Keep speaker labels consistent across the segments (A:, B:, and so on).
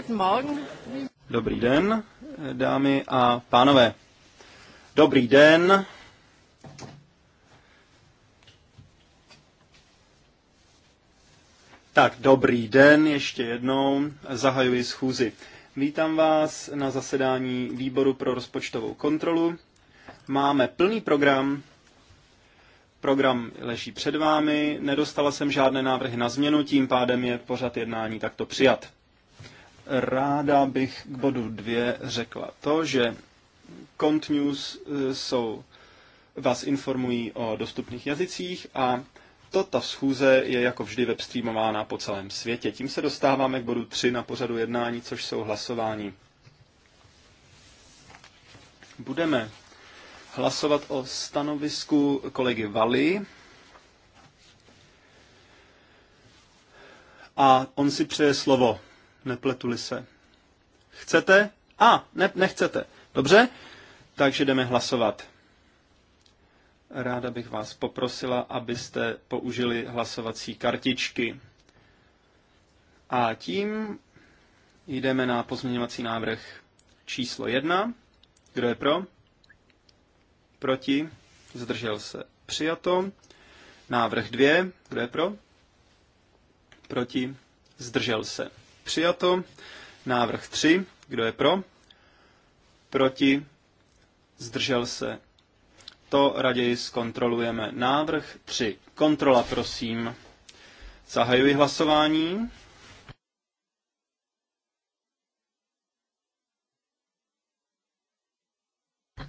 A: Guten Morgen.
B: Dobrý den, dámy a pánové. Dobrý den. Tak, dobrý den ještě jednou. Zahajuji schůzi. Vítám vás na zasedání výboru pro rozpočtovou kontrolu. Máme plný program, Program leží před vámi, nedostala jsem žádné návrhy na změnu, tím pádem je pořad jednání takto přijat. Ráda bych k bodu dvě řekla to, že Cont News e, jsou, vás informují o dostupných jazycích a to ta schůze je jako vždy webstreamována po celém světě. Tím se dostáváme k bodu 3 na pořadu jednání, což jsou hlasování. Budeme hlasovat o stanovisku kolegy Vali. A on si přeje slovo nepletuli se. Chcete? A, ne, nechcete. Dobře, takže jdeme hlasovat. Ráda bych vás poprosila, abyste použili hlasovací kartičky. A tím jdeme na pozměňovací návrh číslo 1. Kdo je pro? Proti? Zdržel se. Přijato. Návrh 2. Kdo je pro? Proti? Zdržel se. Přijato. Návrh 3. Kdo je pro? Proti? Zdržel se? To raději zkontrolujeme. Návrh 3. Kontrola, prosím. Zahajuji hlasování.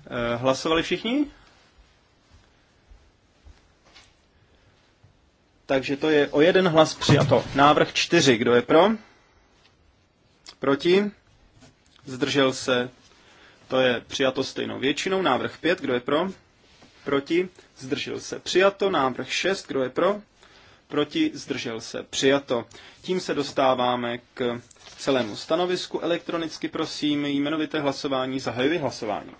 B: Eh, hlasovali všichni? Takže to je o jeden hlas přijato. Návrh 4. Kdo je pro? Proti? Zdržel se. To je přijato stejnou většinou. Návrh 5, kdo je pro? Proti? Zdržel se. Přijato. Návrh 6, kdo je pro? Proti? Zdržel se. Přijato. Tím se dostáváme k celému stanovisku. Elektronicky prosím jmenovité hlasování. Zahajuji hlasování.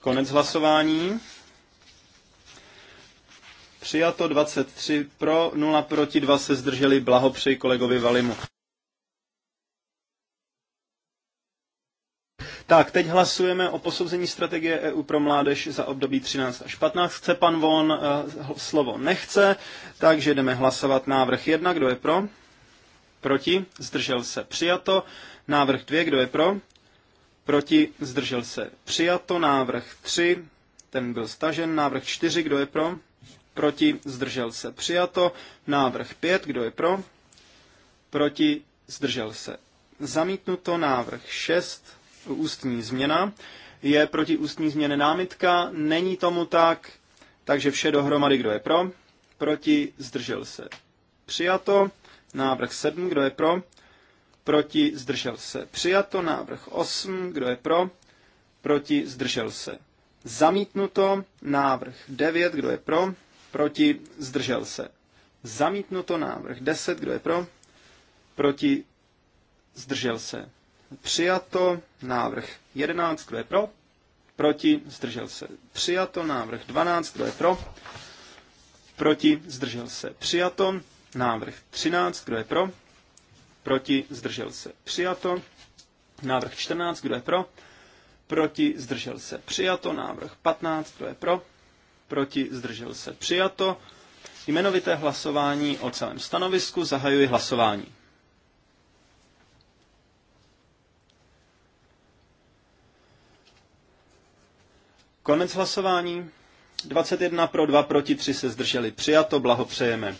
B: Konec hlasování. Přijato 23 pro, 0 proti, 2 se zdrželi. Blahopřeji kolegovi Valimu. Tak, teď hlasujeme o posouzení strategie EU pro mládež za období 13 až 15. Chce pan Von, eh, slovo nechce, takže jdeme hlasovat návrh 1, kdo je pro? Proti, zdržel se, přijato. Návrh 2, kdo je pro? Proti, zdržel se, přijato. Návrh 3, ten byl stažen. Návrh 4, kdo je pro? Proti zdržel se přijato. Návrh 5, kdo je pro? Proti zdržel se zamítnuto. Návrh 6, ústní změna. Je proti ústní změně námitka? Není tomu tak. Takže vše dohromady, kdo je pro? Proti zdržel se přijato. Návrh 7, kdo je pro? Proti zdržel se přijato. Návrh 8, kdo je pro? Proti zdržel se zamítnuto. Návrh 9, kdo je pro? proti, zdržel se. Zamítnuto návrh 10, kdo je pro, proti, zdržel se. Přijato návrh 11, kdo je pro, proti, zdržel se. Přijato návrh 12, kdo je pro, proti, zdržel se. Přijato návrh 13, kdo je pro, proti, zdržel se. Přijato návrh 14, kdo je pro, proti, zdržel se. Přijato návrh 15, kdo je pro, proti, zdržel se, přijato. Jmenovité hlasování o celém stanovisku, zahajuji hlasování. Konec hlasování. 21 pro 2 proti 3 se zdrželi. Přijato, blahopřejeme.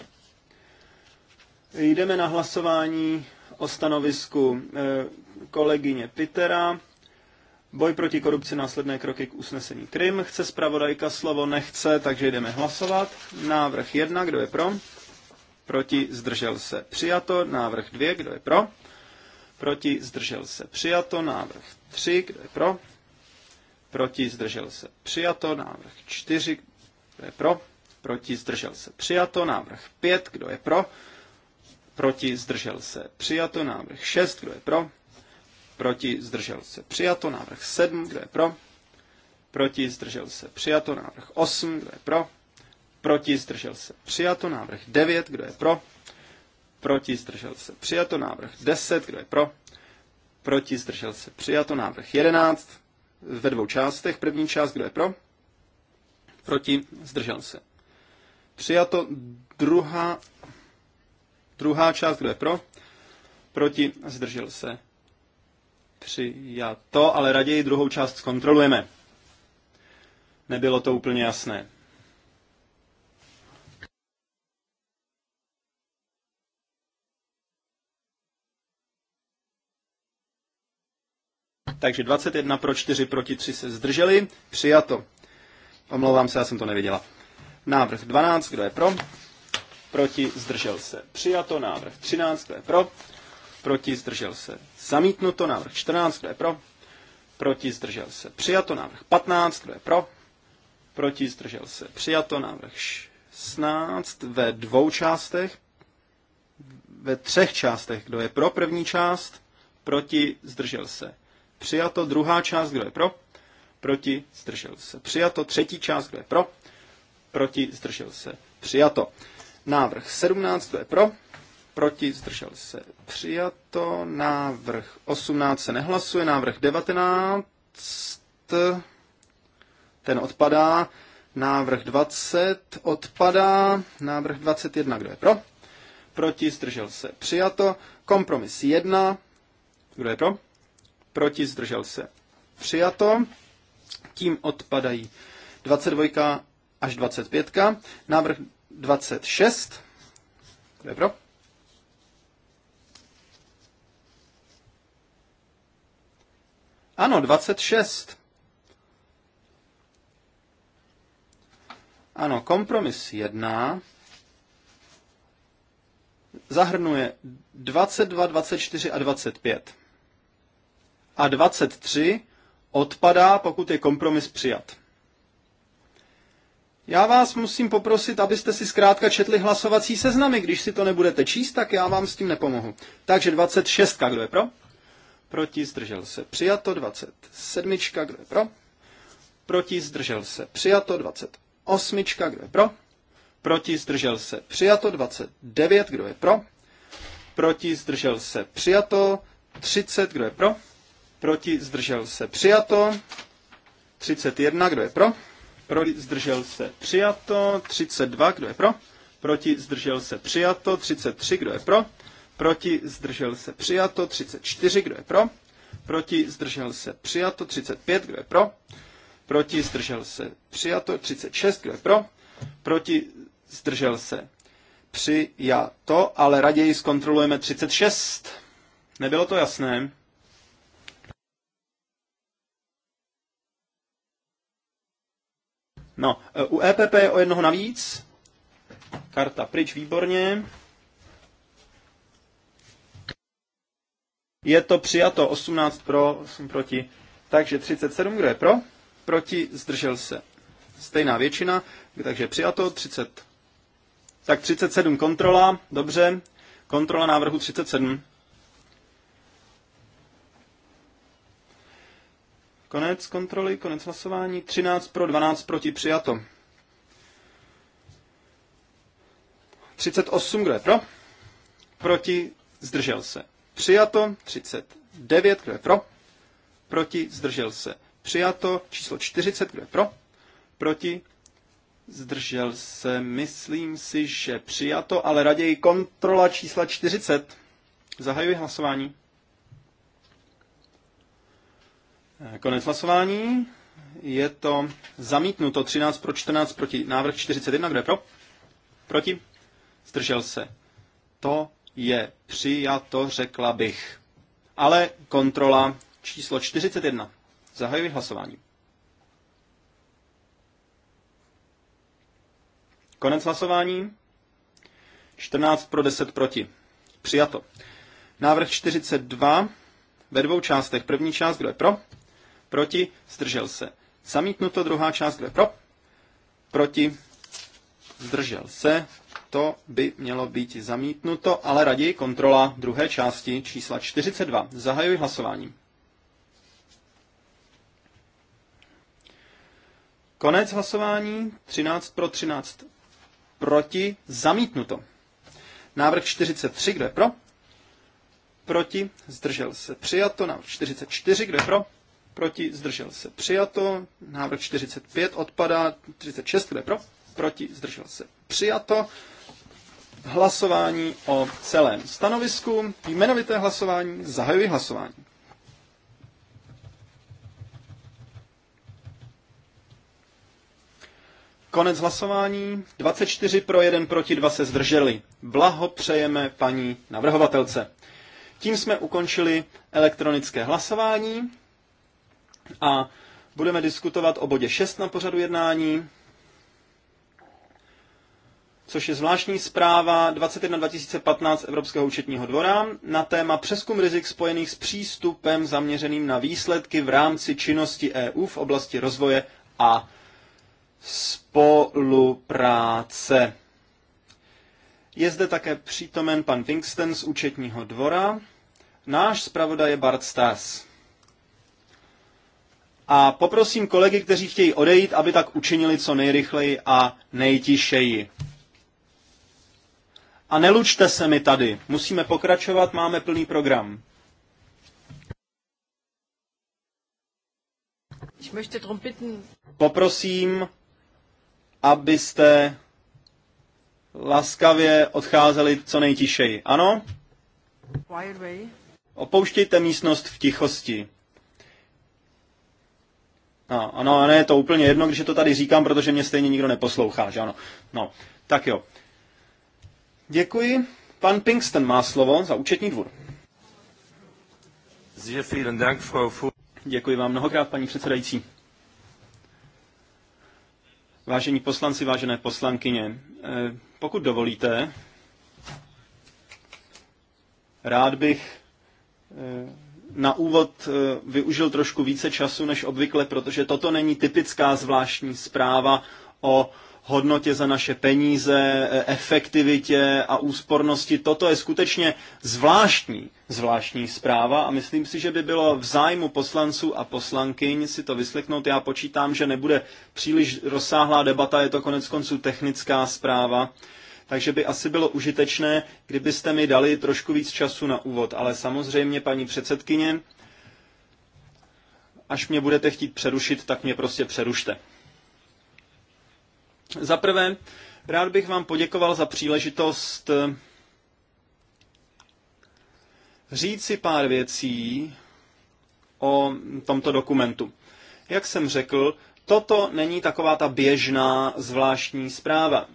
B: Jdeme na hlasování o stanovisku eh, kolegyně Pitera. Boj proti korupci, následné kroky k usnesení Krym. Chce zpravodajka slovo? Nechce, takže jdeme hlasovat. Návrh 1, kdo je pro? Proti, zdržel se, přijato. Návrh 2, kdo je pro? Proti, zdržel se, přijato. Návrh 3, kdo je pro? Proti, zdržel se, přijato. Návrh 4, kdo je pro? Proti, zdržel se, přijato. Návrh 5, kdo je pro? Proti, zdržel se, přijato. Návrh 6, kdo je pro? proti, zdržel se, přijato. Návrh 7, kdo je pro, proti, zdržel se, přijato. Návrh 8, kdo je pro, proti, zdržel se, přijato. Návrh 9, kdo je pro, proti, zdržel se, přijato. Návrh 10, kdo je pro, proti, zdržel se, přijato. Návrh 11, ve dvou částech. První část, kdo je pro, proti, zdržel se. Přijato druhá, druhá část, kdo je pro, proti, zdržel se. Přijato, ale raději druhou část zkontrolujeme. Nebylo to úplně jasné. Takže 21 pro 4 proti 3 se zdrželi. Přijato. Omlouvám se, já jsem to neviděla. Návrh 12, kdo je pro? Proti, zdržel se. Přijato. Návrh 13, kdo je pro? proti, zdržel se. Zamítnuto, návrh 14, kdo je pro, proti, zdržel se. Přijato, návrh 15, kdo je pro, proti, zdržel se. Přijato, návrh 16 ve dvou částech, ve třech částech, kdo je pro první část, proti, zdržel se. Přijato, druhá část, kdo je pro, proti, zdržel se. Přijato, třetí část, kdo je pro, proti, zdržel se. Přijato. Návrh 17, kdo je pro, proti, zdržel se přijato. Návrh 18 se nehlasuje, návrh 19, ten odpadá. Návrh 20 odpadá, návrh 21, kdo je pro? Proti, zdržel se přijato. Kompromis 1, kdo je pro? Proti, zdržel se přijato. Tím odpadají 22 až 25. Návrh 26. Kdo je pro? Ano, 26. Ano, kompromis 1 zahrnuje 22, 24 a 25. A 23 odpadá, pokud je kompromis přijat. Já vás musím poprosit, abyste si zkrátka četli hlasovací seznamy. Když si to nebudete číst, tak já vám s tím nepomohu. Takže 26, kdo je pro? proti, zdržel se, přijato, 27, kdo je pro, proti, zdržel se, přijato, 28, kdo je pro, proti, zdržel se, přijato, 29, kdo je pro, proti, zdržel se, přijato, 30, kdo je pro, proti, zdržel se, přijato, 31, kdo je pro, proti, zdržel se, přijato, 32, kdo je pro, proti, zdržel se, přijato, 33, kdo je pro, proti, zdržel se, přijato, 34, kdo je pro, proti, zdržel se, přijato, 35, kdo je pro, proti, zdržel se, přijato, 36, kdo je pro, proti, zdržel se, přijato, ale raději zkontrolujeme 36. Nebylo to jasné? No, e, u EPP je o jednoho navíc. Karta pryč, výborně. Je to přijato 18 pro, 8 proti. Takže 37, kdo je pro? Proti, zdržel se. Stejná většina, takže přijato 30. Tak 37 kontrola, dobře. Kontrola návrhu 37. Konec kontroly, konec hlasování. 13 pro, 12 proti, přijato. 38, kdo je pro? Proti, zdržel se. Přijato 39, kdo je pro? Proti, zdržel se. Přijato číslo 40, kdo je pro? Proti, zdržel se. Myslím si, že přijato, ale raději kontrola čísla 40. Zahajuji hlasování. Eh, konec hlasování. Je to zamítnuto 13 pro 14 proti návrh 41. Kdo je pro? Proti? Zdržel se. To je přijato, řekla bych. Ale kontrola číslo 41. Zahajuji hlasování. Konec hlasování. 14 pro 10 proti. Přijato. Návrh 42 ve dvou částech. První část, kdo je pro? Proti, zdržel se. Zamítnuto, druhá část, kdo je pro? Proti, zdržel se to by mělo být zamítnuto, ale raději kontrola druhé části čísla 42. Zahajuji hlasování. Konec hlasování 13 pro 13 proti zamítnuto. Návrh 43, kdo je pro? Proti, zdržel se přijato. Návrh 44, kdo je pro? Proti, zdržel se přijato. Návrh 45 odpadá. 36, kdo je pro? Proti, zdržel se přijato hlasování o celém stanovisku, jmenovité hlasování, zahajuji hlasování. Konec hlasování. 24 pro 1 proti 2 se zdrželi. Blaho přejeme paní navrhovatelce. Tím jsme ukončili elektronické hlasování a budeme diskutovat o bodě 6 na pořadu jednání což je zvláštní zpráva 21 2015 Evropského účetního dvora na téma přeskum rizik spojených s přístupem zaměřeným na výsledky v rámci činnosti EU v oblasti rozvoje a spolupráce. Je zde také přítomen pan Wingston z účetního dvora. Náš zpravodaj je Bart Stas. A poprosím kolegy, kteří chtějí odejít, aby tak učinili co nejrychleji a nejtišeji. A nelučte se mi tady. Musíme pokračovat, máme plný program. Poprosím, abyste laskavě odcházeli co nejtišeji. Ano? Opouštějte místnost v tichosti. No, ano, Ano. je to úplně jedno, když to tady říkám, protože mě stejně nikdo neposlouchá, že ano. No, tak jo. Děkuji. Pan Pinkston má slovo za účetní dvůr. Děkuji vám mnohokrát, paní předsedající. Vážení poslanci, vážené poslankyně, eh, pokud dovolíte, rád bych eh, na úvod eh, využil trošku více času než obvykle, protože toto není typická zvláštní zpráva o hodnotě za naše peníze, e, efektivitě a úspornosti. Toto je skutečně zvláštní, zvláštní zpráva a myslím si, že by bylo v zájmu poslanců a poslankyň si to vyslechnout. Já počítám, že nebude příliš rozsáhlá debata, je to konec konců technická zpráva. Takže by asi bylo užitečné, kdybyste mi dali trošku víc času na úvod. Ale samozřejmě, paní předsedkyně, až mě budete chtít přerušit, tak mě prostě přerušte. Za prvé, rád bych vám poděkoval za příležitost eh, říct si pár věcí o tomto dokumentu. Jak jsem řekl, toto není taková ta běžná zvláštní zpráva.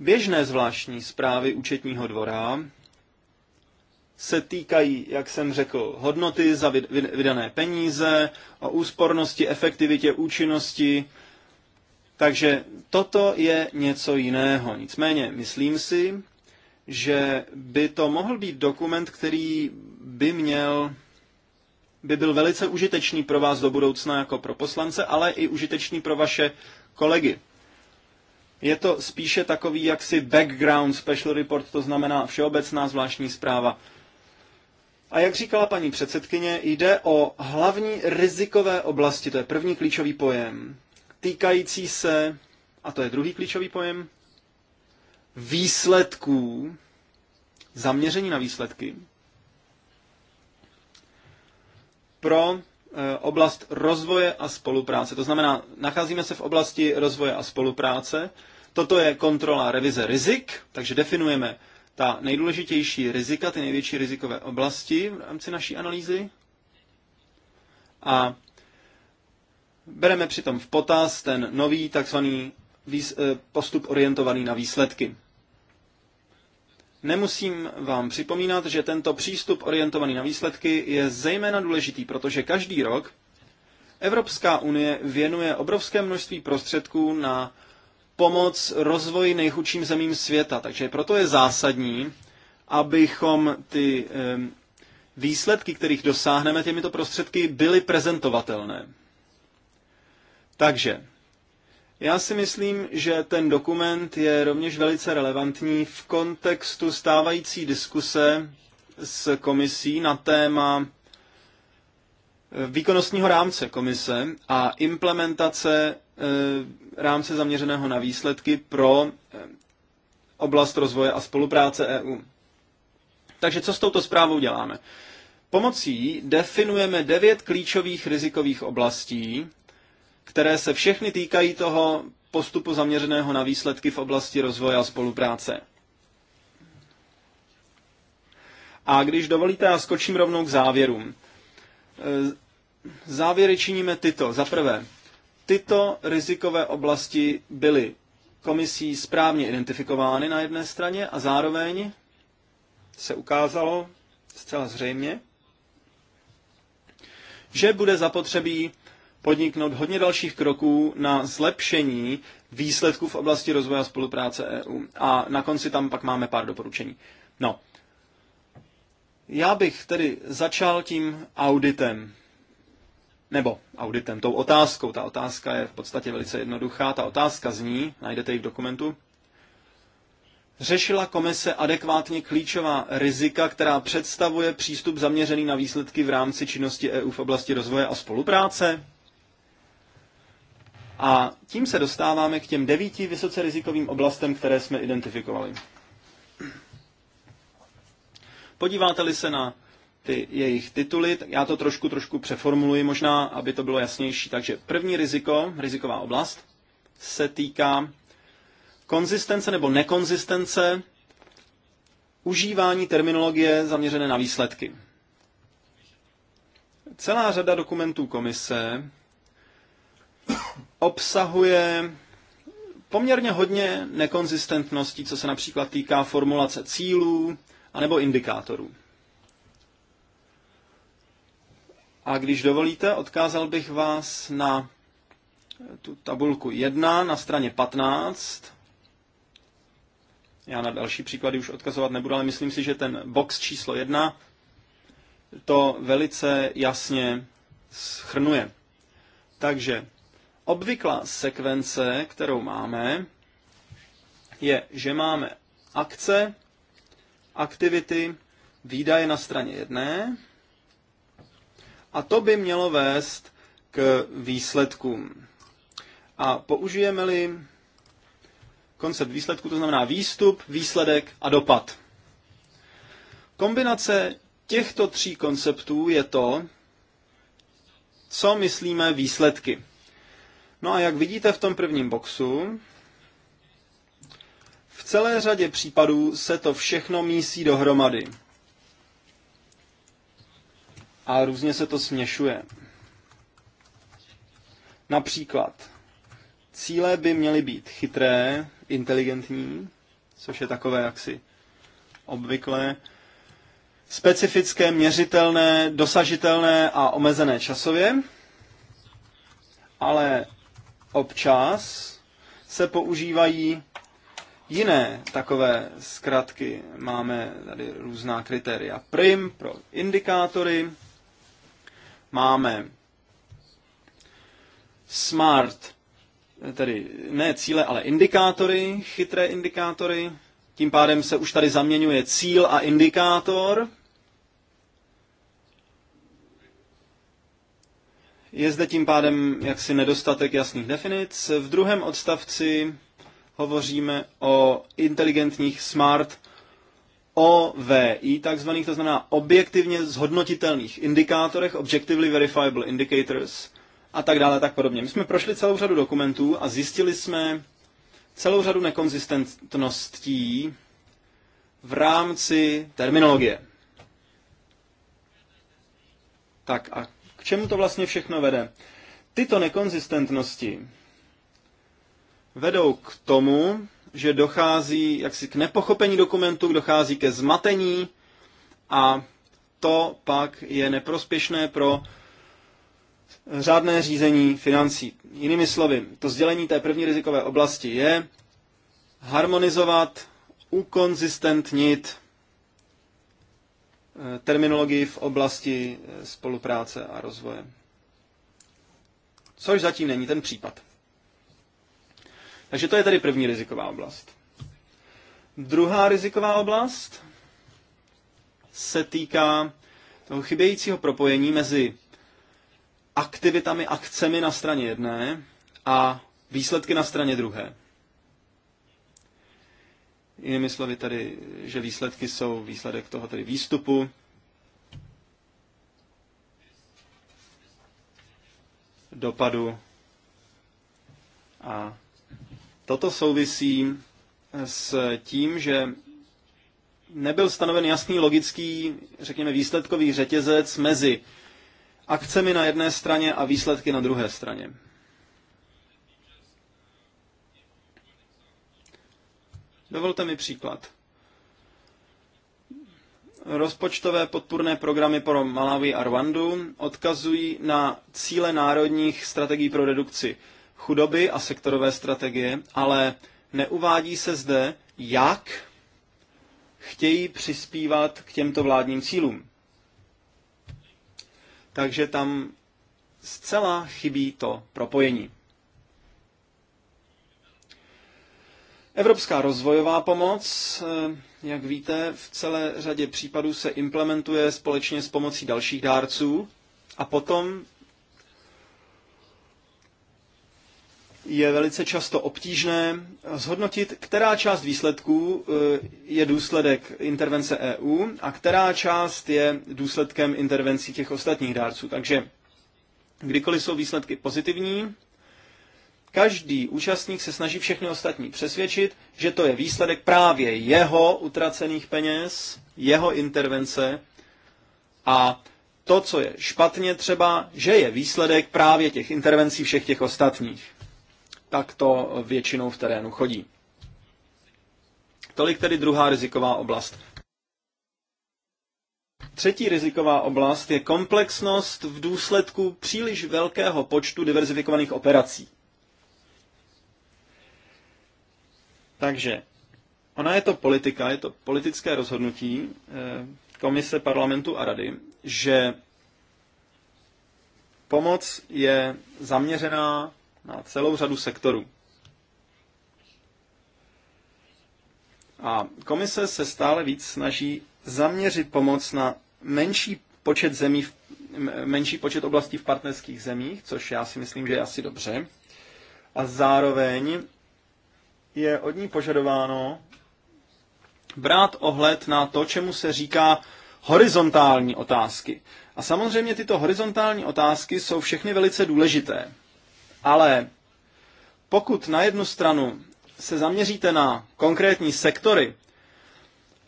B: Běžné zvláštní zprávy účetního dvora se týkají, jak jsem řekl, hodnoty za vydané peníze, o úspornosti, efektivitě, účinnosti, takže toto je něco jiného. Nicméně, myslím si, že by to mohl být dokument, který by měl by byl velice užitečný pro vás do budoucna jako pro poslance, ale i užitečný pro vaše kolegy. Je to spíše takový jaksi background special report, to znamená všeobecná zvláštní zpráva. A jak říkala paní předsedkyně, jde o hlavní rizikové oblasti, to je první klíčový pojem týkající se, a to je druhý klíčový pojem, výsledků, zaměření na výsledky pro e, oblast rozvoje a spolupráce. To znamená, nacházíme se v oblasti rozvoje a spolupráce. Toto je kontrola revize rizik, takže definujeme ta nejdůležitější rizika, ty největší rizikové oblasti v rámci naší analýzy. A Bereme přitom v potaz ten nový takzvaný eh, postup orientovaný na výsledky. Nemusím vám připomínat, že tento přístup orientovaný na výsledky je zejména důležitý, protože každý rok Evropská unie věnuje obrovské množství prostředků na pomoc rozvoji nejchudším zemím světa. Takže proto je zásadní, abychom ty eh, výsledky, kterých dosáhneme těmito prostředky, byly prezentovatelné. Takže já si myslím, že ten dokument je rovněž velice relevantní v kontextu stávající diskuse s komisí na téma eh, výkonnostního rámce komise a implementace eh, rámce zaměřeného na výsledky pro eh, oblast rozvoje a spolupráce EU. Takže co s touto zprávou děláme? Pomocí definujeme devět klíčových rizikových oblastí, které se všechny týkají toho postupu zaměřeného na výsledky v oblasti rozvoje a spolupráce. A když dovolíte, já skočím rovnou k závěrům. E, závěry činíme tyto. Za prvé, tyto rizikové oblasti byly komisí správně identifikovány na jedné straně a zároveň se ukázalo zcela zřejmě, že bude zapotřebí podniknout hodně dalších kroků na zlepšení výsledků v oblasti rozvoje a spolupráce EU. A na konci tam pak máme pár doporučení. No, já bych tedy začal tím auditem. Nebo auditem, tou otázkou. Ta otázka je v podstatě velice jednoduchá. Ta otázka zní, najdete ji v dokumentu, Řešila komise adekvátně klíčová rizika, která představuje přístup zaměřený na výsledky v rámci činnosti EU v oblasti rozvoje a spolupráce? A tím se dostáváme k těm devíti vysoce rizikovým oblastem, které jsme identifikovali. Podíváte-li se na ty jejich tituly, tak já to trošku, trošku přeformuluji možná, aby to bylo jasnější. Takže první riziko, riziková oblast, se týká konzistence nebo nekonzistence užívání terminologie zaměřené na výsledky. Celá řada dokumentů komise obsahuje poměrně hodně nekonzistentností, co se například týká formulace cílů anebo indikátorů. A když dovolíte, odkázal bych vás na tu tabulku 1 na straně 15. Já na další příklady už odkazovat nebudu, ale myslím si, že ten box číslo 1 to velice jasně schrnuje. Takže Obvyklá sekvence, kterou máme, je, že máme akce, aktivity, výdaje na straně jedné a to by mělo vést k výsledkům. A použijeme-li koncept výsledku, to znamená výstup, výsledek a dopad. Kombinace těchto tří konceptů je to, co myslíme výsledky. No a jak vidíte v tom prvním boxu, v celé řadě případů se to všechno mísí dohromady. A různě se to směšuje. Například, cíle by měly být chytré, inteligentní, což je takové jaksi obvykle, specifické, měřitelné, dosažitelné a omezené časově, ale Občas se používají jiné takové zkratky. Máme tady různá kritéria prim pro indikátory. Máme smart, tedy ne cíle, ale indikátory, chytré indikátory. Tím pádem se už tady zaměňuje cíl a indikátor – Je zde tím pádem jaksi nedostatek jasných definic. V druhém odstavci hovoříme o inteligentních smart OVI, takzvaných, to znamená objektivně zhodnotitelných indikátorech, objectively verifiable indicators a tak dále, tak podobně. My jsme prošli celou řadu dokumentů a zjistili jsme celou řadu nekonzistentností v rámci terminologie. Tak a k čemu to vlastně všechno vede? Tyto nekonzistentnosti vedou k tomu, že dochází jaksi k nepochopení dokumentu, dochází ke zmatení a to pak je neprospěšné pro řádné řízení financí. Jinými slovy, to sdělení té první rizikové oblasti je harmonizovat, ukonzistentnit Eh, terminologii v oblasti eh, spolupráce a rozvoje. Což zatím není ten případ. Takže to je tedy první riziková oblast. Druhá riziková oblast se týká toho chybějícího propojení mezi aktivitami, akcemi na straně jedné a výsledky na straně druhé. Jinými slovy tady, že výsledky jsou výsledek toho tedy výstupu. dopadu. A toto souvisí s tím, že nebyl stanoven jasný logický, řekněme, výsledkový řetězec mezi akcemi na jedné straně a výsledky na druhé straně. Dovolte mi příklad. Rozpočtové podpůrné programy pro Malawi a Rwandu odkazují na cíle národních strategií pro redukci chudoby a sektorové strategie, ale neuvádí se zde, jak chtějí přispívat k těmto vládním cílům. Takže tam zcela chybí to propojení. Evropská rozvojová pomoc, eh, jak víte, v celé řadě případů se implementuje společně s pomocí dalších dárců a potom je velice často obtížné zhodnotit, která část výsledků eh, je důsledek intervence EU a která část je důsledkem intervencí těch ostatních dárců. Takže kdykoliv jsou výsledky pozitivní, Každý účastník se snaží všechny ostatní přesvědčit, že to je výsledek právě jeho utracených peněz, jeho intervence a to, co je špatně třeba, že je výsledek právě těch intervencí všech těch ostatních. Tak to většinou v terénu chodí. Tolik tedy druhá riziková oblast. Třetí riziková oblast je komplexnost v důsledku příliš velkého počtu diverzifikovaných operací. Takže ona je to politika, je to politické rozhodnutí eh, komise parlamentu a rady, že pomoc je zaměřená na celou řadu sektorů. A komise se stále víc snaží zaměřit pomoc na menší počet zemí, menší počet oblastí v partnerských zemích, což já si myslím, že je asi dobře. A zároveň je od ní požadováno brát ohled na to, čemu se říká horizontální otázky. A samozřejmě tyto horizontální otázky jsou všechny velice důležité. Ale pokud na jednu stranu se zaměříte na konkrétní sektory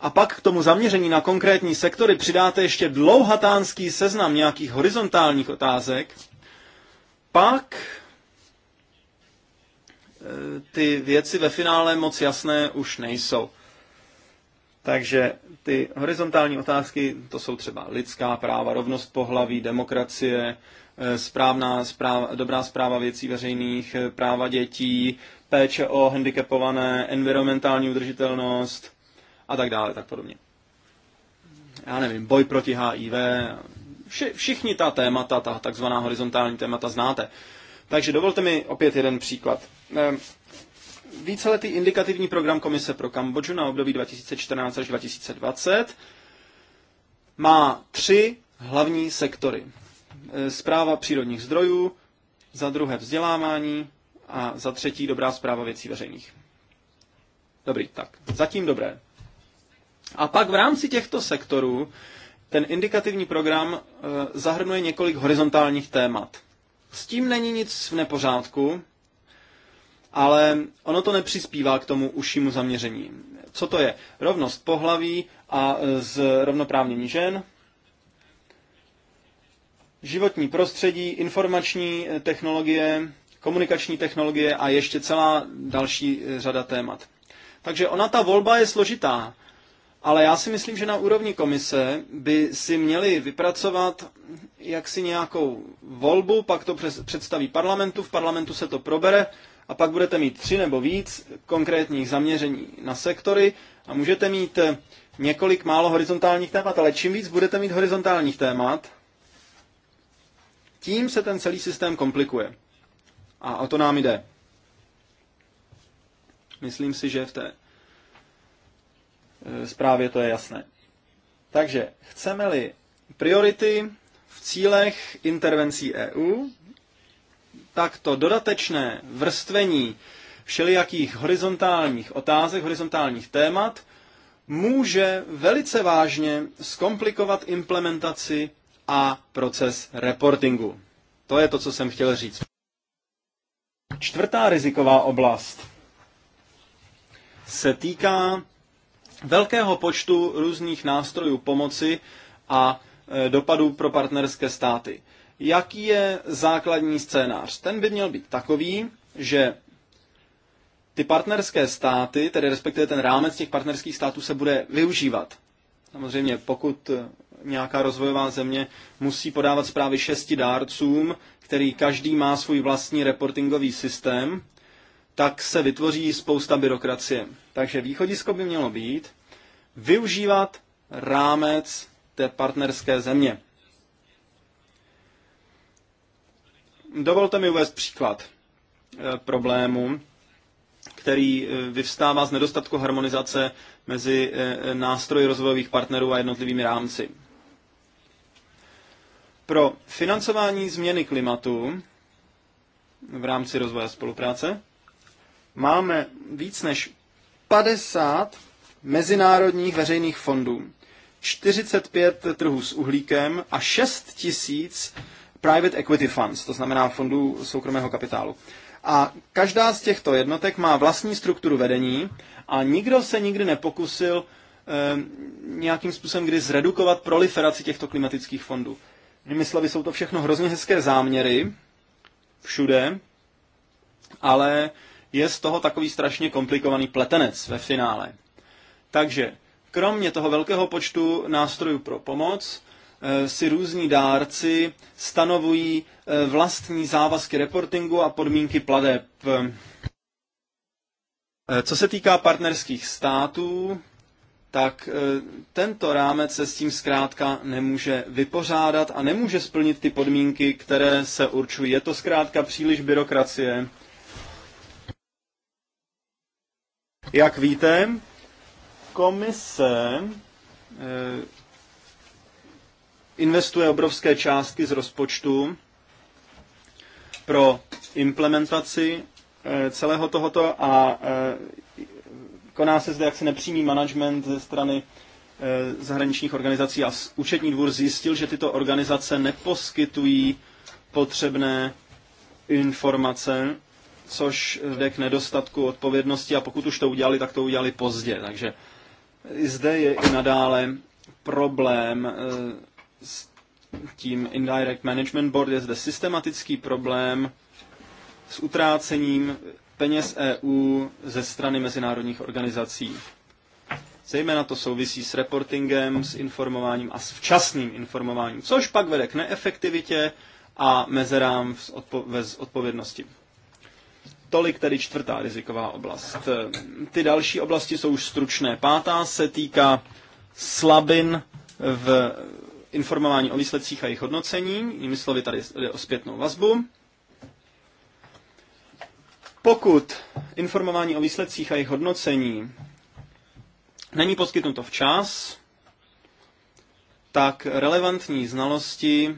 B: a pak k tomu zaměření na konkrétní sektory přidáte ještě dlouhatánský seznam nějakých horizontálních otázek, pak ty věci ve finále moc jasné už nejsou. Takže ty horizontální otázky, to jsou třeba lidská práva, rovnost pohlaví, demokracie, eh, správná, správ, dobrá zpráva věcí veřejných, eh, práva dětí, péče o handicapované, environmentální udržitelnost a tak dále, tak podobně. Já nevím, boj proti HIV, vši, všichni ta témata, ta takzvaná horizontální témata znáte. Takže dovolte mi opět jeden příklad. Ehm, víceletý indikativní program Komise pro Kambodžu na období 2014 až 2020 má tři hlavní sektory. Ehm, zpráva přírodních zdrojů, za druhé vzdělávání a za třetí dobrá zpráva věcí veřejných. Dobrý, tak zatím dobré. A pak v rámci těchto sektorů ten indikativní program ehm, zahrnuje několik horizontálních témat. S tím není nic v nepořádku, ale ono to nepřispívá k tomu užšímu zaměření. Co to je? Rovnost pohlaví a e, z rovnoprávnění žen, životní prostředí, informační e, technologie, komunikační technologie a ještě celá další e, řada témat. Takže ona ta volba je složitá, ale já si myslím, že na úrovni komise by si měli vypracovat jaksi nějakou volbu, pak to představí parlamentu, v parlamentu se to probere, a pak budete mít tři nebo víc konkrétních zaměření na sektory a můžete mít eh, několik málo horizontálních témat, ale čím víc budete mít horizontálních témat, tím se ten celý systém komplikuje. A o to nám jde. Myslím si, že v té eh, zprávě to je jasné. Takže chceme-li priority v cílech intervencí EU, tak to dodatečné vrstvení všelijakých horizontálních otázek, horizontálních témat může velice vážně zkomplikovat implementaci a proces reportingu. To je to, co jsem chtěl říct. Čtvrtá riziková oblast se týká velkého počtu různých nástrojů pomoci a e, dopadů pro partnerské státy. Jaký je základní scénář? Ten by měl být takový, že ty partnerské státy, tedy respektive ten rámec těch partnerských států se bude využívat. Samozřejmě, pokud nějaká rozvojová země musí podávat zprávy šesti dárcům, který každý má svůj vlastní reportingový systém, tak se vytvoří spousta byrokracie. Takže východisko by mělo být využívat rámec té partnerské země. Dovolte mi uvést příklad eh, problému, který eh, vyvstává z nedostatku harmonizace mezi eh, nástroji rozvojových partnerů a jednotlivými rámci. Pro financování změny klimatu v rámci rozvoje spolupráce máme víc než 50 mezinárodních veřejných fondů, 45 trhů s uhlíkem a 6 000 private equity funds, to znamená fondů soukromého kapitálu. A každá z těchto jednotek má vlastní strukturu vedení a nikdo se nikdy nepokusil e, nějakým způsobem kdy zredukovat proliferaci těchto klimatických fondů. Jinými slovy, jsou to všechno hrozně hezké záměry všude, ale je z toho takový strašně komplikovaný pletenec ve finále. Takže kromě toho velkého počtu nástrojů pro pomoc, Eh, si různí dárci stanovují eh, vlastní závazky reportingu a podmínky pladeb. Eh, co se týká partnerských států, tak tento rámec se s tím zkrátka nemůže vypořádat a nemůže splnit ty podmínky, které se určují. Je to zkrátka příliš byrokracie. Jak víte, komise investuje obrovské částky z rozpočtu pro implementaci eh, celého tohoto a eh, koná se zde jaksi nepřímý management ze strany eh, zahraničních organizací a účetní dvůr zjistil, že tyto organizace neposkytují potřebné informace, což jde k nedostatku odpovědnosti a pokud už to udělali, tak to udělali pozdě. Takže zde je i nadále problém s tím Indirect Management Board je zde systematický problém s utrácením peněz EU ze strany mezinárodních organizací. Zejména to souvisí s reportingem, s informováním a s včasným informováním, což pak vede k neefektivitě a mezerám v odpo- ve odpovědnosti. Tolik tedy čtvrtá riziková oblast. Ty další oblasti jsou už stručné. Pátá se týká slabin v informování o výsledcích a jejich hodnocení, jinými slovy tady jde o zpětnou vazbu. Pokud informování o výsledcích a jejich hodnocení není poskytnuto včas, tak relevantní znalosti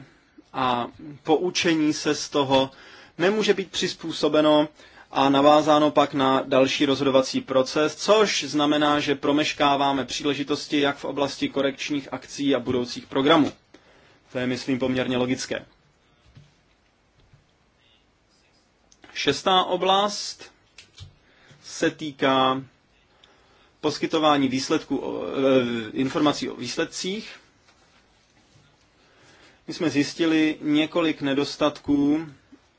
B: a poučení se z toho nemůže být přizpůsobeno a navázáno pak na další rozhodovací proces, což znamená, že promeškáváme příležitosti jak v oblasti korekčních akcí a budoucích programů. To je, myslím, poměrně logické. Šestá oblast se týká poskytování výsledků, e, informací o výsledcích. My jsme zjistili několik nedostatků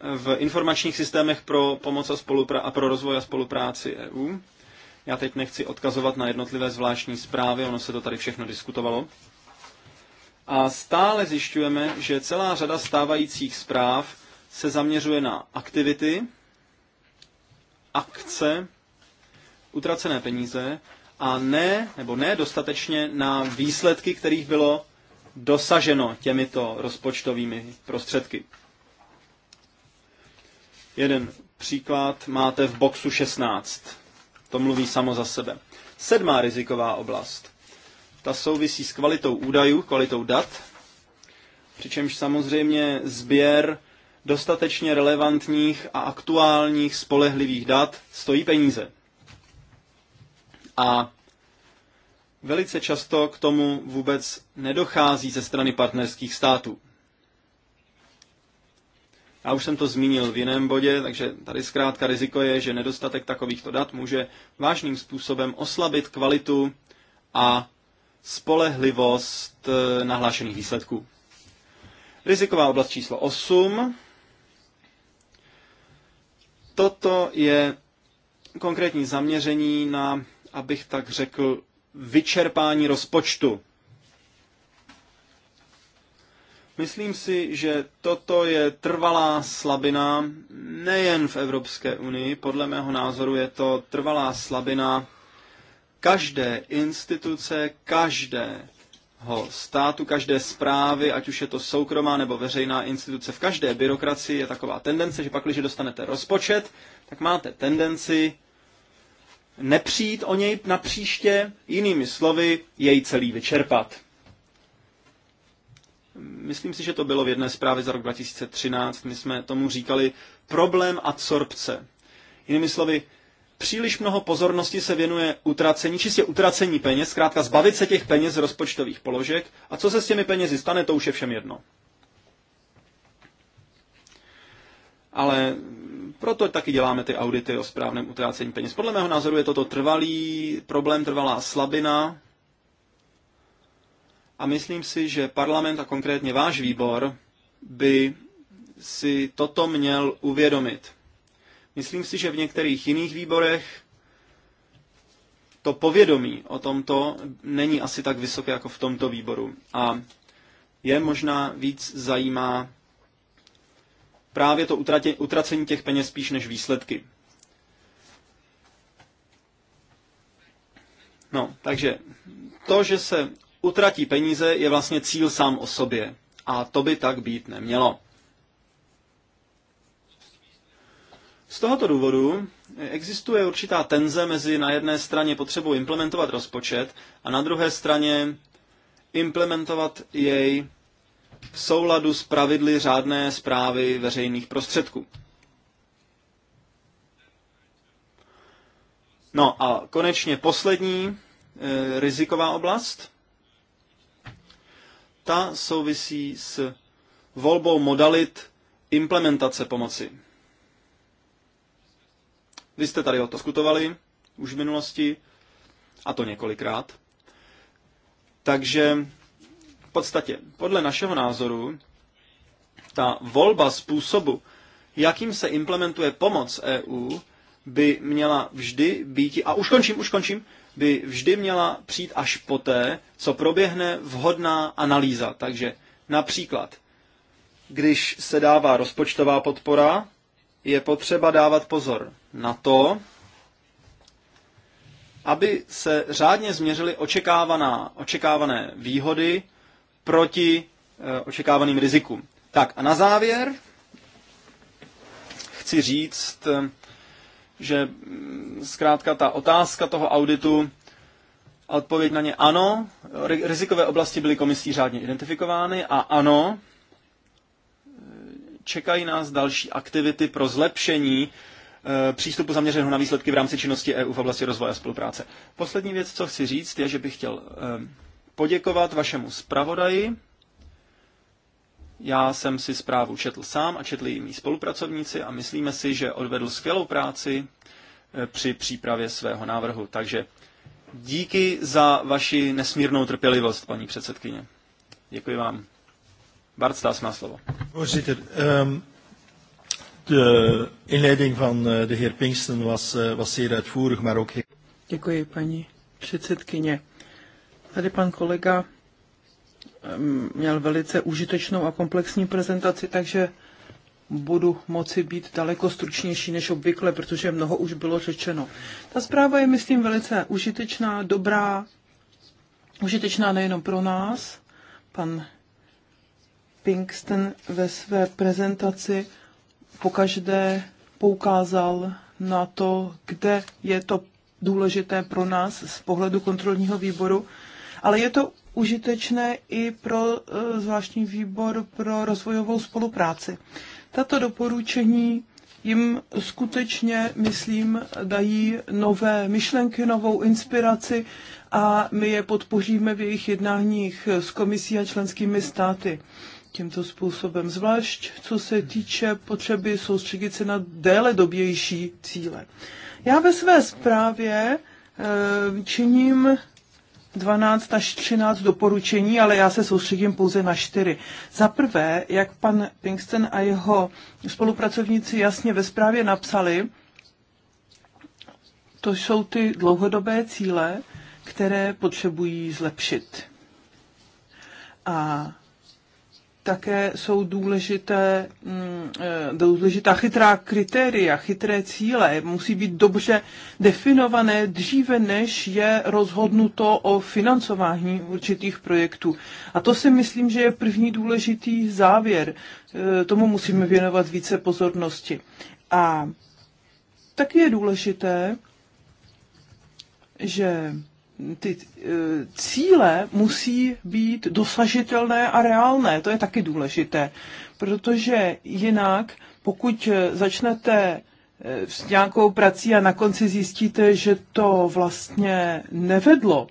B: v informačních systémech pro pomoc a, spolupra- a pro rozvoj a spolupráci EU. Já teď nechci odkazovat na jednotlivé zvláštní zprávy, ono se to tady všechno diskutovalo. A stále zjišťujeme, že celá řada stávajících zpráv se zaměřuje na aktivity, akce, utracené peníze a ne, nebo ne dostatečně na výsledky, kterých bylo dosaženo těmito rozpočtovými prostředky. Jeden příklad máte v boxu 16. To mluví samo za sebe. Sedmá riziková oblast. Ta souvisí s kvalitou údajů, kvalitou dat, přičemž samozřejmě sběr dostatečně relevantních a aktuálních spolehlivých dat stojí peníze. A velice často k tomu vůbec nedochází ze strany partnerských států. Já už jsem to zmínil v jiném bodě, takže tady zkrátka riziko je, že nedostatek takovýchto dat může vážným způsobem oslabit kvalitu a spolehlivost eh, nahlášených výsledků. Riziková oblast číslo 8. Toto je konkrétní zaměření na, abych tak řekl, vyčerpání rozpočtu. Myslím si, že toto je trvalá slabina nejen v Evropské unii, podle mého názoru je to trvalá slabina každé instituce, každého státu, každé zprávy, ať už je to soukromá nebo veřejná instituce, v každé byrokracii je taková tendence, že pak, když dostanete rozpočet, tak máte tendenci nepřijít o něj na příště, jinými slovy, jej celý vyčerpat myslím si, že to bylo v jedné zprávě za rok 2013, my jsme tomu říkali problém adsorpce. Jinými slovy, příliš mnoho pozornosti se věnuje utracení, čistě utracení peněz, zkrátka zbavit se těch peněz z rozpočtových položek a co se s těmi penězi stane, to už je všem jedno. Ale proto taky děláme ty audity o správném utrácení peněz. Podle mého názoru je toto trvalý problém, trvalá slabina, a myslím si, že parlament a konkrétně váš výbor by si toto měl uvědomit. Myslím si, že v některých jiných výborech to povědomí o tomto není asi tak vysoké jako v tomto výboru. A je možná víc zajímá právě to utracení těch peněz spíš než výsledky. No, takže to, že se utratí peníze, je vlastně cíl sám o sobě. A to by tak být nemělo. Z tohoto důvodu existuje určitá tenze mezi na jedné straně potřebou implementovat rozpočet a na druhé straně implementovat jej v souladu s pravidly řádné zprávy veřejných prostředků. No a konečně poslední e, riziková oblast. Ta souvisí s volbou modalit implementace pomoci. Vy jste tady o to skutovali už v minulosti, a to několikrát. Takže v podstatě, podle našeho názoru, ta volba způsobu, jakým se implementuje pomoc EU, by měla vždy být, a už končím, už končím, by vždy měla přijít až poté, co proběhne vhodná analýza. Takže například, když se dává rozpočtová podpora, je potřeba dávat pozor na to, aby se řádně změřily očekávaná, očekávané výhody proti e, očekávaným rizikům. Tak a na závěr chci říct, eh, že zkrátka ta otázka toho auditu a odpověď na ně ano, rizikové oblasti byly komisí řádně identifikovány a ano, čekají nás další aktivity pro zlepšení e, přístupu zaměřeného na výsledky v rámci činnosti EU v oblasti rozvoje a spolupráce. Poslední věc, co chci říct, je, že bych chtěl e, poděkovat vašemu zpravodaji já jsem si zprávu četl sám a četli i mý spolupracovníci a myslíme si, že odvedl skvělou práci e, při přípravě svého návrhu. Takže díky za vaši nesmírnou trpělivost, paní předsedkyně. Děkuji vám. Bart Stas má slovo.
A: Voorzitter, um, de inleiding
B: van eh, de heer Pinkston was, eh, was zeer uitvoerig, maar ook...
C: Děkuji, paní předsedkyně. Tady pan kolega měl velice užitečnou a komplexní prezentaci, takže budu moci být daleko stručnější než obvykle, protože mnoho už bylo řečeno. Ta zpráva je, myslím, velice užitečná, dobrá, užitečná nejenom pro nás. Pan Pinkston ve své prezentaci pokaždé poukázal na to, kde je to důležité pro nás z pohledu kontrolního výboru, ale je to užitečné i pro e, zvláštní výbor pro rozvojovou spolupráci. Tato doporučení jim skutečně, myslím, dají nové myšlenky, novou inspiraci a my je podpoříme v jejich jednáních s komisí a členskými státy tímto způsobem, zvlášť co se týče potřeby soustředit se na déle dobější cíle. Já ve své zprávě e, činím 12 až 13 doporučení, ale já se soustředím pouze na čtyři. Za prvé, jak pan Pinkston a jeho spolupracovníci jasně ve zprávě napsali, to jsou ty dlouhodobé cíle, které potřebují zlepšit. A také jsou důležité, mm, e, důležitá chytrá kritéria, chytré cíle. Musí být dobře definované dříve, než je rozhodnuto o financování určitých projektů. A to si myslím, že je první důležitý závěr. E, tomu musíme věnovat více pozornosti. A taky je důležité, že ty eh, cíle musí být dosažitelné a reálné. To je taky důležité, protože jinak, pokud eh, začnete eh, s nějakou prací a na konci zjistíte, že to vlastně nevedlo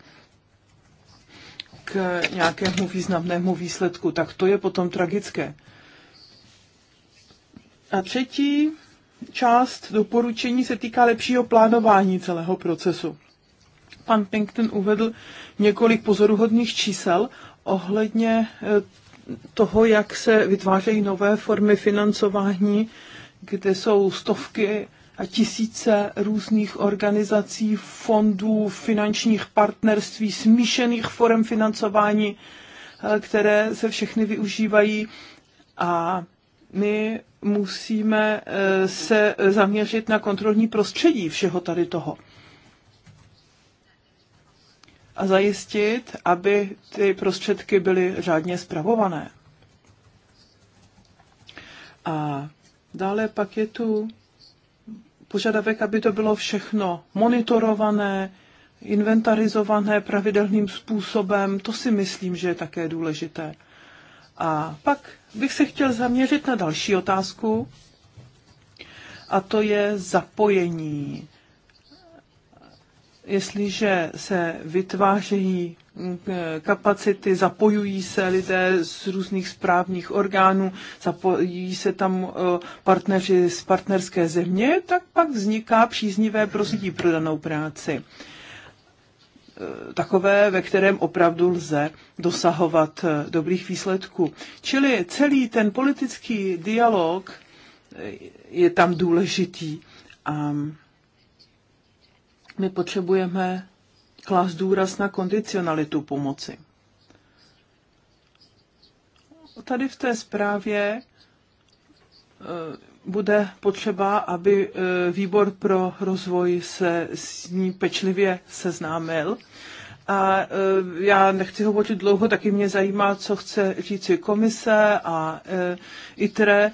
C: k nějakému významnému výsledku, tak to je potom tragické. A třetí část doporučení se týká lepšího plánování celého procesu pan Pinkton uvedl několik pozoruhodných čísel ohledně eh, toho, jak se vytvářejí nové formy financování, kde jsou stovky a tisíce různých organizací, fondů, finančních partnerství, smíšených forem financování, eh, které se všechny využívají a my musíme eh, se zaměřit na kontrolní prostředí všeho tady toho a zajistit, aby ty prostředky byly řádně zpravované. A dále pak je tu požadavek, aby to bylo všechno monitorované, inventarizované pravidelným způsobem. To si myslím, že je také důležité. A pak bych se chtěl zaměřit na další otázku, a to je zapojení jestliže se vytvářejí mm, e, kapacity, zapojují se lidé z různých správních orgánů, zapojí se tam e, partneři z partnerské země, tak pak vzniká příznivé prostředí pro danou práci. E, takové, ve kterém opravdu lze dosahovat dobrých výsledků. Čili celý ten politický dialog je tam důležitý. A my potřebujeme klást důraz na kondicionalitu pomoci. Tady v té zprávě e, bude potřeba, aby e, výbor pro rozvoj se s ní pečlivě seznámil. A e, já nechci hovořit dlouho, taky mě zajímá, co chce říci komise a ITRE,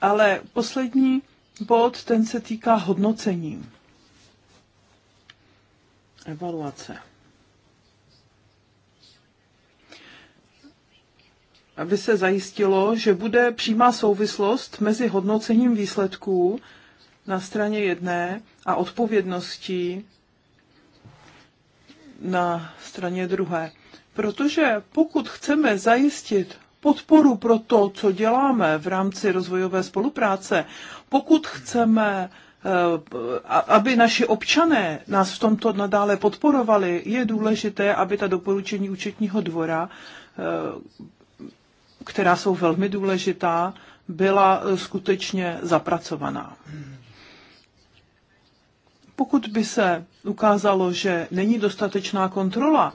C: ale poslední bod, ten se týká hodnocení evaluace. Aby se zajistilo, že bude přímá souvislost mezi hodnocením výsledků na straně jedné a odpovědností na straně druhé. Protože pokud chceme zajistit podporu pro to, co děláme v rámci rozvojové spolupráce, pokud chceme Eh, aby naši občané nás v tomto nadále podporovali, je důležité, aby ta doporučení účetního dvora, eh, která jsou velmi důležitá, byla eh, skutečně zapracovaná. Pokud by se ukázalo, že není dostatečná kontrola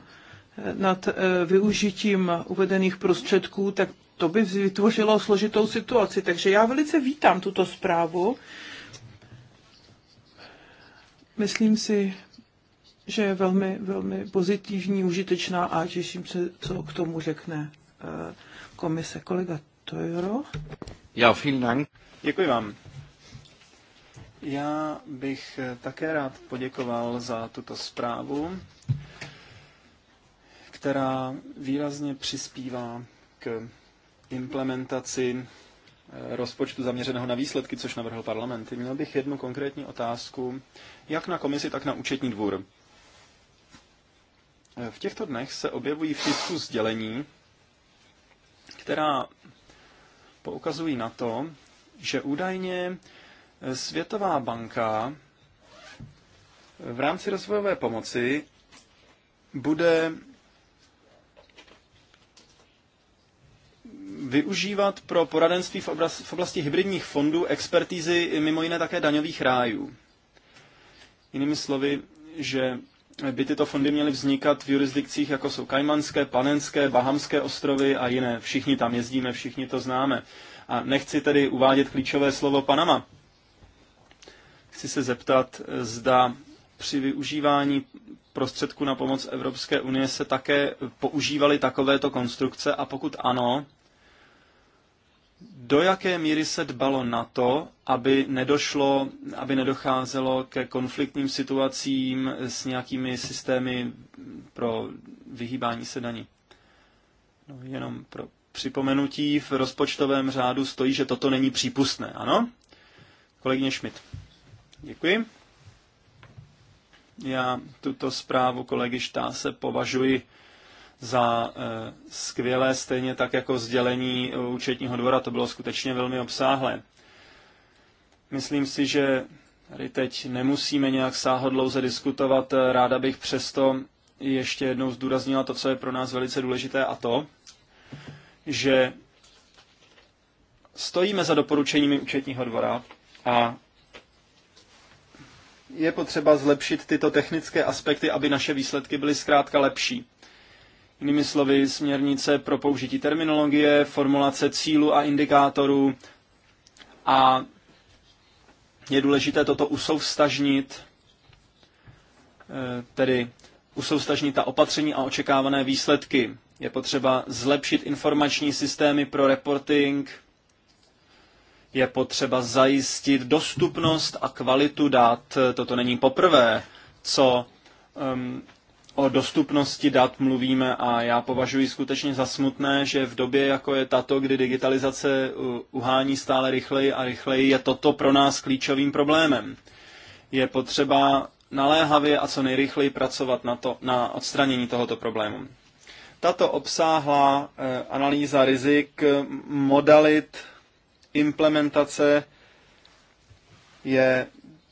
C: nad využitím uvedených prostředků, tak to by vytvořilo složitou situaci. Takže já velice vítám tuto zprávu myslím si, že je velmi, velmi pozitivní, užitečná a těším se, co k tomu řekne eh, komise. Kolega Tojoro.
B: Já, vielen Dank. Děkuji vám. Já bych eh, také rád poděkoval za tuto zprávu, která výrazně přispívá k implementaci rozpočtu zaměřeného na výsledky, což navrhl parlament. Měl bych jednu konkrétní otázku, jak na komisi, tak na účetní dvůr. V těchto dnech se objevují v tisku sdělení, která poukazují na to, že údajně Světová banka v rámci rozvojové pomoci bude využívat pro poradenství v oblasti, v oblasti hybridních fondů expertízy mimo jiné také daňových rájů. Jinými slovy, že by tyto fondy měly vznikat v jurisdikcích, jako jsou Kajmanské, Panenské, Bahamské ostrovy a jiné. Všichni tam jezdíme, všichni to známe. A nechci tedy uvádět klíčové slovo Panama. Chci se zeptat, zda při využívání prostředků na pomoc Evropské unie se také používaly takovéto konstrukce a pokud ano, do jaké míry se dbalo na to, aby, nedošlo, aby nedocházelo ke konfliktním situacím s nějakými systémy pro vyhýbání se daní. No, jenom pro připomenutí v rozpočtovém řádu stojí, že toto není přípustné, ano? Kolegyně Schmidt. Děkuji. Já tuto zprávu kolegy Štáse považuji za eh, skvělé, stejně tak jako sdělení eh, účetního dvora. To bylo skutečně velmi obsáhlé. Myslím si, že tady teď nemusíme nějak sáhodlouze diskutovat. Eh, ráda bych přesto ještě jednou zdůraznila to, co je pro nás velice důležité, a to, že stojíme za doporučeními účetního dvora a je potřeba zlepšit tyto technické aspekty, aby naše výsledky byly zkrátka lepší. Jinými slovy, směrnice pro použití terminologie, formulace cílu a indikátorů a je důležité toto usoustažnit, eh, tedy usoustažnit ta opatření a očekávané výsledky. Je potřeba zlepšit informační systémy pro reporting, je potřeba zajistit dostupnost a kvalitu dat. Toto není poprvé, co um, o dostupnosti dat mluvíme a já považuji skutečně za smutné, že v době, jako je tato, kdy digitalizace uhání stále rychleji a rychleji, je toto pro nás klíčovým problémem. Je potřeba naléhavě a co nejrychleji pracovat na, to, na odstranění tohoto problému. Tato obsáhlá eh, analýza rizik, modalit, implementace je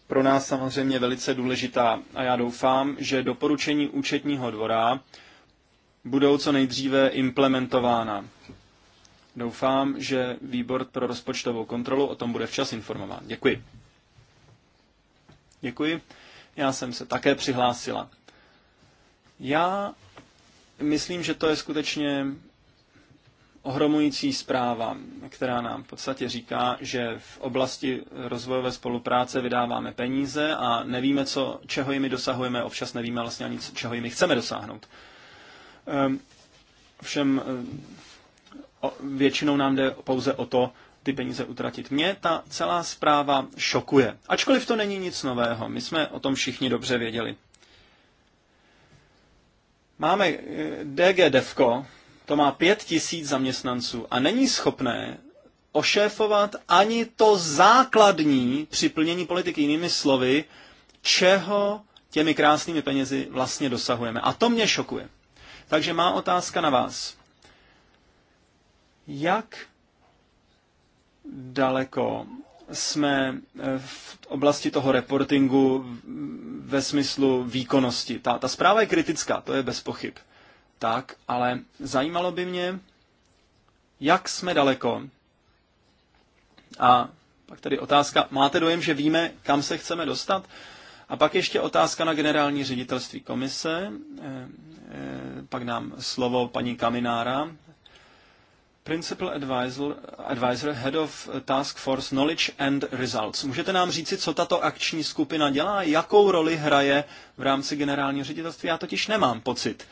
B: pro nás samozřejmě velice důležitá a já doufám, že doporučení účetního dvora budou co nejdříve implementována. Doufám, že výbor pro rozpočtovou kontrolu o tom bude včas informován. Děkuji. Děkuji. Já jsem se také přihlásila. Já myslím, že to je skutečně ohromující zpráva, která nám v podstatě říká, že v oblasti rozvojové spolupráce vydáváme peníze a nevíme, co, čeho jimi dosahujeme, občas nevíme vlastně ani, čeho jimi chceme dosáhnout. Ehm, Všem eh, většinou nám jde pouze o to, ty peníze utratit. Mě ta celá zpráva šokuje. Ačkoliv to není nic nového, my jsme o tom všichni dobře věděli. Máme eh, DG Devko, to má pět tisíc zaměstnanců a není schopné ošéfovat ani to základní při plnění politiky, jinými slovy, čeho těmi krásnými penězi vlastně dosahujeme. A to mě šokuje. Takže má otázka na vás. Jak daleko jsme eh, v oblasti toho reportingu ve smyslu výkonnosti? Ta, ta zpráva je kritická, to je bez pochyb tak, ale zajímalo by mě, jak jsme daleko. A pak tady otázka, máte dojem, že víme, kam se chceme dostat? A pak ještě otázka na generální ředitelství komise, e, e, pak nám slovo paní Kaminára, Principal advisor, advisor, Head of Task Force Knowledge and Results. Můžete nám říci, co tato akční skupina dělá, jakou roli hraje v rámci generálního ředitelství? Já totiž nemám pocit,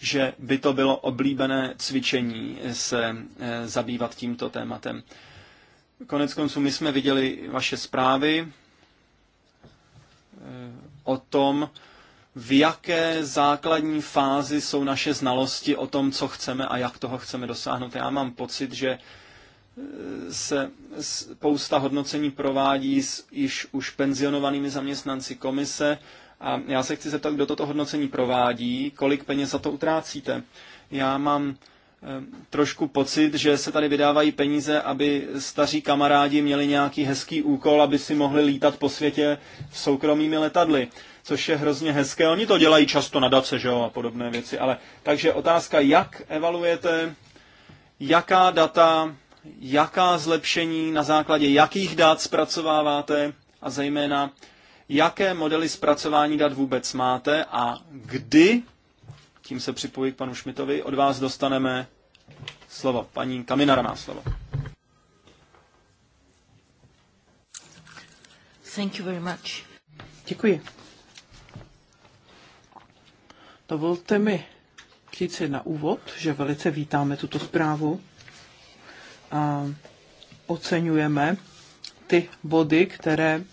B: že by to bylo oblíbené cvičení se eh, zabývat tímto tématem. Konec konců my jsme viděli vaše zprávy eh, o tom, v jaké základní fázi jsou naše znalosti o tom, co chceme a jak toho chceme dosáhnout. Já mám pocit, že eh, se spousta hodnocení provádí s již už penzionovanými zaměstnanci komise, a já se chci zeptat, kdo toto hodnocení provádí, kolik peněz za to utrácíte. Já mám eh, trošku pocit, že se tady vydávají peníze, aby staří kamarádi měli nějaký hezký úkol, aby si mohli lítat po světě v soukromými letadly, což je hrozně hezké. Oni to dělají často na dace, že jo, a podobné věci. Ale takže otázka, jak evaluujete, jaká data, jaká zlepšení, na základě jakých dat zpracováváte a zejména, jaké modely zpracování dat vůbec máte a kdy, tím se připojí k panu Šmitovi, od vás dostaneme slovo. Paní Kaminara má slovo.
C: Thank you very much. Děkuji. Dovolte mi říci na úvod, že velice vítáme tuto zprávu a oceňujeme ty body, které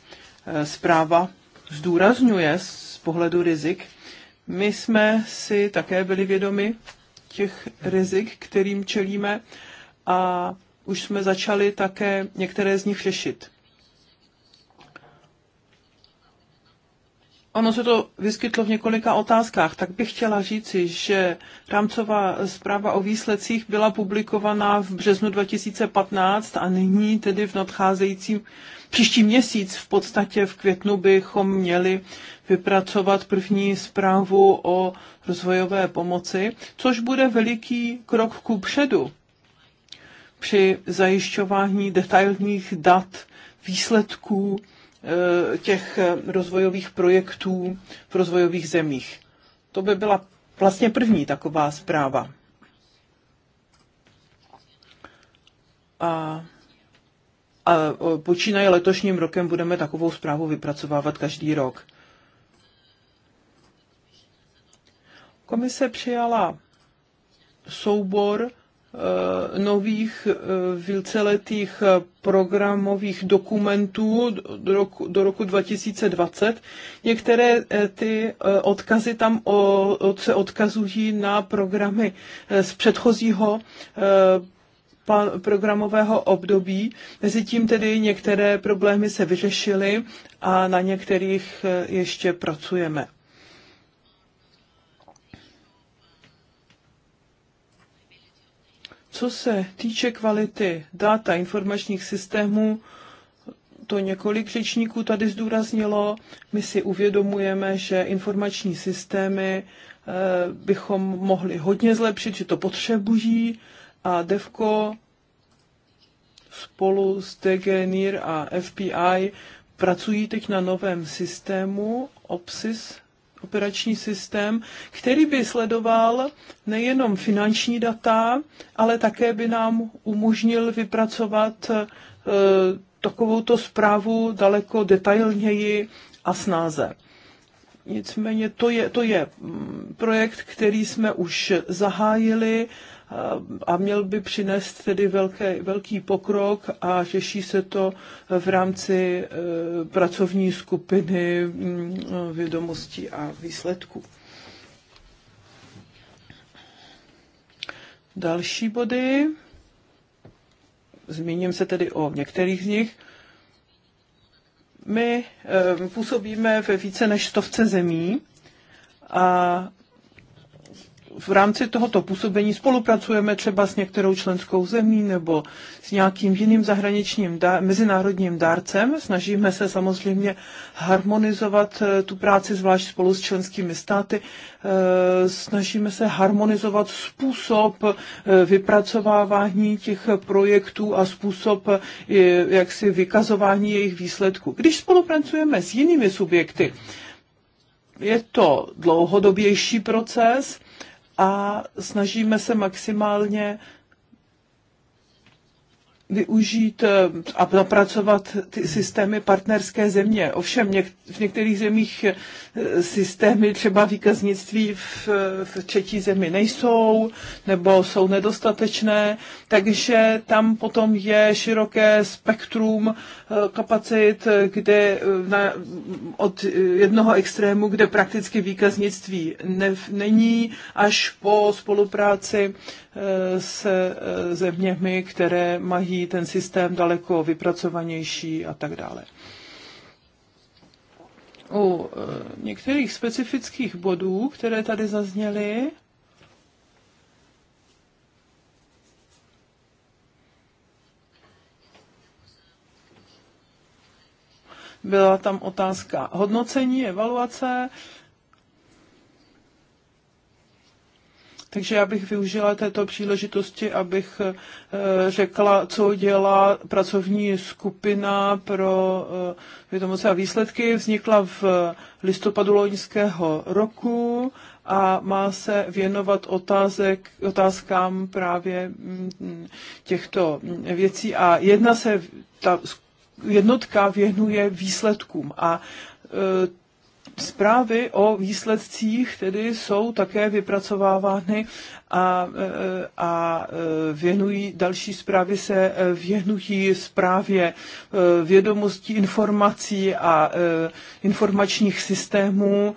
C: Eh, zpráva zdůrazňuje z pohledu rizik. My jsme si také byli vědomi těch rizik, kterým čelíme a už jsme začali také některé z nich řešit. Ono se to vyskytlo v několika otázkách, tak bych chtěla říci, že rámcová zpráva o výsledcích byla publikovaná v březnu 2015 a nyní tedy v nadcházejícím příští měsíc v podstatě v květnu bychom měli vypracovat první zprávu o rozvojové pomoci, což bude veliký krok ku předu při zajišťování detailních dat, výsledků e, těch rozvojových projektů v rozvojových zemích. To by byla vlastně první taková zpráva. A a e, počínaje letošním rokem budeme takovou zprávu vypracovávat každý rok. Komise přijala soubor e, nových e, víceletých programových dokumentů do roku, do roku 2020. Některé ty odkazy tam o, se odkazují na programy z předchozího programového období. Mezitím tedy některé problémy se vyřešily a na některých eh, ještě pracujeme. Co se týče kvality data informačních systémů, to několik řečníků tady zdůraznilo. My si uvědomujeme, že informační systémy eh, bychom mohli hodně zlepšit, že to potřebují a DEVCO spolu s DGNIR a FPI pracují teď na novém systému OPSIS, operační systém, který by sledoval nejenom finanční data, ale také by nám umožnil vypracovat e, takovouto zprávu daleko detailněji a snáze. Nicméně to je, to je mm, projekt, který jsme už zahájili a měl by přinést tedy velké, velký pokrok a řeší se to v rámci e, pracovní skupiny mm, vědomostí a výsledků. Další body. Zmíním se tedy o některých z nich. My e, působíme ve více než stovce zemí a v rámci tohoto působení spolupracujeme třeba s některou členskou zemí nebo s nějakým jiným zahraničním dá, mezinárodním dárcem. Snažíme se samozřejmě harmonizovat eh, tu práci, zvlášť spolu s členskými státy. Eh, snažíme se harmonizovat způsob eh, vypracovávání těch projektů a způsob jaksi vykazování jejich výsledků. Když spolupracujeme s jinými subjekty, je to dlouhodobější proces, a snažíme se maximálně využít eh, a napracovat ty systémy partnerské země. Ovšem něk, v některých zemích eh, systémy třeba výkaznictví v, v třetí zemi nejsou nebo jsou nedostatečné, takže tam potom je široké spektrum eh, kapacit, kde na, od jednoho extrému, kde prakticky výkaznictví ne, není, až po spolupráci Eh, se eh, zeměmi, které mají ten systém daleko vypracovanější a tak dále. U eh, některých specifických bodů, které tady zazněly, byla tam otázka hodnocení, evaluace, Takže já bych využila této příležitosti, abych eh, řekla, co dělá pracovní skupina pro eh, vědomosti a výsledky. Vznikla v listopadu loňského roku a má se věnovat otázek, otázkám právě mm, těchto věcí. A jedna se, ta jednotka věnuje výsledkům. A eh, Zprávy o výsledcích tedy jsou také vypracovávány a, e, a e, věnují, další zprávy se e, věnují zprávě vědomostí informací a informačních systémů,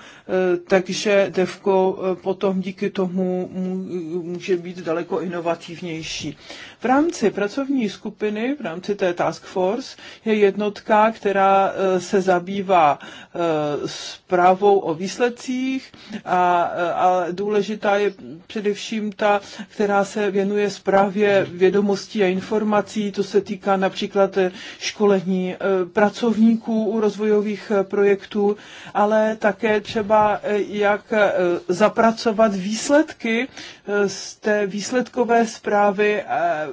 C: takže DEVKO potom díky tomu může být daleko inovativnější. V rámci pracovní skupiny, v rámci té task force, je jednotka, která se zabývá zprávou o výsledcích, a, a důležitá je především především ta, která se věnuje zprávě vědomostí a informací. To se týká například školení eh, pracovníků u rozvojových eh, projektů, ale také třeba eh, jak zapracovat výsledky z té výsledkové zprávy a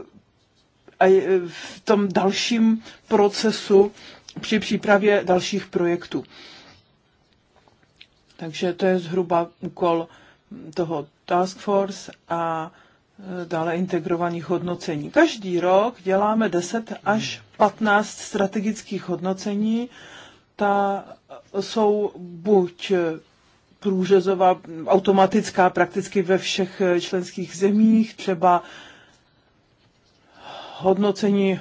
C: v tom dalším procesu při přípravě dalších projektů. Takže to je zhruba úkol toho task force a e, dále integrovaných hodnocení. Každý rok děláme 10 až 15 strategických hodnocení. Ta jsou buď průřezová, automatická prakticky ve všech e, členských zemích, třeba hodnocení e,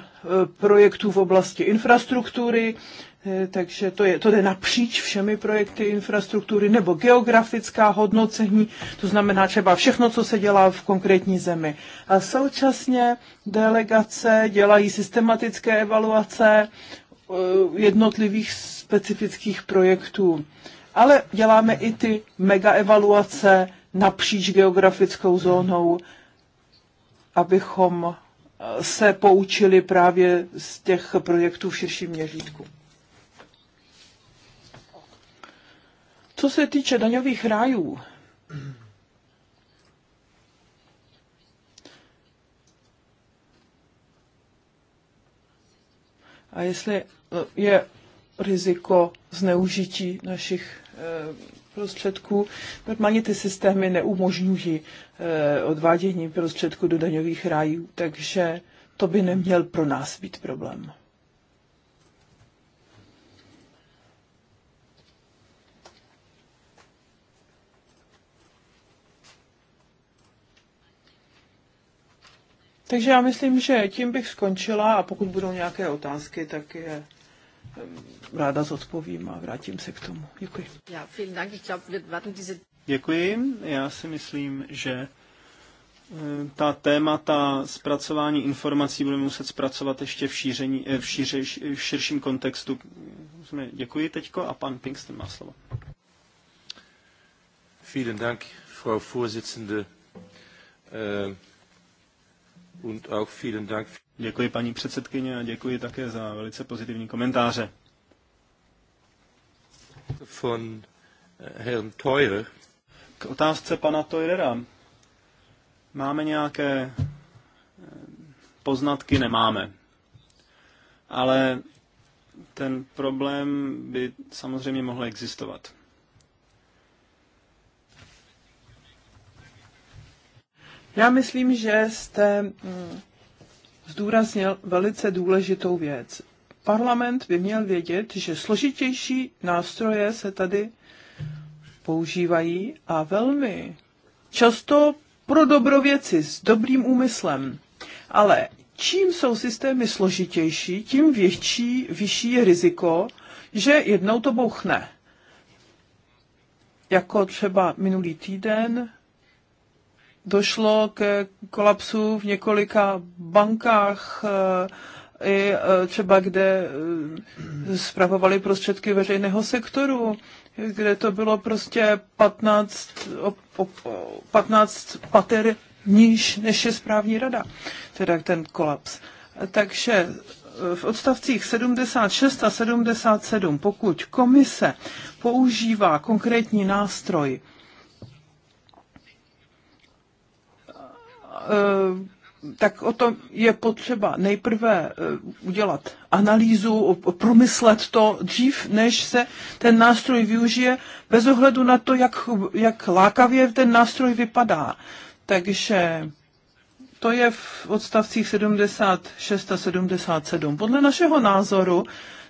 C: projektů v oblasti infrastruktury, Eh, takže to, je, to jde napříč všemi projekty infrastruktury nebo geografická hodnocení, to znamená třeba všechno, co se dělá v konkrétní zemi. A současně delegace dělají systematické evaluace eh, jednotlivých specifických projektů. Ale děláme i ty mega evaluace napříč geografickou zónou, abychom eh, se poučili právě z těch projektů v širším měřítku. Co se týče daňových rájů, a jestli eh, je riziko zneužití našich eh, prostředků. Normálně ty systémy neumožňují eh, odvádění prostředků do daňových rájů, takže to by neměl pro nás být problém. Takže já myslím, že tím bych skončila a pokud budou nějaké otázky, tak je ráda zodpovím a vrátím se k tomu. Děkuji. Děkuji. Já si myslím,
B: že ta témata zpracování informací budeme muset zpracovat ještě v, šíření, eh, v, šíři, v širším kontextu. Děkuji teďko a pan Pinkston má slovo.
A: Vielen Dank, Frau Vorsitzende. Děkuji paní
B: předsedkyně a děkuji také za velice pozitivní komentáře. Von eh,
A: Herrn Teurer.
B: K otázce pana Teurera. Máme nějaké eh, poznatky? Nemáme. Ale ten problém by samozřejmě mohl existovat.
C: Já myslím, že jste mm, zdůraznil velice důležitou věc. Parlament by měl vědět, že složitější nástroje se tady používají a velmi často pro věci, s dobrým úmyslem. Ale čím jsou systémy složitější, tím větší, vyšší je riziko, že jednou to bouchne. Jako třeba minulý týden došlo ke kolapsu v několika bankách, eh, i eh, třeba kde eh, zpravovali prostředky veřejného sektoru, kde to bylo prostě 15, 15 pater níž, než je správní rada, teda ten kolaps. Takže v odstavcích 76 a 77, pokud komise používá konkrétní nástroj, Eh, tak o tom je potřeba nejprve eh, udělat analýzu, promyslet to dřív, než se ten nástroj využije, bez ohledu na to, jak, jak lákavě ten nástroj vypadá. Takže to je v odstavcích 76 a 77. Podle našeho názoru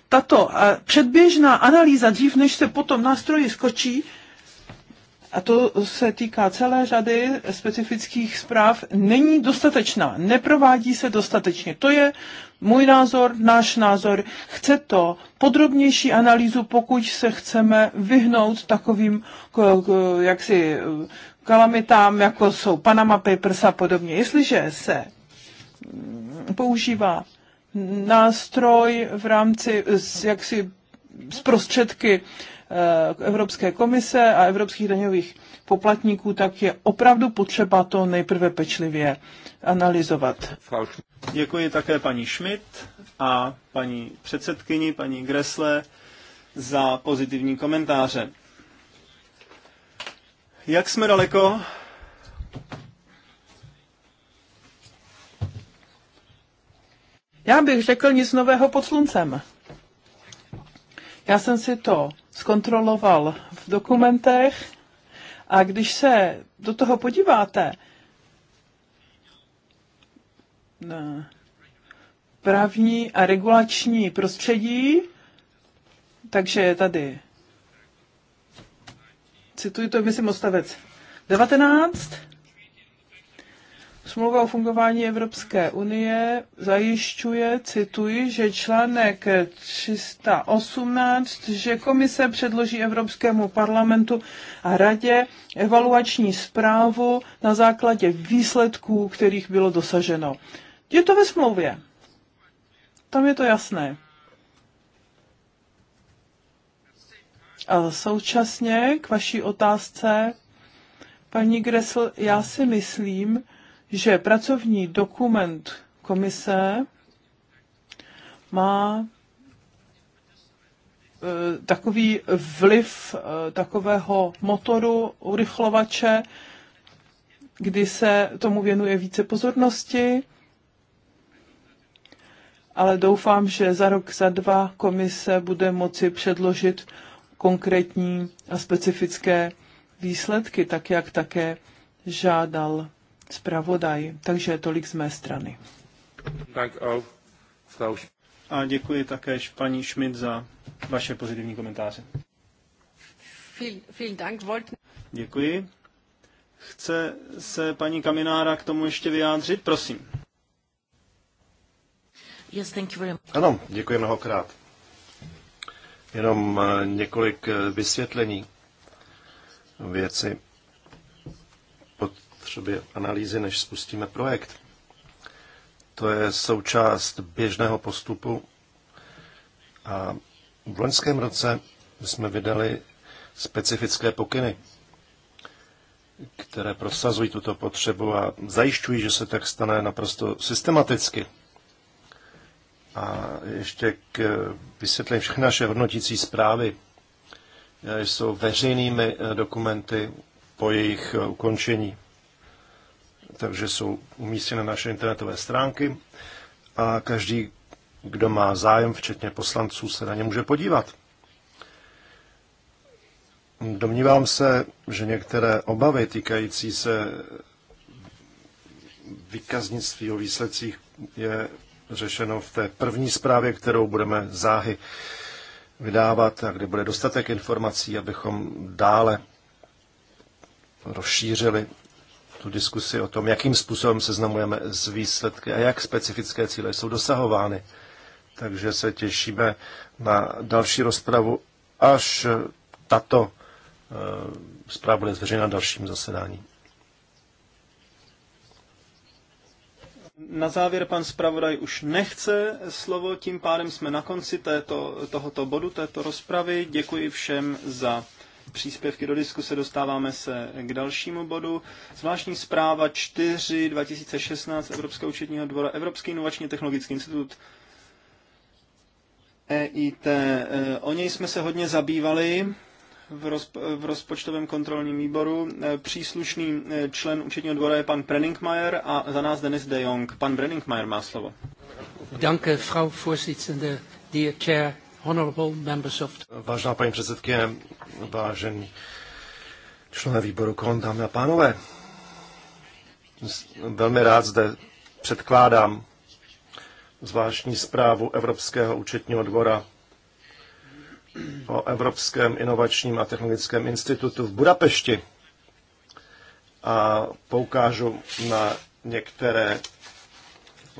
C: tato eh, předběžná analýza dřív, než se potom nástroji skočí, a to se týká celé řady specifických zpráv, není dostatečná, neprovádí se dostatečně. To je můj názor, náš názor. Chce to podrobnější analýzu, pokud se chceme vyhnout takovým jaksi kalamitám, jako jsou Panama Papers a podobně. Jestliže se používá nástroj v rámci jaksi z prostředky Eh, Evropské komise a evropských daňových poplatníků, tak je opravdu potřeba to nejprve pečlivě analyzovat.
B: Děkuji také paní Schmidt a paní předsedkyni, paní Gresle za pozitivní komentáře. Jak jsme daleko?
C: Já bych řekl nic nového pod sluncem. Já jsem si to zkontroloval v dokumentech a když se do toho podíváte, právní a regulační prostředí, takže je tady, cituji to, myslím, odstavec 19, Smlouva o fungování Evropské unie zajišťuje, cituji, že článek 318, že komise předloží Evropskému parlamentu a radě evaluační zprávu na základě výsledků, kterých bylo dosaženo. Je to ve smlouvě. Tam je to jasné. A současně k vaší otázce, paní Gressel, já si myslím, že pracovní dokument komise má e, takový vliv e, takového motoru urychlovače, kdy se tomu věnuje více pozornosti, ale doufám, že za rok, za dva komise bude moci předložit konkrétní a specifické výsledky, tak jak také žádal zpravodaj. Takže tolik z mé strany.
B: A děkuji také paní Schmidt za vaše pozitivní komentáře. Děkuji. Chce se paní Kaminára k tomu ještě vyjádřit? Prosím.
A: Ano, děkuji mnohokrát. Jenom eh, několik eh, vysvětlení věci. Pod potřeby analýzy, než spustíme projekt. To je součást běžného postupu a v loňském roce jsme vydali specifické pokyny, které prosazují tuto potřebu a zajišťují, že se tak stane naprosto systematicky. A ještě k vysvětlení všechny naše hodnotící zprávy. Jsou veřejnými dokumenty po jejich ukončení takže jsou umístěny naše internetové stránky a každý, kdo má zájem, včetně poslanců, se na ně může podívat. Domnívám se, že některé obavy týkající se vykaznictví o výsledcích je řešeno v té první zprávě, kterou budeme záhy vydávat a kde bude dostatek informací, abychom dále rozšířili tu diskusi o tom, jakým způsobem seznamujeme z výsledky a jak specifické cíle jsou dosahovány. Takže se těšíme na další rozpravu, až tato eh, zpráva bude zveřejna na dalším zasedání.
B: Na závěr pan zpravodaj už nechce slovo, tím pádem jsme na konci této, tohoto bodu, této rozpravy. Děkuji všem za příspěvky do diskuse. Dostáváme se k dalšímu bodu. Zvláštní zpráva 4 2016 Evropského účetního dvora Evropský inovační technologický institut EIT. E, o něj jsme se hodně zabývali v, rozp- v rozpočtovém kontrolním výboru. E, příslušný e, člen účetního dvora je pan Brenningmeier a za nás Denis de Jong. Pan Brenningmeier má slovo.
A: Danke, Frau Vorsitzende, dear Chair, honorable members of... Vážená paní předsedkyně, vážení členové výboru KON, dámy a pánové, velmi rád zde předkládám zvláštní zprávu Evropského účetního dvora o Evropském inovačním a technologickém institutu v Budapešti a poukážu na některé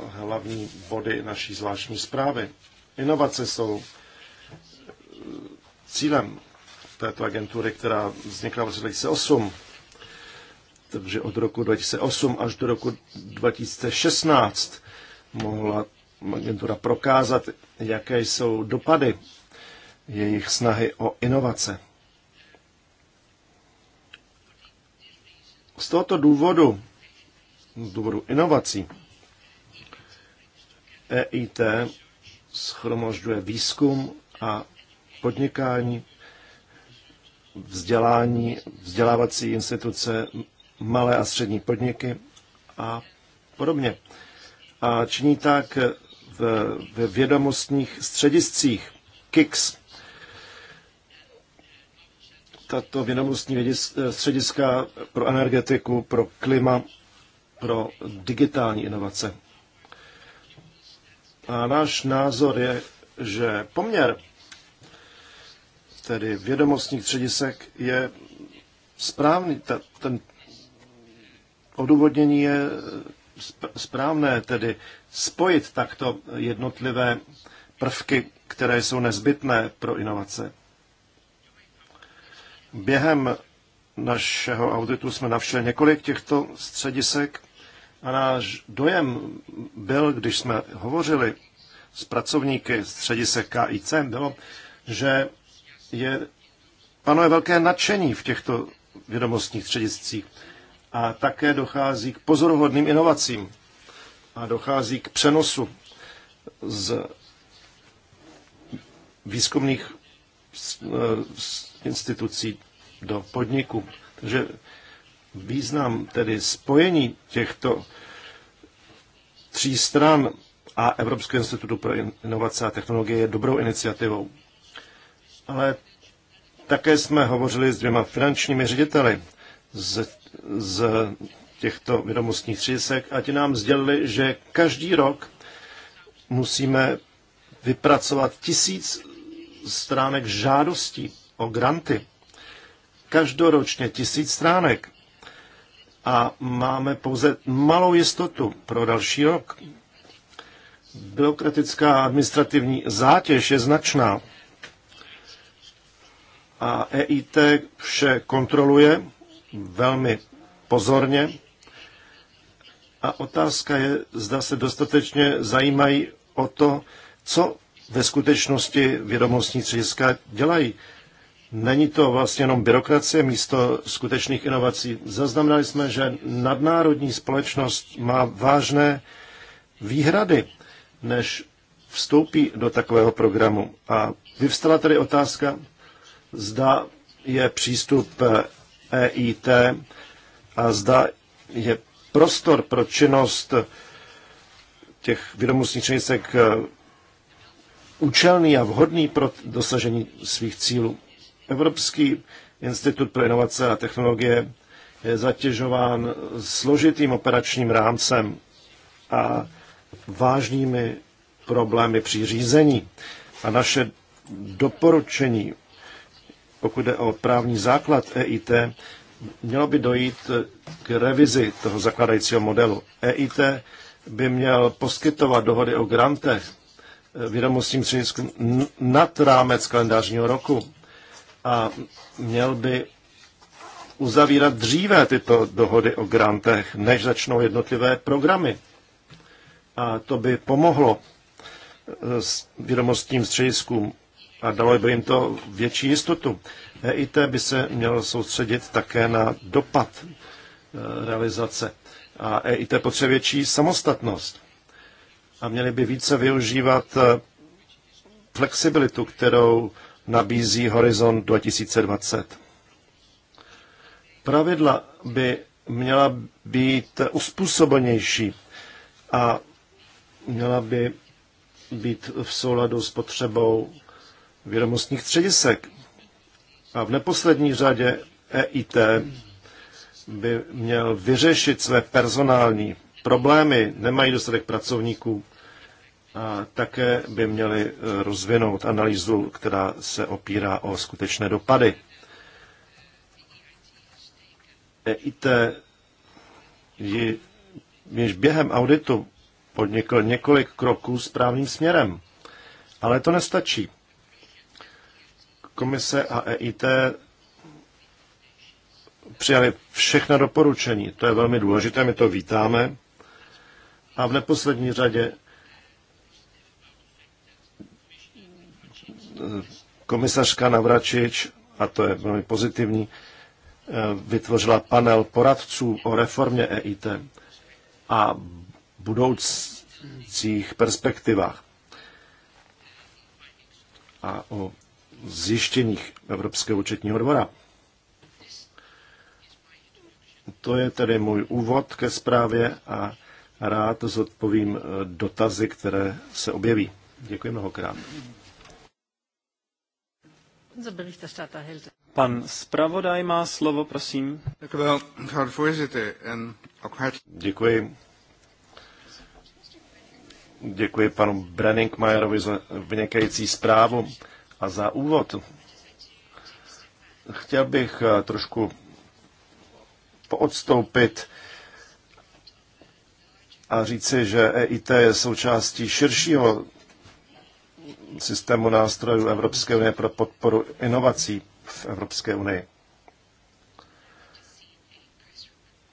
A: hlavní body naší zvláštní zprávy. Inovace jsou cílem této agentury, která vznikla v roce 2008, takže od roku 2008 až do roku 2016 mohla agentura prokázat, jaké jsou dopady jejich snahy o inovace. Z tohoto důvodu, z důvodu inovací, EIT schromožďuje výzkum a podnikání, vzdělání, vzdělávací instituce, malé a střední podniky a podobně. A činí tak ve vědomostních střediscích KICS. Tato vědomostní střediska pro energetiku, pro klima, pro digitální inovace. A náš názor je, že poměr tedy vědomostních středisek, je správný. Ta, ten odůvodnění je správné, tedy spojit takto jednotlivé prvky, které jsou nezbytné pro inovace. Během našeho auditu jsme navštívili několik těchto středisek a náš dojem byl, když jsme hovořili s pracovníky středisek KIC, bylo, že je, panuje velké nadšení v těchto vědomostních střediscích a také dochází k pozoruhodným inovacím a dochází k přenosu z výzkumných e, institucí do podniku. Takže význam tedy spojení těchto tří stran a Evropského institutu pro inovace a technologie je dobrou iniciativou ale také jsme hovořili s dvěma finančními řediteli z, z těchto vědomostních třísek a ti nám sdělili, že každý rok musíme vypracovat tisíc stránek žádostí o granty. Každoročně tisíc stránek. A máme pouze malou jistotu pro další rok. Byrokratická administrativní zátěž je značná a EIT vše kontroluje velmi pozorně. A otázka je, zda se dostatečně zajímají o to, co ve skutečnosti vědomostní střediska dělají. Není to vlastně jenom byrokracie místo skutečných inovací. Zaznamenali jsme, že nadnárodní společnost má vážné výhrady, než vstoupí do takového programu. A vyvstala tedy otázka, zda je přístup EIT eh, e a zda je prostor pro činnost těch vědomostních členicek eh, účelný a vhodný pro dosažení svých cílů. Evropský institut pro inovace a technologie je zatěžován složitým operačním rámcem a vážnými problémy při řízení. A naše doporučení pokud jde o právní základ EIT, mělo by dojít k revizi toho zakladajícího modelu. EIT by měl poskytovat dohody o grantech eh, vědomostním střediskům nad rámec kalendářního roku a měl by uzavírat dříve tyto dohody o grantech, než začnou jednotlivé programy. A to by pomohlo eh, vědomostním střediskům a dalo by jim to větší jistotu. EIT by se mělo soustředit také na dopad e, realizace a EIT potřebuje větší samostatnost a měli by více využívat e, flexibilitu, kterou nabízí Horizont 2020. Pravidla by měla být uspůsobenější a měla by být v souladu s potřebou vědomostních středisek. A v neposlední řadě EIT by měl vyřešit své personální problémy, nemají dostatek pracovníků a také by měli eh, rozvinout analýzu, která se opírá o skutečné dopady. EIT již během auditu podnikl několik kroků správným směrem, ale to nestačí. Komise a EIT přijali všechna doporučení. To je velmi důležité, my to vítáme. A v neposlední řadě eh, komisařka Navračič, a to je velmi pozitivní, eh, vytvořila panel poradců o reformě EIT a budoucích perspektivách a o zjištěních Evropského účetního dvora. To je tedy můj úvod ke zprávě a rád zodpovím eh, dotazy, které se objeví. Děkuji mnohokrát.
B: Pan zpravodaj má slovo, prosím.
A: Děkuji. Děkuji panu Brenningmajerovi za vynikající zprávu a za úvod. Chtěl bych eh, trošku poodstoupit a říci, že EIT je součástí širšího systému nástrojů Evropské unie pro podporu inovací v Evropské unii.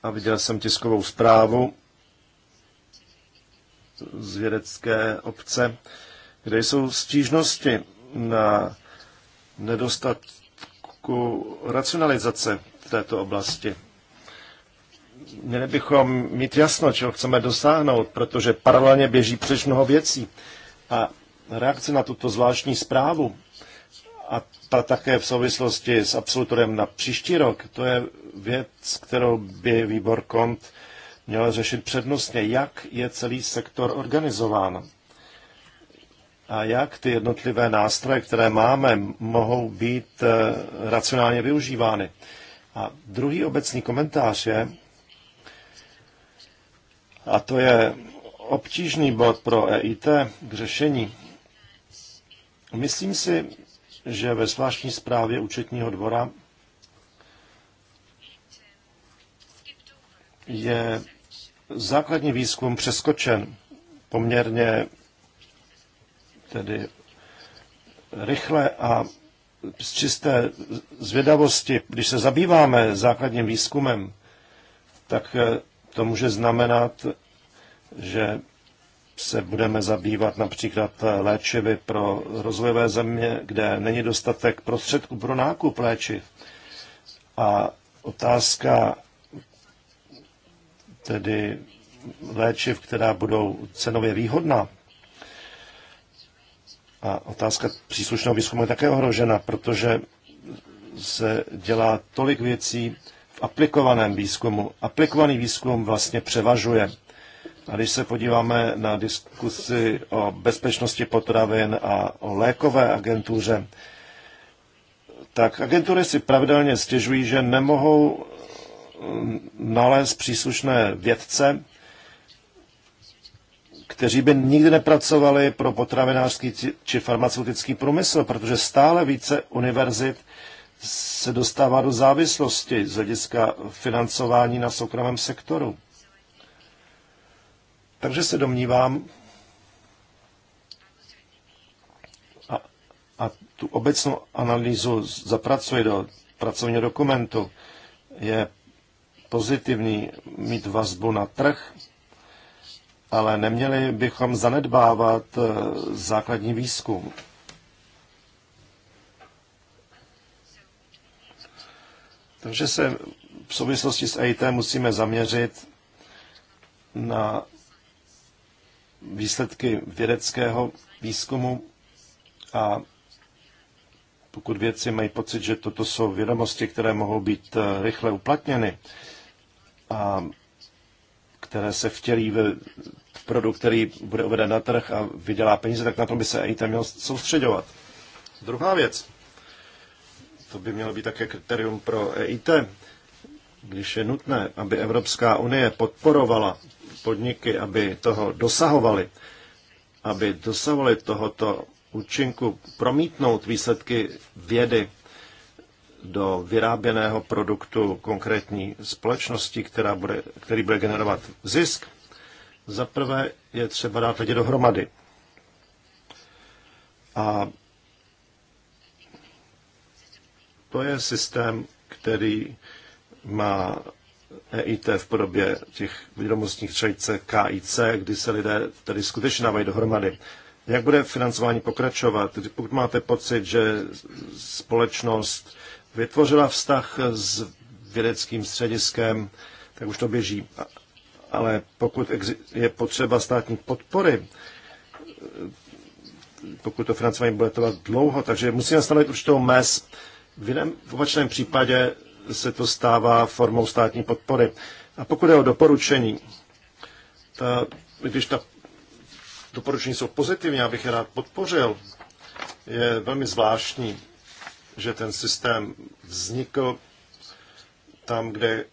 A: A viděl jsem tiskovou zprávu z vědecké obce, kde jsou stížnosti na nedostatku racionalizace v této oblasti. Měli bychom mít jasno, čeho chceme dosáhnout, protože paralelně běží přeč mnoho věcí. A reakce na tuto zvláštní zprávu a ta také v souvislosti s absolutorem na příští rok, to je věc, kterou by výbor KONT měl řešit přednostně, jak je celý sektor organizován a jak ty jednotlivé nástroje, které máme, mohou být eh, racionálně využívány. A druhý obecný komentář je, a to je obtížný bod pro EIT k řešení. Myslím si, že ve zvláštní zprávě účetního dvora je základní výzkum přeskočen poměrně tedy rychle a z čisté zvědavosti, když se zabýváme základním výzkumem, tak eh, to může znamenat, že se budeme zabývat například eh, léčivy pro rozvojové země, kde není dostatek prostředků pro nákup léčiv. A otázka tedy léčiv, která budou cenově výhodná, a otázka příslušného výzkumu je také ohrožena, protože se dělá tolik věcí v aplikovaném výzkumu. Aplikovaný výzkum vlastně převažuje. A když se podíváme na diskusi o bezpečnosti potravin a o lékové agentuře, tak agentury si pravidelně stěžují, že nemohou nalézt příslušné vědce, kteří by nikdy nepracovali pro potravinářský či farmaceutický průmysl, protože stále více univerzit se dostává do závislosti z hlediska financování na soukromém sektoru. Takže se domnívám, a, a tu obecnou analýzu zapracuji do pracovního dokumentu, je pozitivní mít vazbu na trh, ale neměli bychom zanedbávat eh, základní výzkum. Takže se v souvislosti s EIT musíme zaměřit na výsledky vědeckého výzkumu a pokud vědci mají pocit, že toto jsou vědomosti, které mohou být eh, rychle uplatněny a které se vtělí v produkt, který bude uveden na trh a vydělá peníze, tak na to by se EIT měl soustředovat. Druhá věc, to by mělo být také kritérium pro EIT, když je nutné, aby Evropská unie podporovala podniky, aby toho dosahovali, aby dosahovali tohoto účinku promítnout výsledky vědy do vyráběného produktu konkrétní společnosti, která bude, který bude generovat zisk, za prvé je třeba dát lidi dohromady. A to je systém, který má EIT v podobě těch vědomostních třejce KIC, kdy se lidé tedy skutečně dávají dohromady. Jak bude financování pokračovat? Pokud máte pocit, že společnost vytvořila vztah s vědeckým střediskem, tak už to běží. Ale pokud je potřeba státní podpory, pokud to financování bude trvat dlouho, takže musíme stanovit určitou mez. V, jiném, v opačném případě se to stává formou státní podpory. A pokud je o doporučení, ta, když ta doporučení jsou pozitivní, abych je rád podpořil, je velmi zvláštní že ten systém vznikl tam, kde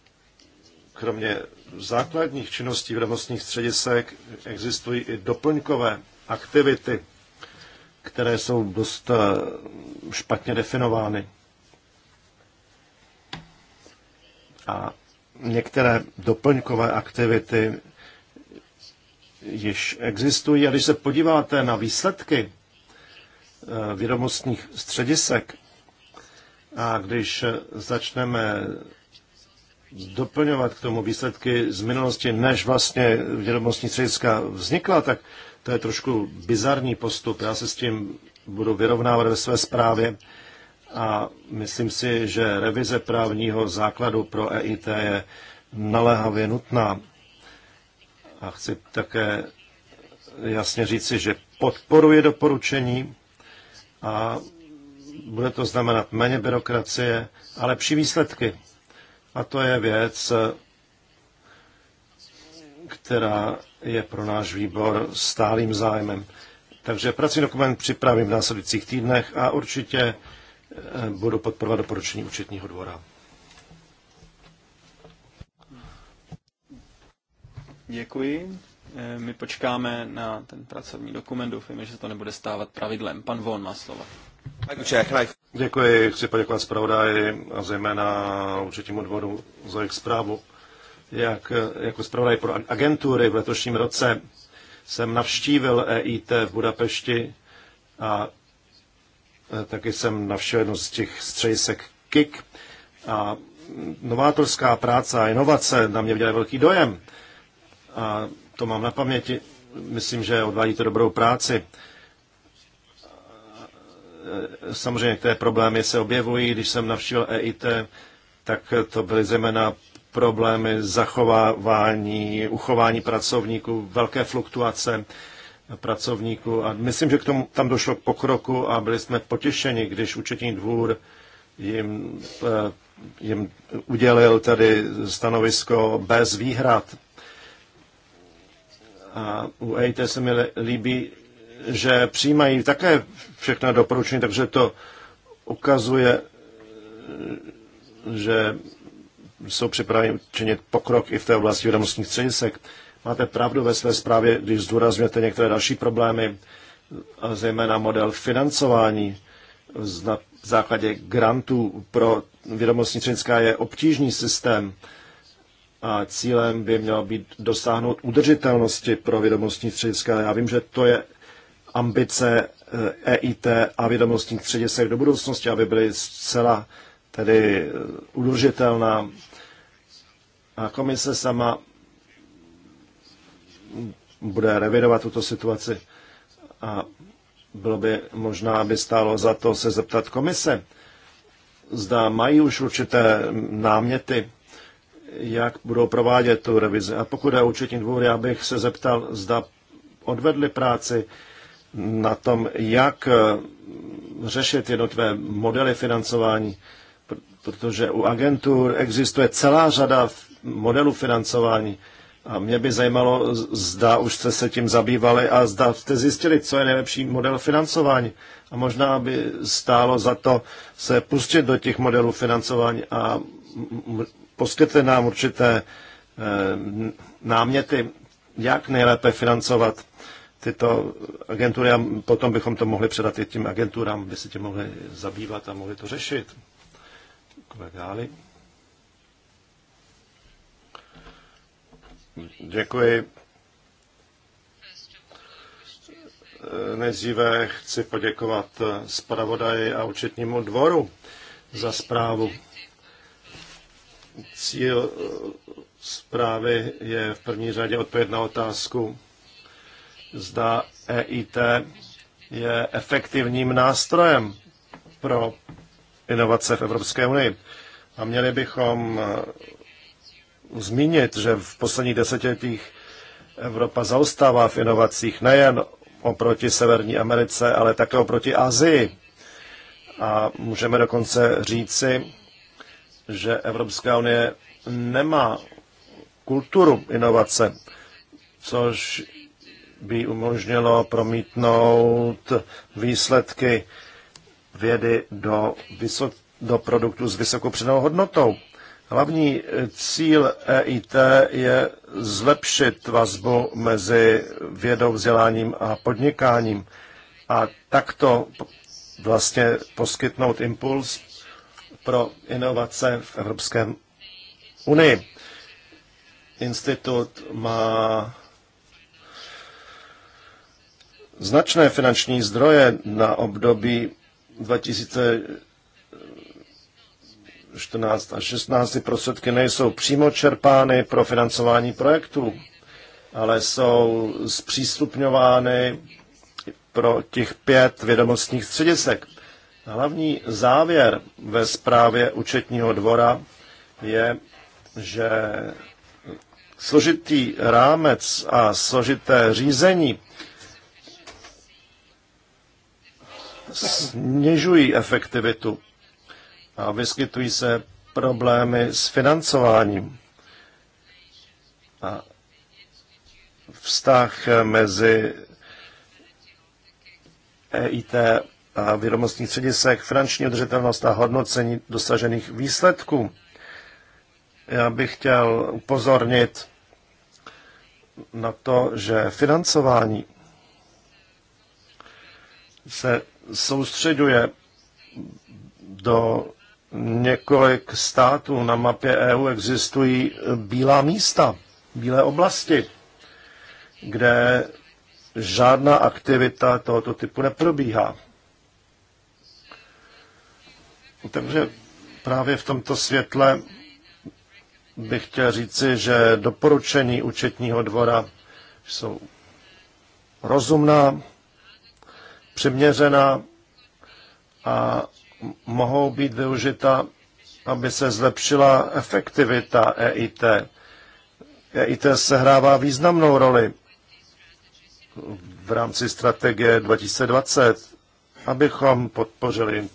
A: kromě základních činností v nemocných středisek existují i doplňkové aktivity, které jsou dost eh, špatně definovány. A některé doplňkové aktivity již existují. A když se podíváte na výsledky eh, vědomostních středisek, a když začneme doplňovat k tomu výsledky z minulosti, než vlastně vědomostní střediska vznikla, tak to je trošku bizarní postup. Já se s tím budu vyrovnávat ve své zprávě a myslím si, že revize právního základu pro EIT je naléhavě nutná. A chci také jasně říci, že podporuje doporučení a bude to znamenat méně byrokracie a lepší výsledky. A to je věc, která je pro náš výbor stálým zájmem. Takže pracovní dokument připravím v následujících týdnech a určitě eh, budu podporovat doporučení účetního dvora.
B: Děkuji. Eh, my počkáme na ten pracovní dokument. Doufejme, že to nebude stávat pravidlem. Pan Von má slovo.
A: Děkuji, chci poděkovat zpravodaji a zejména určitým odboru za jejich zprávu. Jak, jako zpravodaj pro agentury v letošním roce jsem navštívil EIT v Budapešti a e, taky jsem navštívil jednu z těch střejsek KIK a novátorská práce a inovace na mě udělaly velký dojem. A to mám na paměti. Myslím, že odvádíte dobrou práci. Eh, samozřejmě některé problémy se objevují. Když jsem navštívil EIT, tak to byly zejména problémy zachovávání, uchování pracovníků, velké fluktuace pracovníků. A myslím, že k tomu tam došlo k pokroku a byli jsme potěšeni, když účetní dvůr jim, eh, jim udělil tady stanovisko bez výhrad. A u EIT se mi líbí, že přijímají také všechna doporučení, takže to ukazuje, že jsou připraveni činit pokrok i v té oblasti vědomostních středisek. Máte pravdu ve své zprávě, když zdůrazňujete některé další problémy, a zejména model financování na základě grantů pro vědomostní střediská je obtížný systém a cílem by mělo být dosáhnout udržitelnosti pro vědomostní střediska. Já vím, že to je ambice EIT eh, e a vědomostních středisek do budoucnosti, aby byly zcela tedy eh, udržitelná. A komise sama bude revidovat tuto situaci a bylo by možná, aby stálo za to se zeptat komise, zda mají už určité náměty, jak budou provádět tu revizi. A pokud je určitě dvůr, já bych se zeptal, zda odvedli práci, na tom, jak eh, řešit jednotlivé modely financování, protože u agentur existuje celá řada modelů financování. A mě by zajímalo, zda už jste se tím zabývali a zda jste zjistili, co je nejlepší model financování. A možná by stálo za to se pustit do těch modelů financování a poskytli nám určité eh, náměty, jak nejlépe financovat tyto agentury a potom bychom to mohli předat i těm agenturám, by se tě mohli zabývat a mohli to řešit. Kolegáli. Děkuji. Nejdříve chci poděkovat zpravodaji a účetnímu dvoru za zprávu. Cíl zprávy je v první řadě odpověď na otázku, zda EIT je efektivním nástrojem pro inovace v Evropské unii. A měli bychom eh, zmínit, že v posledních desetiletích Evropa zaostává v inovacích nejen oproti Severní Americe, ale také oproti Asii. A můžeme dokonce říci, že Evropská unie nemá kulturu inovace, což by umožnilo promítnout výsledky vědy do, vysok, do produktu s vysokou přidanou hodnotou. Hlavní eh, cíl EIT je zlepšit vazbu mezi vědou, vzděláním a podnikáním a takto vlastně poskytnout impuls pro inovace v Evropské unii. Institut má značné finanční zdroje na období 2014 a 2016 prostředky nejsou přímo čerpány pro financování projektů, ale jsou zpřístupňovány pro těch pět vědomostních středisek. Hlavní závěr ve zprávě účetního dvora je, že složitý rámec a složité řízení snižují efektivitu a vyskytují se problémy s financováním. A vztah mezi EIT a vědomostních středisek, finanční udržitelnost a hodnocení dosažených výsledků. Já bych chtěl upozornit na to, že financování se soustředuje do několik států na mapě EU existují bílá místa, bílé oblasti, kde žádná aktivita tohoto typu neprobíhá. Takže právě v tomto světle bych chtěl říci, že doporučení účetního dvora jsou rozumná, přiměřená a mohou být využita, aby se zlepšila efektivita EIT. EIT sehrává významnou roli v rámci strategie 2020, abychom podpořili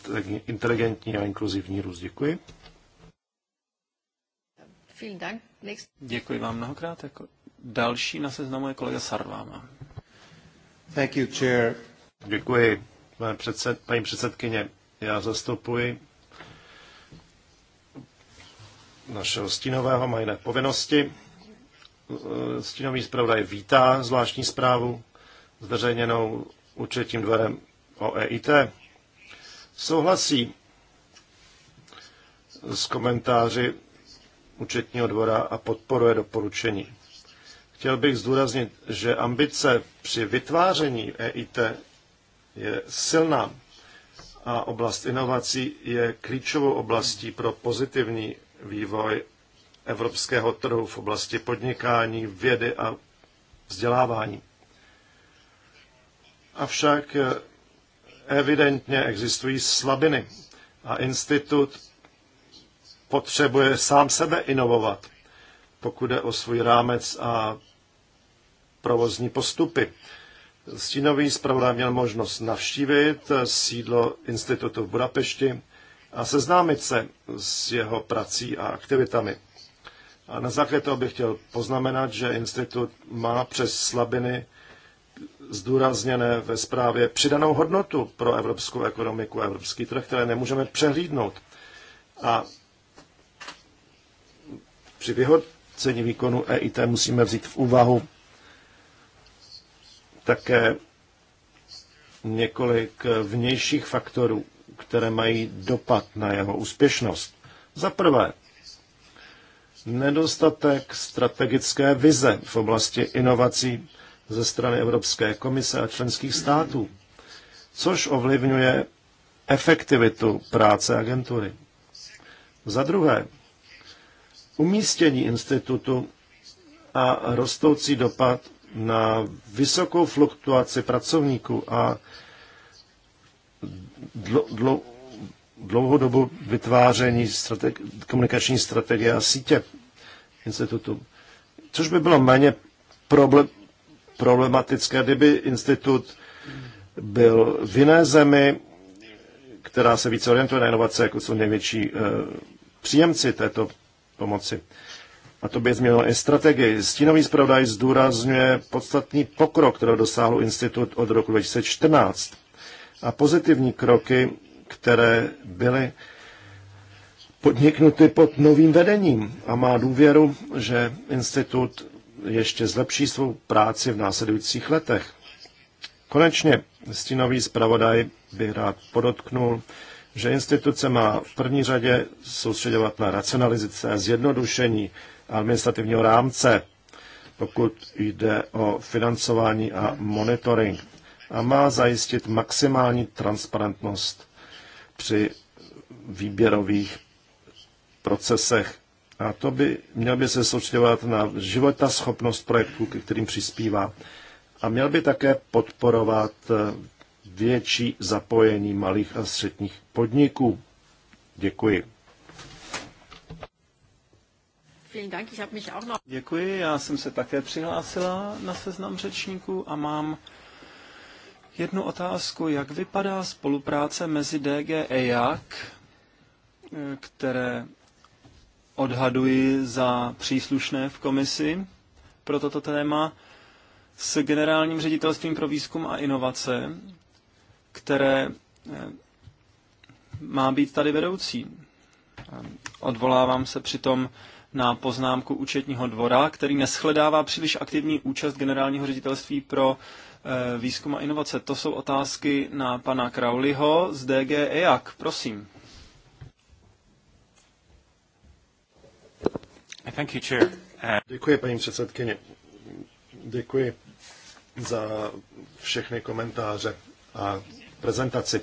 A: inteligentní a inkluzivní růst. Děkuji.
B: Děkuji vám mnohokrát. Jako další na seznamu je kolega Sarváma.
A: Thank you, chair. Děkuji, pane předsed, paní předsedkyně. Já zastupuji našeho stínového, má jiné povinnosti. Stínový zpravodaj vítá zvláštní zprávu zveřejněnou účetním dvorem o EIT. Souhlasí s komentáři účetního dvora a podporuje doporučení. Chtěl bych zdůraznit, že ambice při vytváření EIT je silná a oblast inovací je klíčovou oblastí pro pozitivní vývoj evropského trhu v oblasti podnikání, vědy a vzdělávání. Avšak eh, evidentně existují slabiny a institut potřebuje sám sebe inovovat, pokud jde o svůj rámec a provozní postupy. Stínový zpravodaj měl možnost navštívit sídlo institutu v Budapešti a seznámit se s jeho prací a aktivitami. A na základě toho bych chtěl poznamenat, že institut má přes slabiny zdůrazněné ve zprávě přidanou hodnotu pro evropskou ekonomiku a evropský trh, které nemůžeme přehlídnout. A při vyhodcení výkonu EIT musíme vzít v úvahu také několik vnějších faktorů, které mají dopad na jeho úspěšnost. Za prvé, nedostatek strategické vize v oblasti inovací ze strany Evropské komise a členských států, což ovlivňuje efektivitu práce agentury. Za druhé, umístění institutu a rostoucí dopad na vysokou fluktuaci pracovníků a dlouhou dobu dlouhodobu vytváření strategi- komunikační strategie a sítě institutu. Což by bylo méně proble- problematické, kdyby institut byl v jiné zemi, která se více orientuje na inovace, jako jsou největší e, příjemci této pomoci. E, a to by změnilo i strategii. Stínový zpravodaj zdůrazňuje podstatný pokrok, který dosáhl institut od roku 2014 a pozitivní kroky, které byly podniknuty pod novým vedením a má důvěru, že institut ještě zlepší svou práci v následujících letech. Konečně stínový zpravodaj by rád podotknul, že instituce má v první řadě soustředovat na racionalizaci a zjednodušení administrativního rámce, pokud jde o financování a monitoring a má zajistit maximální transparentnost při výběrových procesech. A to by měl by se soustředovat na života schopnost projektů, ke kterým přispívá. A měl by také podporovat eh, větší zapojení malých a středních podniků. Děkuji.
B: Děkuji, já jsem se také přihlásila na seznam řečníků a mám jednu otázku. Jak vypadá spolupráce mezi DG EJAK, eh, které odhaduji za příslušné v komisi pro toto téma, s generálním ředitelstvím pro výzkum a inovace, které eh, má být tady vedoucí. Odvolávám se přitom na poznámku účetního dvora, který neschledává příliš aktivní účast generálního ředitelství pro eh, výzkum a inovace. To jsou otázky na pana Krauliho z DG EAC. Prosím.
A: Thank you, chair. Uh, Děkuji, paní předsedkyně. Děkuji za všechny komentáře a prezentaci.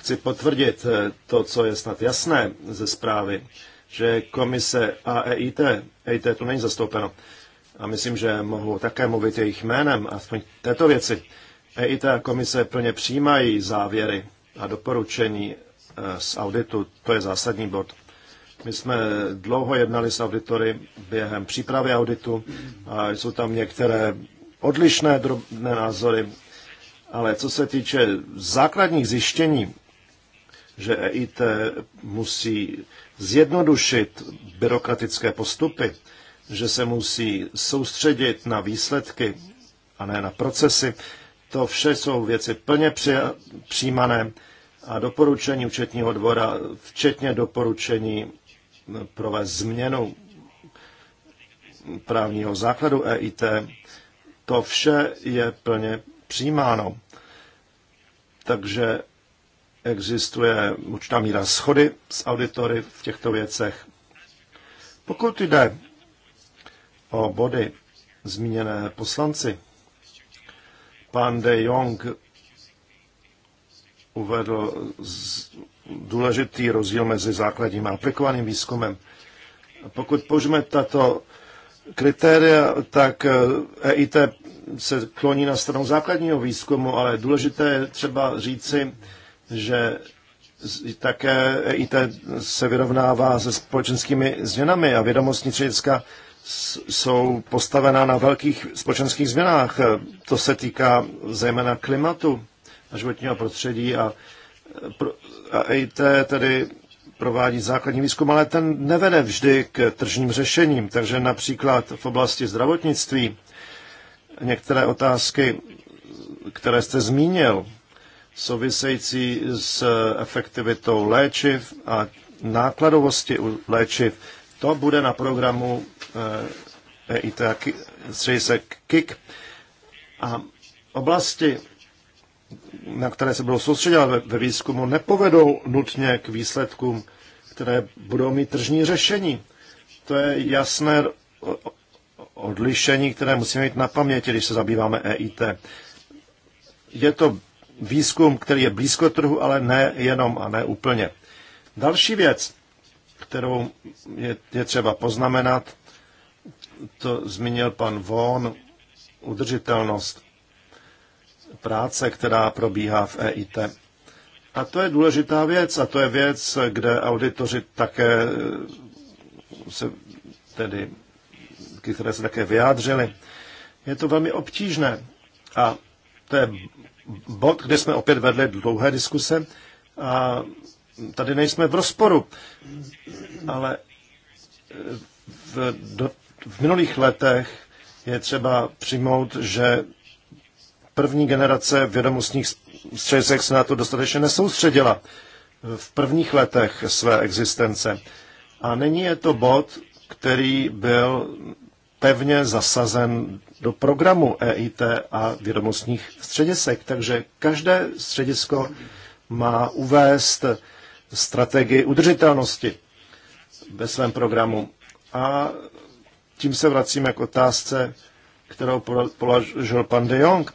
A: Chci potvrdit eh, to, co je snad jasné ze zprávy, že komise a EIT, EIT tu není zastoupeno. A myslím, že mohu také mluvit jejich jménem, aspoň této věci. EIT a komise plně přijímají závěry a doporučení e, z auditu, to je zásadní bod. My jsme dlouho jednali s auditory během přípravy auditu a jsou tam některé odlišné drobné názory, ale co se týče základních zjištění že EIT musí zjednodušit byrokratické postupy, že se musí soustředit na výsledky a ne na procesy. To vše jsou věci plně přijímané a doporučení účetního dvora, včetně doporučení provést změnu právního základu EIT, to vše je plně přijímáno. Takže existuje určitá míra schody s auditory v těchto věcech. Pokud jde o body zmíněné poslanci, pan de Jong uvedl důležitý rozdíl mezi základním a aplikovaným výzkumem. Pokud použijeme tato kritéria, tak EIT eh, e se kloní na stranu základního výzkumu, ale důležité je třeba říci, že také IT se vyrovnává se společenskými změnami a vědomostní třídecka jsou postavená na velkých společenských změnách. To se týká zejména klimatu a životního prostředí a, a IT tedy provádí základní výzkum, ale ten nevede vždy k tržním řešením. Takže například v oblasti zdravotnictví některé otázky, které jste zmínil, související s efektivitou léčiv a nákladovosti u léčiv. To bude na programu EIT středisek KIK. A oblasti, na které se budou soustředovat ve výzkumu, nepovedou nutně k výsledkům, které budou mít tržní řešení. To je jasné odlišení, které musíme mít na paměti, když se zabýváme EIT. Je to výzkum, který je blízko trhu, ale ne jenom a ne úplně. Další věc, kterou je, je třeba poznamenat, to zmínil pan Von, udržitelnost práce, která probíhá v EIT. A to je důležitá věc a to je věc, kde auditoři také eh, se tedy, které se také vyjádřili. Je to velmi obtížné a to je bod, kde jsme opět vedli dlouhé diskuse a tady nejsme v rozporu, ale eh, v, do, v minulých letech je třeba přijmout, že první generace vědomostních středisek se na to dostatečně nesoustředila v prvních letech své existence. A nyní je to bod, který byl pevně zasazen do programu EIT a vědomostních středisek. Takže každé středisko má uvést strategii udržitelnosti ve svém programu. A tím se vracíme k otázce, kterou položil pan de Jong.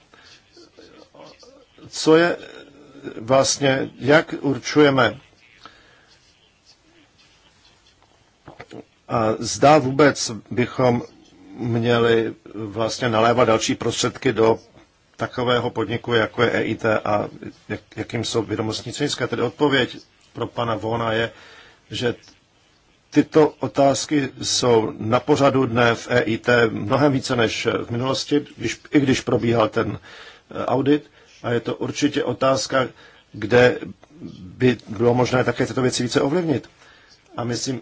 A: Co je vlastně, jak určujeme a zdá vůbec bychom měli vlastně nalévat další prostředky do takového podniku, jako je EIT a jak, jakým jsou vědomostní cenické. Tedy odpověď pro pana Vona je, že tyto otázky jsou na pořadu dne v EIT mnohem více než v minulosti, když, i když probíhal ten eh, audit. A je to určitě otázka, kde by bylo možné také tyto věci více ovlivnit. A myslím,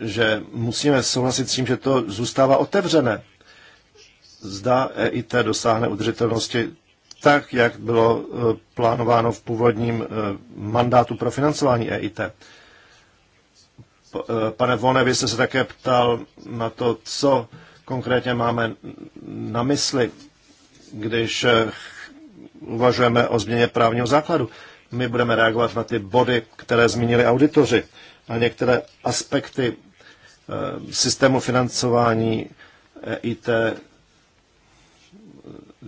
A: že musíme souhlasit s tím, že to zůstává otevřené. Zda EIT dosáhne udržitelnosti tak, jak bylo e, plánováno v původním e, mandátu pro financování EIT. E, pane Vone, vy jste se také ptal na to, co konkrétně máme na mysli, když uvažujeme o změně právního základu. My budeme reagovat na ty body, které zmínili auditoři a některé aspekty Eh, systému financování EIT eh,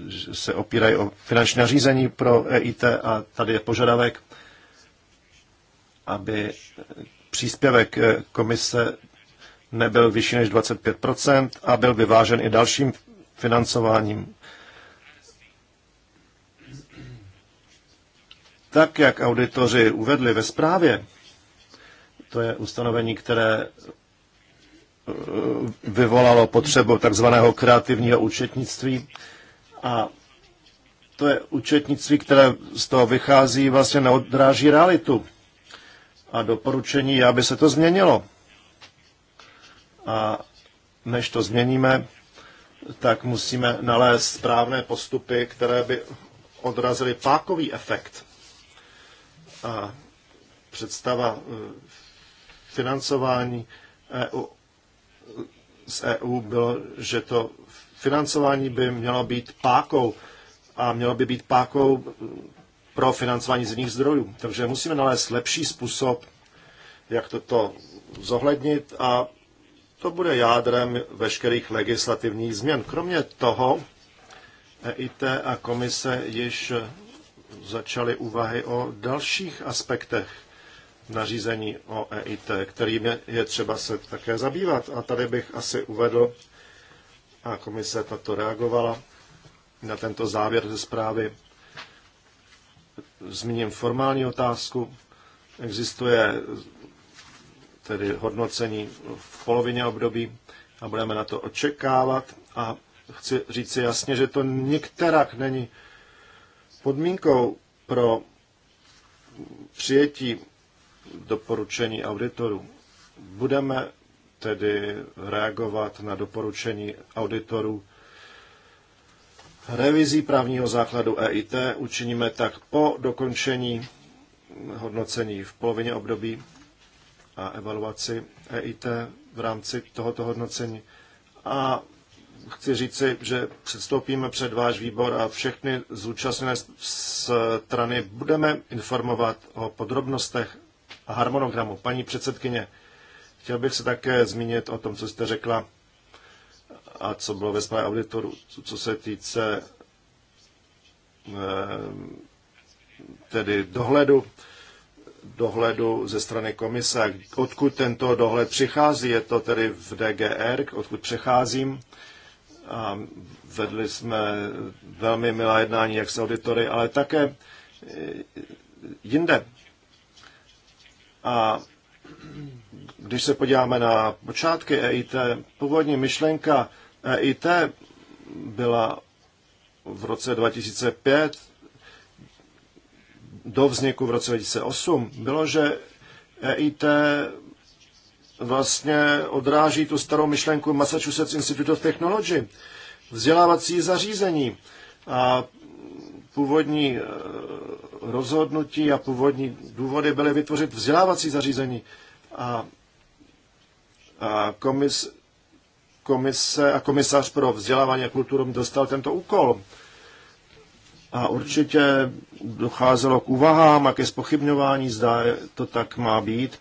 A: eh, se opírají o finanční nařízení pro EIT a tady je požadavek, aby příspěvek komise nebyl vyšší než 25 a byl vyvážen i dalším financováním. Tak, jak auditoři uvedli ve zprávě, to je ustanovení, které vyvolalo potřebu takzvaného kreativního účetnictví a to je účetnictví, které z toho vychází, vlastně neodráží realitu. A doporučení je, aby se to změnilo. A než to změníme, tak musíme nalézt správné postupy, které by odrazily pákový efekt. A představa eh, financování EU z EU bylo, že to financování by mělo být pákou a mělo by být pákou pro financování z jiných zdrojů. Takže musíme nalézt lepší způsob, jak toto zohlednit a to bude jádrem veškerých legislativních změn. Kromě toho EIT a komise již začaly úvahy o dalších aspektech nařízení o EIT, kterým je třeba se také zabývat. A tady bych asi uvedl, a komise na to reagovala, na tento závěr ze zprávy. Zmíním formální otázku. Existuje tedy hodnocení v polovině období a budeme na to očekávat. A chci říct si jasně, že to nikterak není podmínkou pro přijetí doporučení auditorů. Budeme tedy reagovat na doporučení auditorů revizí právního základu EIT. Učiníme tak po dokončení hodnocení v polovině období a evaluaci EIT v rámci tohoto hodnocení. A chci říci, že předstoupíme před váš výbor a všechny zúčastněné strany budeme informovat o podrobnostech a harmonogramu. Paní předsedkyně, chtěl bych se také zmínit o tom, co jste řekla a co bylo ve zprávě auditoru, co se týče eh, tedy dohledu, dohledu ze strany komise. Odkud tento dohled přichází? Je to tedy v DGR, odkud přecházím. A vedli jsme velmi milá jednání jak s auditory, ale také eh, jinde a když se podíváme na počátky EIT, původní myšlenka EIT byla v roce 2005 do vzniku v roce 2008, bylo, že EIT vlastně odráží tu starou myšlenku Massachusetts Institute of Technology, vzdělávací zařízení. A původní eh, rozhodnutí a původní důvody byly vytvořit vzdělávací zařízení. A, a komis, komise a komisař pro vzdělávání a kulturu dostal tento úkol. A určitě docházelo k úvahám a ke spochybňování, zda to tak má být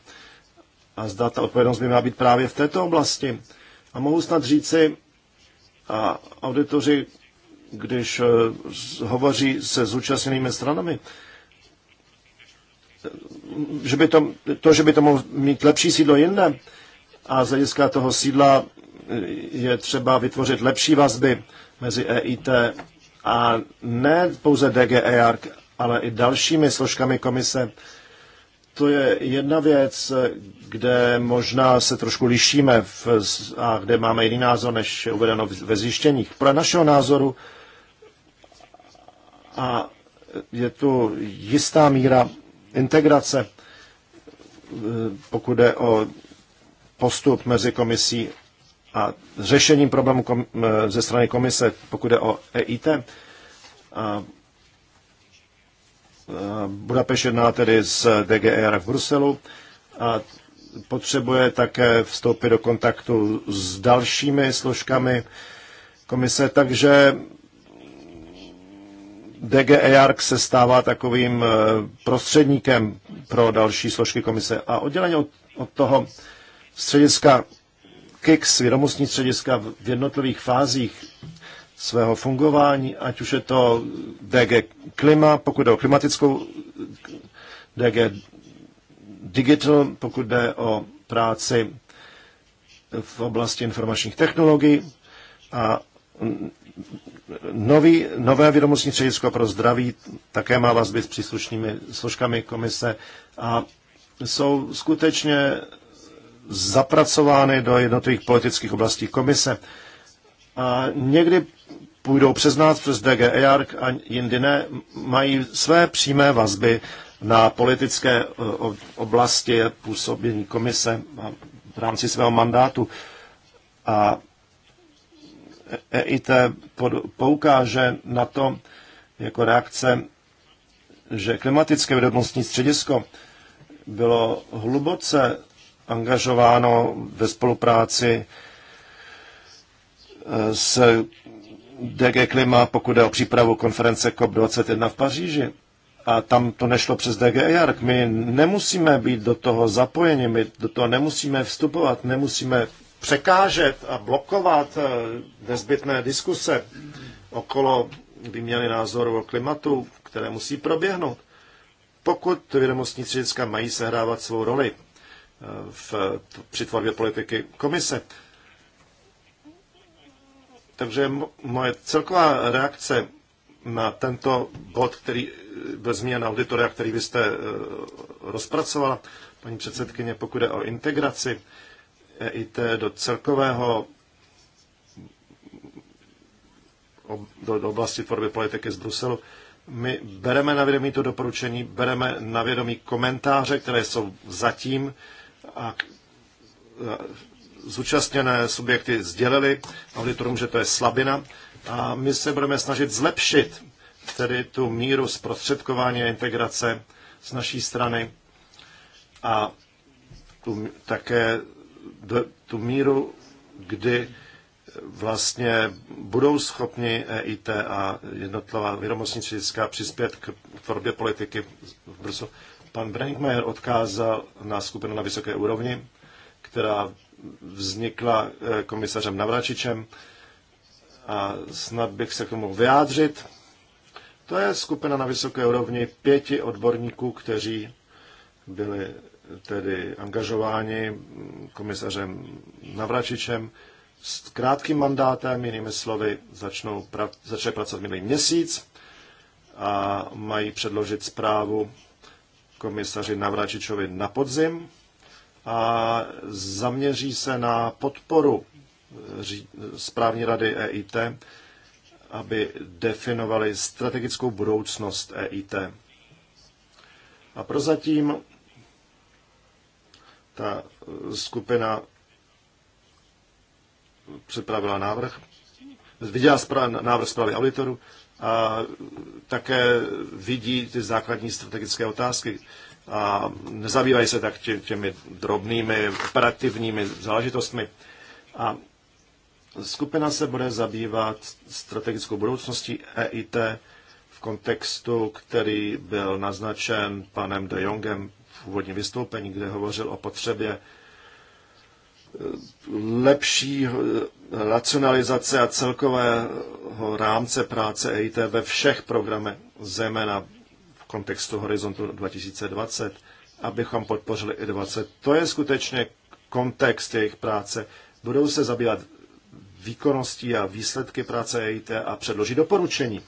A: a zda ta odpovědnost by měla být právě v této oblasti. A mohu snad říci, a auditoři když eh, hovoří se zúčastněnými stranami, že by to, to, že by to mohlo mít lepší sídlo jinde a z hlediska toho sídla eh, je třeba vytvořit lepší vazby mezi EIT a ne pouze DG e ale i dalšími složkami komise. To je jedna věc, kde možná se trošku lišíme v, a kde máme jiný názor, než je uvedeno ve zjištěních. Pro našeho názoru a je tu jistá míra integrace, eh, pokud jde o postup mezi komisí a řešením problému kom, eh, ze strany komise, pokud jde o EIT. A eh, Budapeš jedná tedy s DGR v Bruselu a potřebuje také vstoupit do kontaktu s dalšími složkami komise, takže DG EARC se stává takovým eh, prostředníkem pro další složky komise. A odděleně od, od toho střediska KIX, vědomostní střediska v jednotlivých fázích svého fungování, ať už je to DG klima, pokud jde o klimatickou, DG digital, pokud jde o práci v oblasti informačních technologií a Nový, nové vědomostní středisko pro zdraví také má vazby s příslušnými složkami komise a jsou skutečně zapracovány do jednotlivých politických oblastí komise. A někdy půjdou přes nás, přes DG EARC a jindy ne, mají své přímé vazby na politické e, oblasti působení komise v rámci svého mandátu. A EIT poukáže na to jako reakce, že klimatické vědomostní středisko bylo hluboce angažováno ve spolupráci e, s DG Klima, pokud jde o přípravu konference COP21 v Paříži. A tam to nešlo přes DG EARC. My nemusíme být do toho zapojeni, my do toho nemusíme vstupovat, nemusíme překážet a blokovat eh, nezbytné diskuse okolo výměny názoru o klimatu, které musí proběhnout, pokud vědomostní střediska mají sehrávat svou roli eh, v, při tvorbě politiky komise. Takže moje celková reakce na tento bod, který eh, byl zmíněn auditoria, který vy jste rozpracovala, paní předsedkyně, pokud je o integraci EIT do celkového do, oblasti tvorby politiky z Bruselu. My bereme na vědomí to doporučení, bereme na vědomí komentáře, které jsou zatím a e, zúčastněné subjekty sdělili auditorům, že to je slabina a my se budeme snažit zlepšit tedy tu míru zprostředkování a integrace z naší strany a tu, také do, tu míru, kdy vlastně budou schopni EIT a jednotlivá vědomostnická přispět k tvorbě politiky v Bruselu. Pan Brinkmeier odkázal na skupinu na vysoké úrovni, která vznikla eh, komisařem Navračičem a snad bych se k tomu vyjádřit. To je skupina na vysoké úrovni pěti odborníků, kteří byli tedy angažováni komisařem Navračičem s krátkým mandátem, jinými slovy, začnou pra- začne pracovat minulý měsíc a mají předložit zprávu komisaři Navračičovi na podzim a zaměří se na podporu eh, správní rady EIT, aby definovali strategickou budoucnost EIT. A prozatím ta skupina připravila návrh, viděla zpráv, návrh zprávy auditoru a také vidí ty základní strategické otázky a nezabývají se tak tě, těmi drobnými operativními záležitostmi. A skupina se bude zabývat strategickou budoucností EIT v kontextu, který byl naznačen panem de Jongem v úvodním vystoupení, kde hovořil o potřebě eh, lepší eh, racionalizace a celkového rámce práce EIT ve všech programech, zejména v kontextu Horizontu 2020, abychom podpořili i 20. To je skutečně kontext jejich práce. Budou se zabývat výkonností a výsledky práce EIT a předloží doporučení.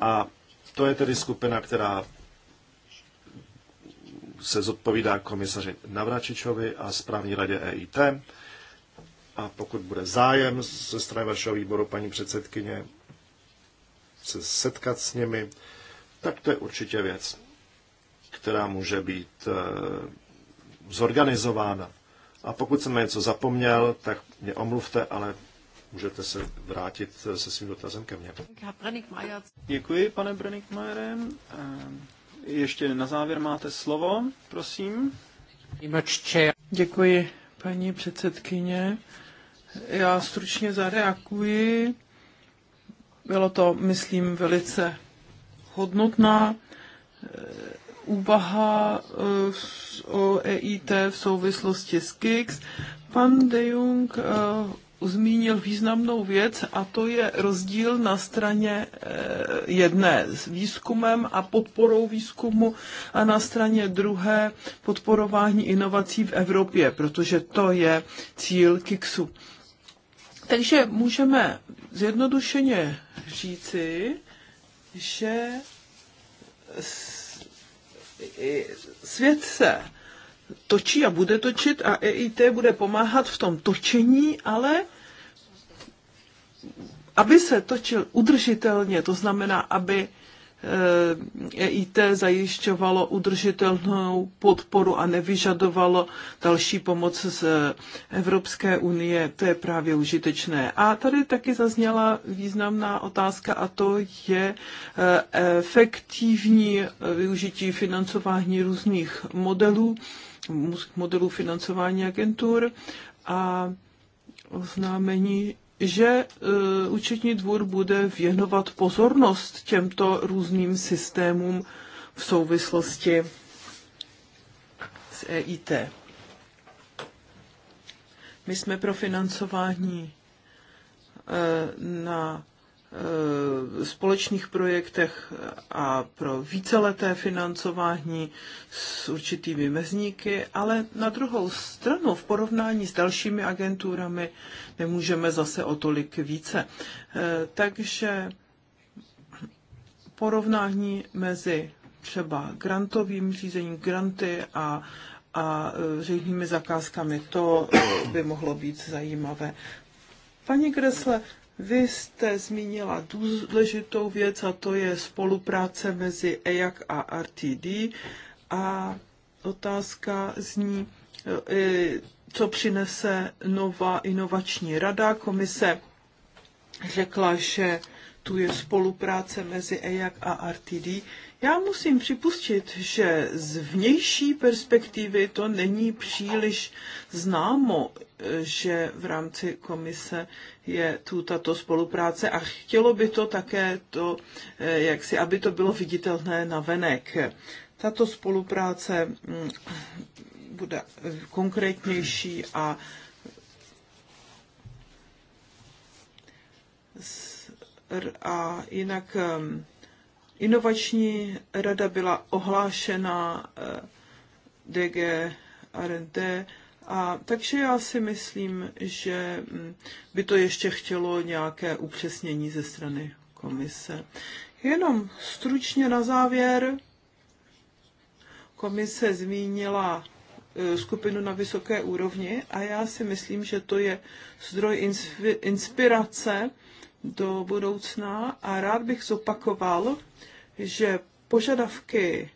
A: A to je tedy skupina, která se zodpovídá komisaři Navračičovi a správní radě EIT. A pokud bude zájem ze strany vašeho výboru, paní předsedkyně, se setkat s nimi, tak to je určitě věc, která může být eh, zorganizována. A pokud jsem na něco zapomněl, tak mě omluvte, ale můžete se vrátit eh, se svým dotazem ke mně.
B: Děkuji, pane Brenningmajere. Eh, ještě na závěr máte slovo, prosím.
C: Děkuji, paní předsedkyně. Já stručně zareaguji. Bylo to, myslím, velice hodnotná eh, úvaha eh, o EIT v souvislosti s KIX. Pan De Jong eh, zmínil významnou věc a to je rozdíl na straně eh, jedné s výzkumem a podporou výzkumu a na straně druhé podporování inovací v Evropě, protože to je cíl KIXu. Takže můžeme zjednodušeně říci, že svět se točí a bude točit a EIT bude pomáhat v tom točení, ale aby se točil udržitelně, to znamená, aby EIT eh, e zajišťovalo udržitelnou podporu a nevyžadovalo další pomoc z Evropské unie. To je právě užitečné. A tady taky zazněla významná otázka a to je eh, efektivní využití financování různých modelů modelů financování agentur a oznámení, že e, účetní dvůr bude věnovat pozornost těmto různým systémům v souvislosti s EIT. My jsme pro financování e, na Eh, společných projektech a pro víceleté financování s určitými mezníky, ale na druhou stranu v porovnání s dalšími agenturami nemůžeme zase o tolik více. Eh, takže porovnání mezi třeba grantovým řízením granty a, a eh, řejmými zakázkami, to by mohlo být zajímavé. Paní Kresle, vy jste zmínila důležitou věc a to je spolupráce mezi EJAC a RTD a otázka zní, e, co přinese nová inovační rada. Komise řekla, že tu je spolupráce mezi EJAC a RTD. Já musím připustit, že z vnější perspektivy to není příliš známo, e, že v rámci komise je tu tato spolupráce a chtělo by to také to, eh, jak si, aby to bylo viditelné na venek. Tato spolupráce mm, bude eh, konkrétnější a a jinak eh, inovační rada byla ohlášena DG R&D a, takže já si myslím, že mm, by to ještě chtělo nějaké upřesnění ze strany komise. Jenom stručně na závěr. Komise zmínila e, skupinu na vysoké úrovni a já si myslím, že to je zdroj inspirace do budoucna a rád bych zopakoval, že požadavky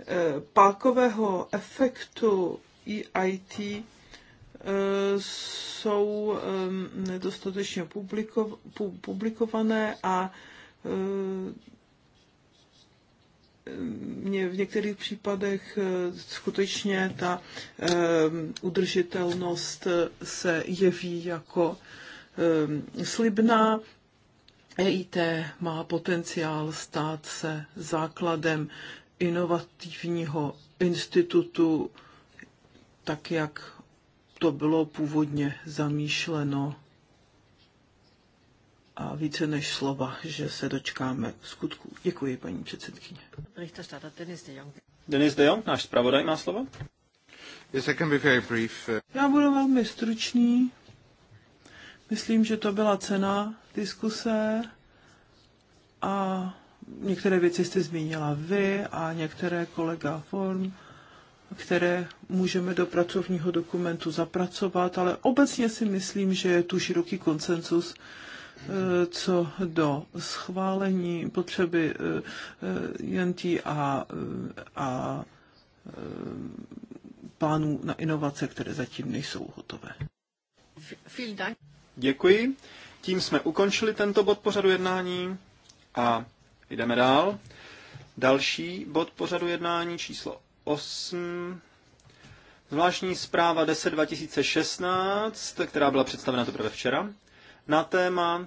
C: e, pálkového efektu EIT eh, jsou nedostatečně publiko, publikované a eh, mě v některých případech eh, skutečně ta udržitelnost se jeví jako slibná. EIT má potenciál stát se základem inovativního institutu tak, jak to bylo původně zamýšleno a více než slova, že se dočkáme skutku. Děkuji, paní předsedkyně. Denis de Jong,
B: náš zpravodaj, má
C: slovo. Já budu velmi stručný. Myslím, že to byla cena diskuse a některé věci jste zmínila vy a některé kolega Form které můžeme do pracovního dokumentu zapracovat, ale obecně si myslím, že je tu široký konsenzus eh, co do schválení potřeby eh, eh, JNT a, a plánů na inovace, které zatím nejsou hotové.
B: Děkuji. Tím jsme ukončili tento bod pořadu jednání a jdeme dál. Další bod pořadu jednání číslo 8. Zvláštní zpráva 10 2016, která byla představena teprve včera, na téma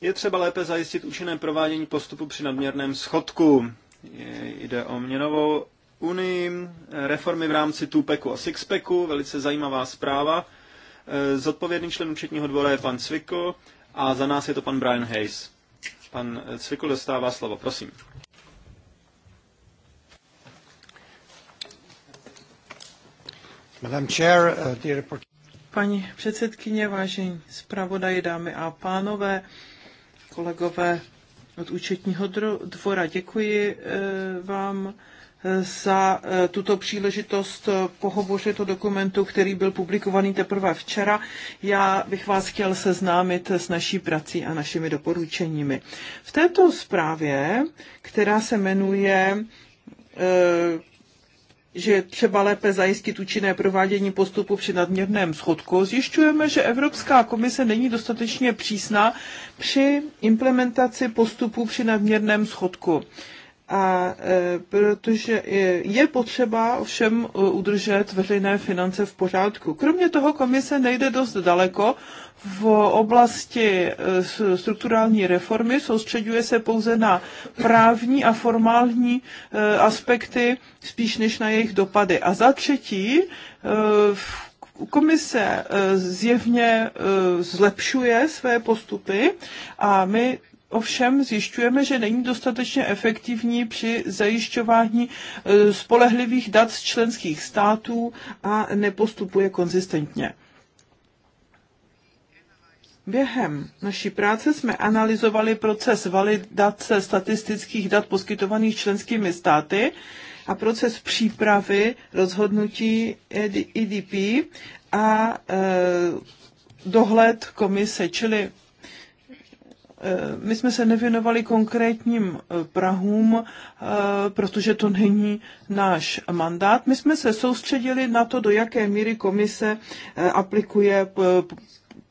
B: je třeba lépe zajistit účinné provádění postupu při nadměrném schodku. Jde o měnovou unii, reformy v rámci Tupeku a Sixpeku, velice zajímavá zpráva. E, zodpovědný člen účetního dvora je pan Cvikl a za nás je to pan Brian Hayes. Pan e, Cvikl dostává slovo, prosím.
A: Uh,
C: Paní předsedkyně, vážení zpravodaji, dámy a pánové, kolegové od účetního dvora, děkuji eh, vám eh, za eh, tuto příležitost pohovořit o dokumentu, který byl publikovaný teprve včera. Já bych vás chtěl seznámit s naší prací a našimi doporučeními. V této zprávě, která se jmenuje že třeba lépe zajistit účinné provádění postupu při nadměrném schodku, zjišťujeme, že Evropská komise není dostatečně přísná při implementaci postupu při nadměrném schodku a e, protože je potřeba všem e, udržet veřejné finance v pořádku. Kromě toho komise nejde dost daleko v oblasti e, strukturální reformy, soustředuje se pouze na právní a formální aspekty spíš než na jejich dopady. A za třetí, komise zjevně zlepšuje své postupy a my Ovšem zjišťujeme, že není dostatečně efektivní při zajišťování e, spolehlivých dat z členských států a nepostupuje konzistentně. Během naší práce jsme analyzovali proces validace statistických dat poskytovaných členskými státy a proces přípravy rozhodnutí EDP a e, dohled komise, čili Eh, my jsme se nevěnovali konkrétním eh, Prahům, eh, protože to není náš mandát. My jsme se soustředili na to, do jaké míry komise aplikuje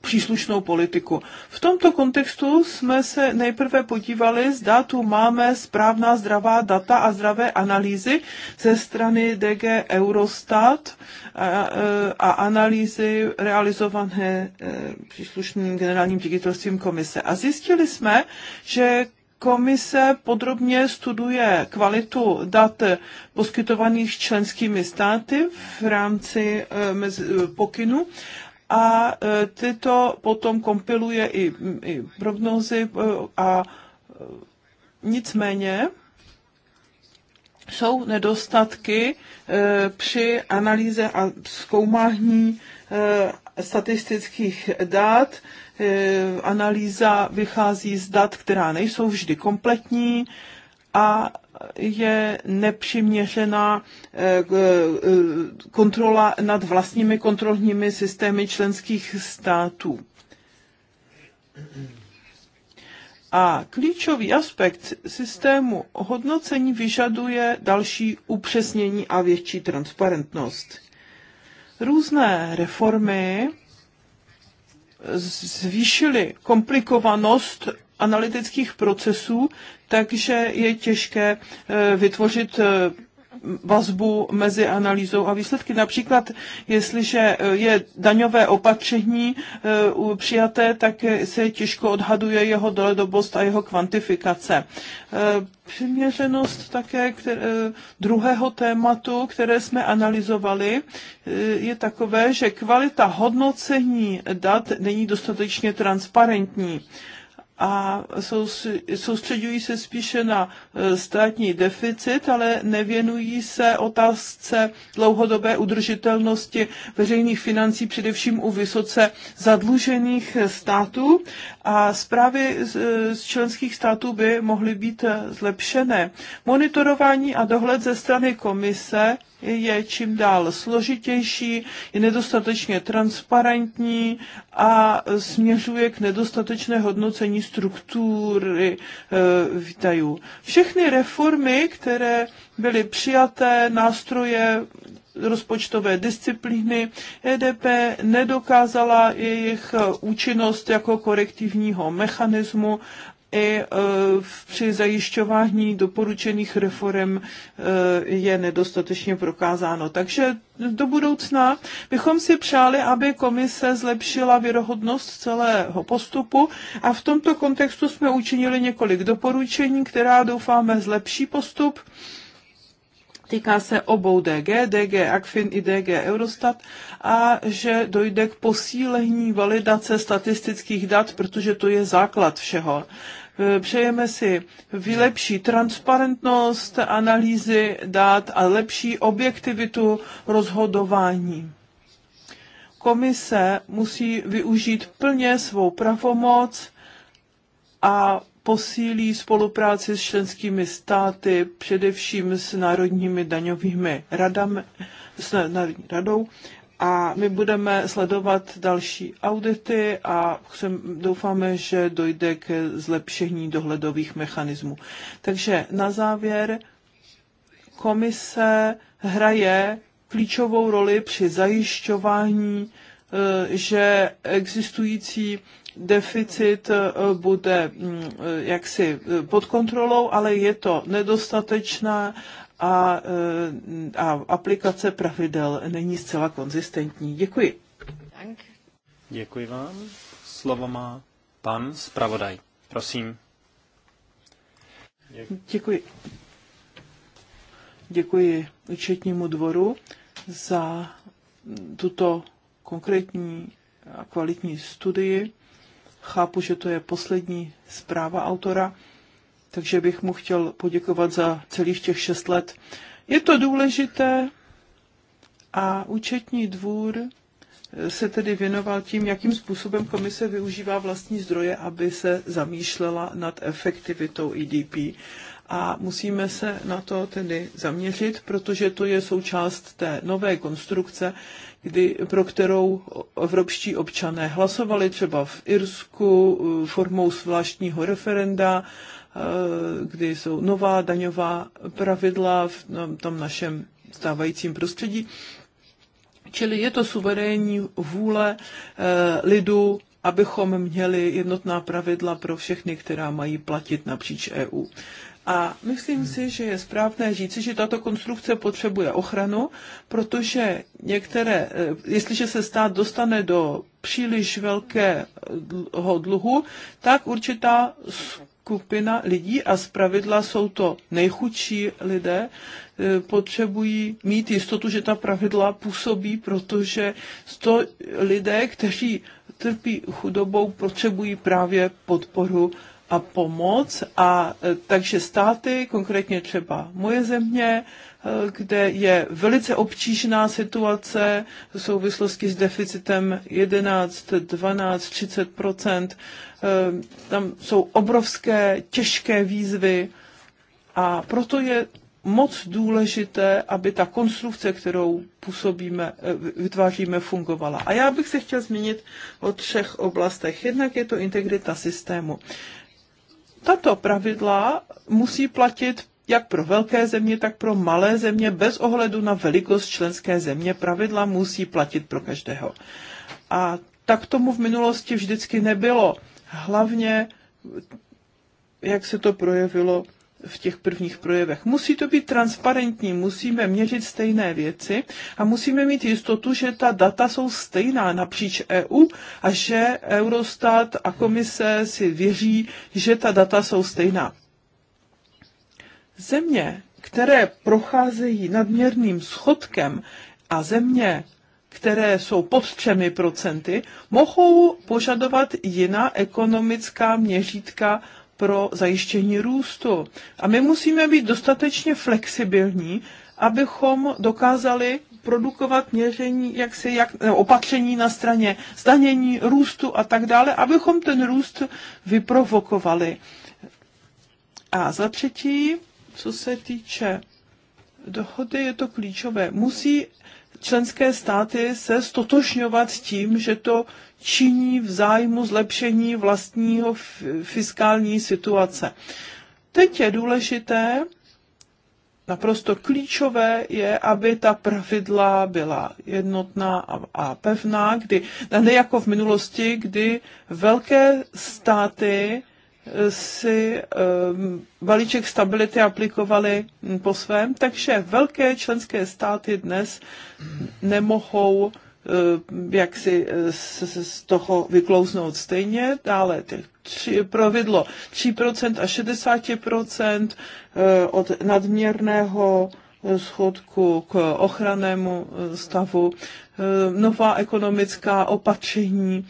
C: příslušnou politiku. V tomto kontextu jsme se nejprve podívali, zda tu máme správná zdravá data a zdravé analýzy ze strany DG Eurostat a, a analýzy realizované e, příslušným generálním ředitelstvím komise. A zjistili jsme, že Komise podrobně studuje kvalitu dat poskytovaných členskými státy v rámci e, e, pokynu a e, tyto potom kompiluje i, i prognózy e, a e, nicméně jsou nedostatky při analýze a zkoumání statistických dat. Analýza vychází z dat, která nejsou vždy kompletní a je nepřiměřená eh, eh, kontrola nad vlastními kontrolními systémy členských států. A klíčový aspekt systému hodnocení vyžaduje další upřesnění a větší transparentnost. Různé reformy zvýšily komplikovanost analytických procesů, takže je těžké eh, vytvořit eh, vazbu mezi analýzou a výsledky. Například, jestliže eh, je daňové opatření přijaté, tak se těžko odhaduje jeho doledobost a jeho kvantifikace. Přiměřenost také které, druhého tématu, které jsme analyzovali, je takové, že kvalita hodnocení dat není dostatečně transparentní a soustředují se spíše na e, státní deficit, ale nevěnují se otázce dlouhodobé udržitelnosti veřejných financí, především u vysoce zadlužených států. A zprávy z e, členských států by mohly být e, zlepšené. Monitorování a dohled ze strany komise je čím dál složitější, je nedostatečně transparentní a směřuje k nedostatečné hodnocení struktury e, výtajů. Všechny reformy, které byly přijaté, nástroje rozpočtové disciplíny EDP nedokázala jejich účinnost jako korektivního mechanismu i e, při zajišťování doporučených reform e, je nedostatečně prokázáno. Takže do budoucna bychom si přáli, aby komise zlepšila věrohodnost celého postupu a v tomto kontextu jsme učinili několik doporučení, která doufáme zlepší postup. Týká se obou DG, DG ACFIN i DG Eurostat a že dojde k posílení validace statistických dat, protože to je základ všeho. Eh, přejeme si vylepší transparentnost analýzy dát a lepší objektivitu rozhodování. Komise musí využít plně svou pravomoc a posílí spolupráci s členskými státy, především s národními daňovými radami, s národní radou a my budeme sledovat další audity a chcem, doufáme, že dojde k zlepšení dohledových mechanismů. Takže na závěr komise hraje klíčovou roli při zajišťování, eh, že existující deficit eh, bude mm, eh, jaksi pod kontrolou, ale je to nedostatečná a, eh, a aplikace pravidel není zcela konzistentní. Děkuji. Děkuji vám. Slovo má pan zpravodaj. Prosím. Děkuji. Děkuji účetnímu dvoru za tuto konkrétní a kvalitní studii. Chápu, že to je poslední zpráva autora takže bych mu chtěl poděkovat za celých těch šest let. Je to důležité a účetní dvůr se tedy věnoval tím, jakým způsobem komise využívá vlastní zdroje, aby se zamýšlela nad efektivitou EDP. A musíme se na to tedy zaměřit, protože to je součást té nové konstrukce, kdy, pro kterou evropští občané hlasovali třeba v Irsku formou zvláštního referenda Eh, kdy jsou nová daňová pravidla v tom našem stávajícím prostředí. Čili je to suverénní vůle eh, lidu, abychom měli jednotná pravidla pro všechny, která mají platit napříč EU. A myslím si, že je správné říci, že tato konstrukce potřebuje ochranu, protože některé, eh, jestliže se stát dostane do příliš velkého dluhu, tak určitá skupina lidí a zpravidla jsou to nejchudší lidé, e, potřebují mít jistotu, že ta pravidla působí, protože to lidé, kteří trpí chudobou, potřebují právě podporu a pomoc. A e, takže státy, konkrétně třeba moje země, Eh, kde je velice obtížná situace v souvislosti s deficitem 11, 12, 30 Tam jsou obrovské, těžké výzvy a proto je moc důležité, aby ta konstrukce, kterou působíme, eh, vytváříme, fungovala. A já bych se chtěl zmínit o třech oblastech. Jednak je to integrita systému. Tato pravidla musí platit jak pro velké země, tak pro malé země bez ohledu na velikost členské země. Pravidla musí platit pro každého. A tak tomu v minulosti vždycky nebylo. Hlavně, jak se to projevilo v těch prvních projevech. Musí to být transparentní, musíme měřit stejné věci a musíme mít jistotu, že ta data jsou stejná napříč EU a že Eurostat a komise si věří, že ta data jsou stejná. Země, které procházejí nadměrným schodkem a země, které jsou pod třemi procenty, mohou požadovat jiná ekonomická měřítka pro zajištění růstu. A my musíme být dostatečně flexibilní, abychom dokázali produkovat měření, jak se, jak, ne, opatření na straně zdanění, růstu a tak dále, abychom ten růst vyprovokovali. A za třetí, co se týče dohody, je to klíčové. Musí členské státy se stotožňovat s tím, že to činí v zájmu zlepšení vlastního fiskální situace. Teď je důležité, naprosto klíčové je, aby ta pravidla byla jednotná a, a pevná, kdy, ne jako v minulosti, kdy velké státy si ehm, balíček stability aplikovali po svém, takže velké členské státy dnes nemohou ehm, jak si eh, z, toho vyklouznout stejně. Dále tři, providlo 3% a 60% eh, od nadměrného eh, schodku k ochrannému stavu, ehm, nová ekonomická opatření,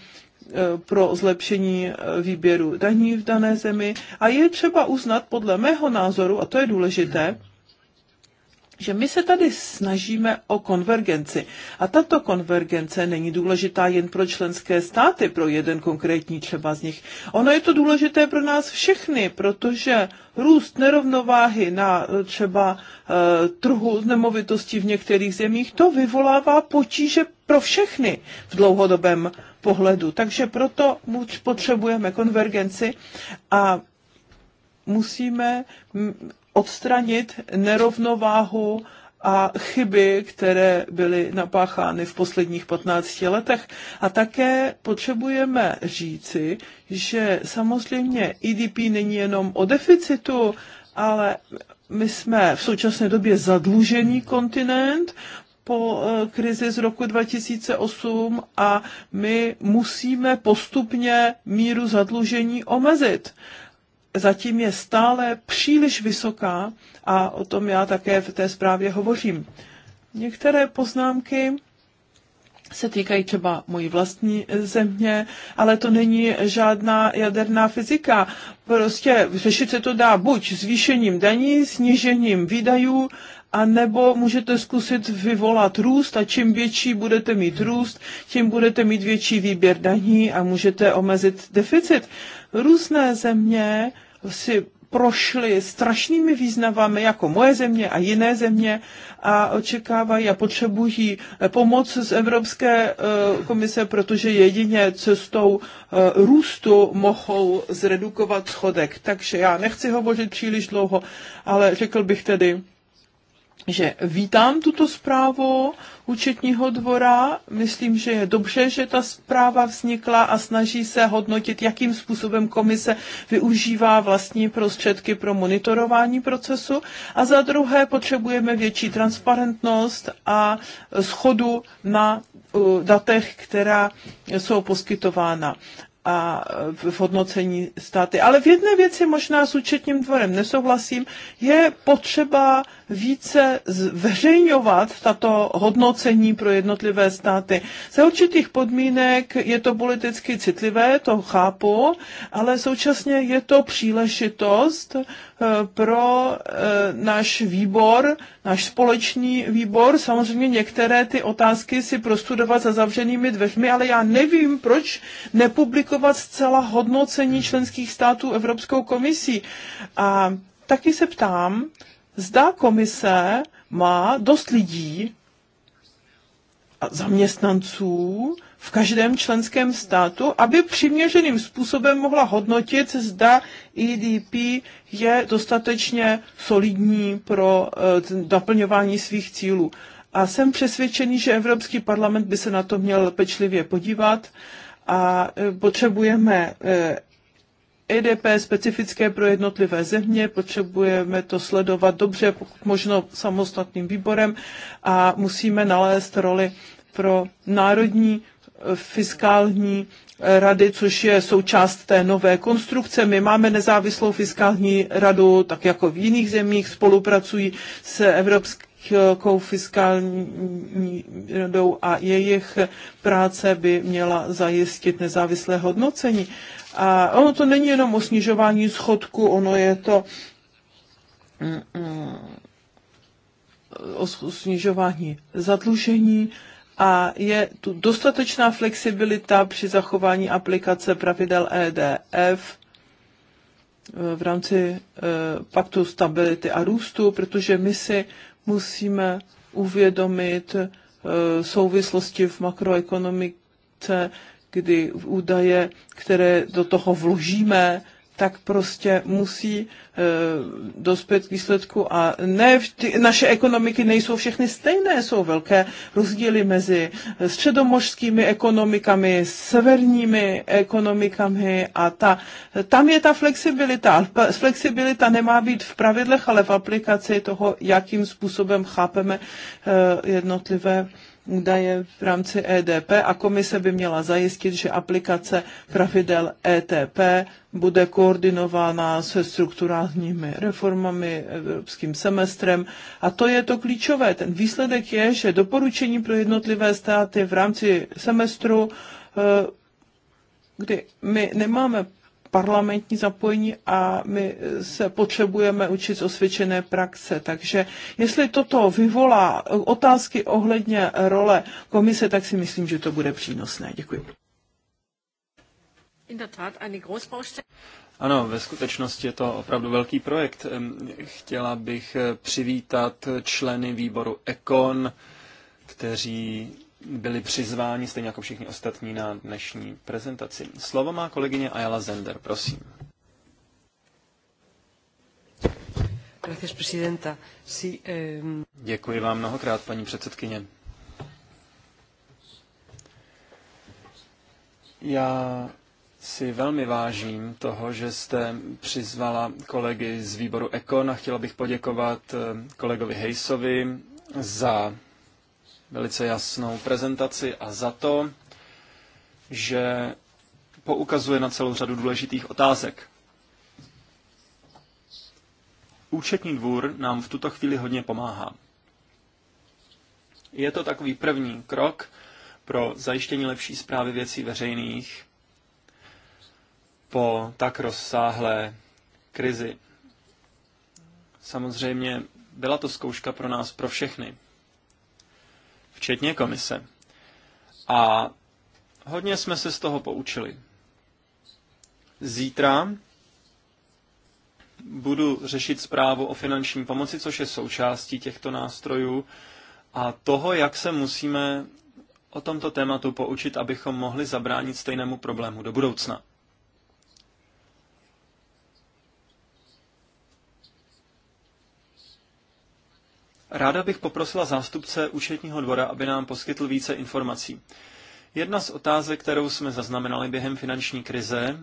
C: Eh, pro zlepšení eh, výběru daní v dané zemi. A je třeba uznat podle mého názoru, a to je důležité, že my se tady snažíme o konvergenci. A tato konvergence není důležitá jen pro členské státy, pro jeden konkrétní třeba z nich. Ono je to důležité pro nás všechny, protože růst nerovnováhy na eh, třeba e, trhu nemovitostí v některých zemích, to vyvolává potíže pro všechny v dlouhodobém pohledu. Takže proto potřebujeme konvergenci a musíme odstranit nerovnováhu a chyby, které byly napáchány v posledních 15 letech. A také potřebujeme říci, že samozřejmě EDP není jenom o deficitu, ale my jsme v současné době zadlužený kontinent po eh, krizi z roku 2008 a my musíme postupně míru zadlužení omezit zatím je stále příliš vysoká a o tom já také v té zprávě hovořím. Některé poznámky se týkají třeba mojí vlastní země, ale to není žádná jaderná fyzika. Prostě řešit se to dá buď zvýšením daní, snížením výdajů, a nebo můžete zkusit vyvolat růst a čím větší budete mít růst, tím budete mít větší výběr daní a můžete omezit deficit různé země si prošly strašnými význavami, jako moje země a jiné země, a očekávají a potřebují pomoc z Evropské eh, komise, protože jedině cestou eh, růstu mohou zredukovat schodek. Takže já nechci hovořit příliš dlouho, ale řekl bych tedy, že vítám tuto zprávu, účetního dvora. Myslím, že je dobře, že ta zpráva vznikla a snaží se hodnotit, jakým způsobem komise využívá vlastní prostředky pro monitorování procesu. A za druhé potřebujeme větší transparentnost a schodu na datech, která jsou poskytována a v hodnocení státy. Ale v jedné věci možná s účetním dvorem nesouhlasím, je potřeba více zveřejňovat tato hodnocení pro jednotlivé státy. Za určitých podmínek je to politicky citlivé, to chápu, ale současně je to příležitost eh, pro eh, náš výbor, náš společný výbor. Samozřejmě některé ty otázky si prostudovat za zavřenými dveřmi, ale já nevím, proč nepublikovat zcela hodnocení členských států Evropskou komisí. A taky se ptám, zda komise má dost lidí a zaměstnanců v každém členském státu, aby přiměřeným způsobem mohla hodnotit, zda EDP je dostatečně solidní pro eh, naplňování svých cílů. A jsem přesvědčený, že Evropský parlament by se na to měl pečlivě podívat a eh, potřebujeme eh, EDP specifické pro jednotlivé země, potřebujeme to sledovat dobře, pokud možno samostatným výborem a musíme nalézt roli pro národní eh, fiskální eh, rady, což je součást té nové konstrukce. My máme nezávislou fiskální radu, tak jako v jiných zemích spolupracují s Evropskou fiskální radou a jejich práce by měla zajistit nezávislé hodnocení. A ono to není jenom o snižování schodku, ono je to mm, mm, o snižování zadlužení a je tu dostatečná flexibilita při zachování aplikace pravidel EDF eh, v rámci eh, paktu stability a růstu, protože my si musíme uvědomit eh, souvislosti v makroekonomice, kdy údaje, které do toho vložíme, tak prostě musí e, dospět k výsledku. A ne, vždy, naše ekonomiky nejsou všechny stejné, jsou velké rozdíly mezi středomořskými ekonomikami, severními ekonomikami a ta, tam je ta flexibilita. Flexibilita nemá být v pravidlech, ale v aplikaci toho, jakým způsobem chápeme e, jednotlivé údaje v rámci EDP a komise by měla zajistit, že aplikace pravidel ETP bude koordinována se strukturálními reformami, evropským semestrem. A to je to klíčové. Ten výsledek je, že doporučení pro jednotlivé státy v rámci semestru eh, kdy my nemáme parlamentní zapojení a my se potřebujeme učit z osvědčené praxe. Takže jestli toto vyvolá otázky ohledně role komise, tak si myslím, že to bude přínosné. Děkuji.
B: Ano, ve skutečnosti je to opravdu velký projekt. Chtěla bych eh, přivítat členy výboru ECON, kteří byli přizváni, stejně jako všichni ostatní, na dnešní prezentaci. Slovo má kolegyně Ayala Zender, prosím. Děkuji vám mnohokrát, paní předsedkyně. Já si velmi vážím toho, že jste přizvala kolegy z výboru Ekon a chtěla bych poděkovat eh, kolegovi Hejsovi za velice jasnou prezentaci a za to, že poukazuje na celou řadu důležitých otázek. Účetní dvůr nám v tuto chvíli hodně pomáhá. Je to takový první krok pro zajištění lepší zprávy věcí veřejných po tak rozsáhlé krizi. Samozřejmě byla to zkouška pro nás, pro všechny včetně komise. A hodně jsme se z toho poučili. Zítra budu řešit zprávu o finanční pomoci, což je součástí těchto nástrojů a toho, jak se musíme o tomto tématu poučit, abychom mohli zabránit stejnému problému do budoucna. Ráda bych poprosila zástupce účetního dvora, aby nám poskytl více informací. Jedna z otázek, kterou jsme zaznamenali během finanční krize,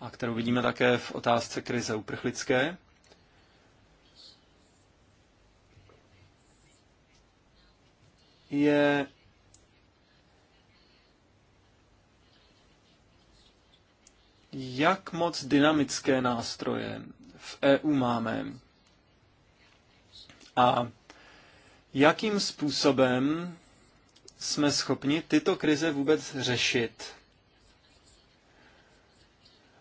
B: a kterou vidíme také v otázce krize uprchlické, je jak moc dynamické nástroje v EU máme a jakým způsobem jsme schopni tyto krize vůbec řešit?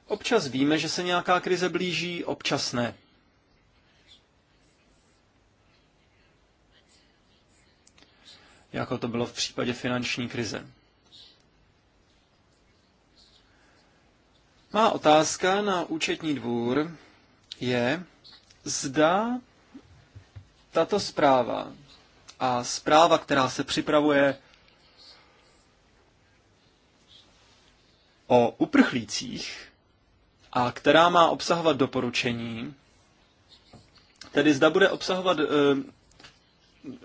B: Občas víme, že se nějaká krize blíží, občas ne. Jako to bylo v případě finanční krize. Má otázka na účetní dvůr je, zda tato zpráva a zpráva, která se připravuje o uprchlících a která má obsahovat doporučení, tedy zda bude obsahovat e,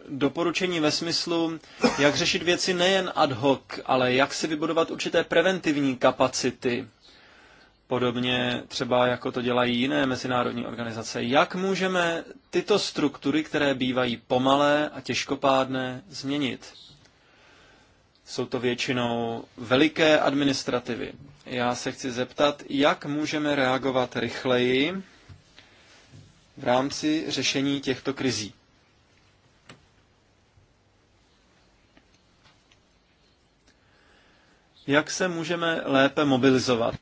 B: doporučení ve smyslu, jak řešit věci nejen ad hoc, ale jak si vybudovat určité preventivní kapacity podobně třeba jako to dělají jiné mezinárodní organizace. Jak můžeme tyto struktury, které bývají pomalé a těžkopádné, změnit? Jsou to většinou veliké administrativy. Já se chci zeptat, jak můžeme reagovat rychleji v rámci řešení těchto krizí. Jak se můžeme lépe mobilizovat?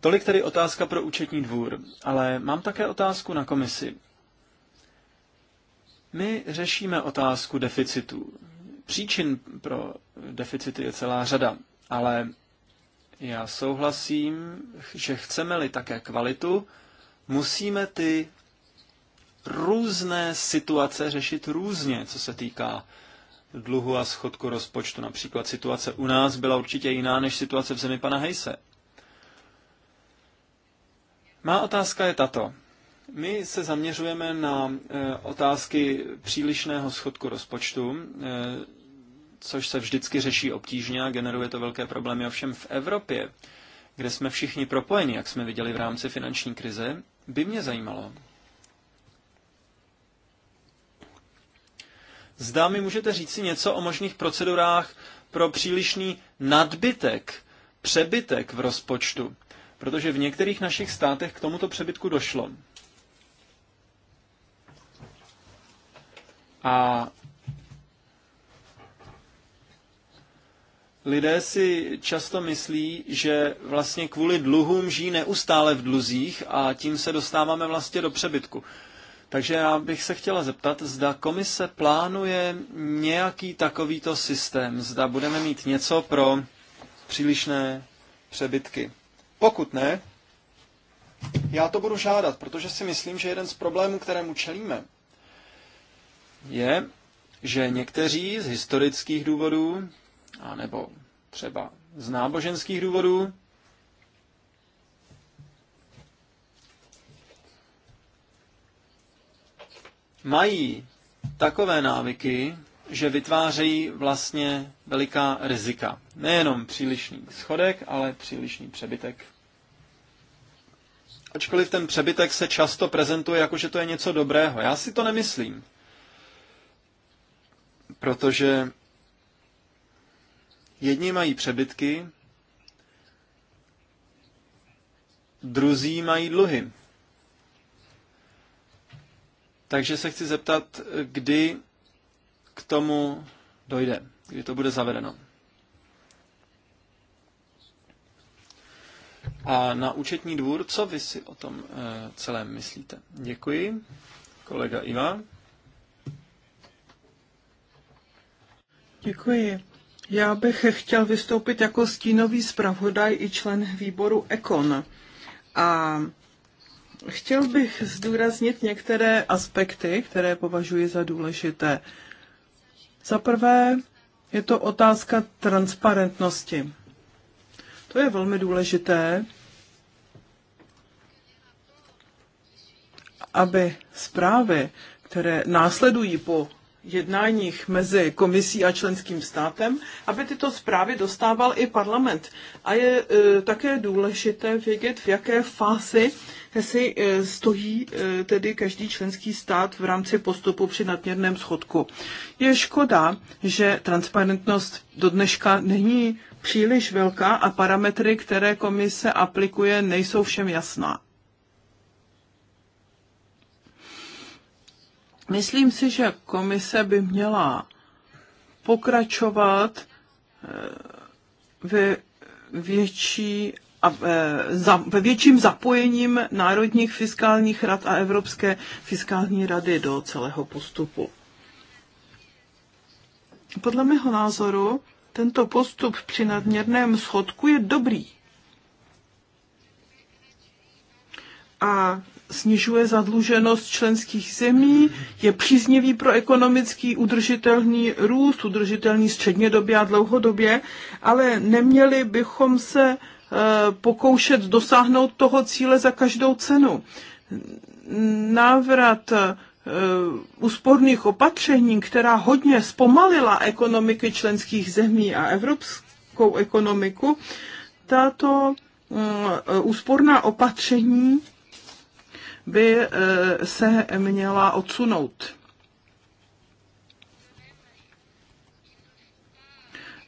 B: Tolik tedy otázka pro účetní dvůr, ale mám také otázku na komisi. My řešíme otázku deficitů. Příčin pro deficity je celá řada, ale já souhlasím, že chceme-li také kvalitu, musíme ty různé situace řešit různě, co se týká dluhu a schodku rozpočtu. Například situace u nás byla určitě jiná než situace v zemi pana Hejse. Má otázka je tato. My se zaměřujeme na eh, otázky přílišného schodku rozpočtu, eh, což se vždycky řeší obtížně a generuje to velké problémy. Ovšem v Evropě, kde jsme všichni propojeni, jak jsme viděli v rámci finanční krize, by mě zajímalo. Zdá mi, můžete říci něco o možných procedurách pro přílišný nadbytek, přebytek v rozpočtu protože v některých našich státech k tomuto přebytku došlo. A lidé si často myslí, že vlastně kvůli dluhům žijí neustále v dluzích a tím se dostáváme vlastně do přebytku. Takže já bych se chtěla zeptat, zda komise plánuje nějaký takovýto systém, zda budeme mít něco pro přílišné přebytky. Pokud ne, já to budu žádat, protože si myslím, že jeden z problémů, kterému čelíme, je, že někteří z historických důvodů, anebo třeba z náboženských důvodů, mají takové návyky, že vytvářejí vlastně veliká rizika. Nejenom přílišný schodek, ale přílišný přebytek. Ačkoliv ten přebytek se často prezentuje jako, že to je něco dobrého. Já si to nemyslím. Protože jedni mají přebytky, druzí mají dluhy. Takže se chci zeptat, kdy k tomu dojde, kdy to bude zavedeno. A na účetní dvůr, co vy si o tom eh, celém myslíte? Děkuji. Kolega Iva.
C: Děkuji. Já bych chtěl vystoupit jako stínový zpravodaj i člen výboru Ekon. A chtěl bych zdůraznit některé aspekty, které považuji za důležité. Za prvé je to otázka transparentnosti. To je velmi důležité, aby zprávy, které následují po jednáních mezi komisí a členským státem, aby tyto zprávy dostával i parlament. A je e, také důležité vědět, v jaké fázi si e, stojí e, tedy každý členský stát v rámci postupu při nadměrném schodku. Je škoda, že transparentnost do dneška není příliš velká a parametry, které komise aplikuje, nejsou všem jasná. Myslím si, že komise by měla pokračovat eh, ve větší eh, ve větším zapojením národních fiskálních rad a Evropské fiskální rady do celého postupu. Podle mého názoru tento postup při nadměrném schodku je dobrý. A snižuje zadluženost členských zemí, je příznivý pro ekonomický udržitelný růst, udržitelný střednědobě a dlouhodobě, ale neměli bychom se eh, pokoušet dosáhnout toho cíle za každou cenu. Návrat eh, úsporných opatření, která hodně zpomalila ekonomiky členských zemí a evropskou ekonomiku, tato eh, úsporná opatření by eh, se měla odsunout.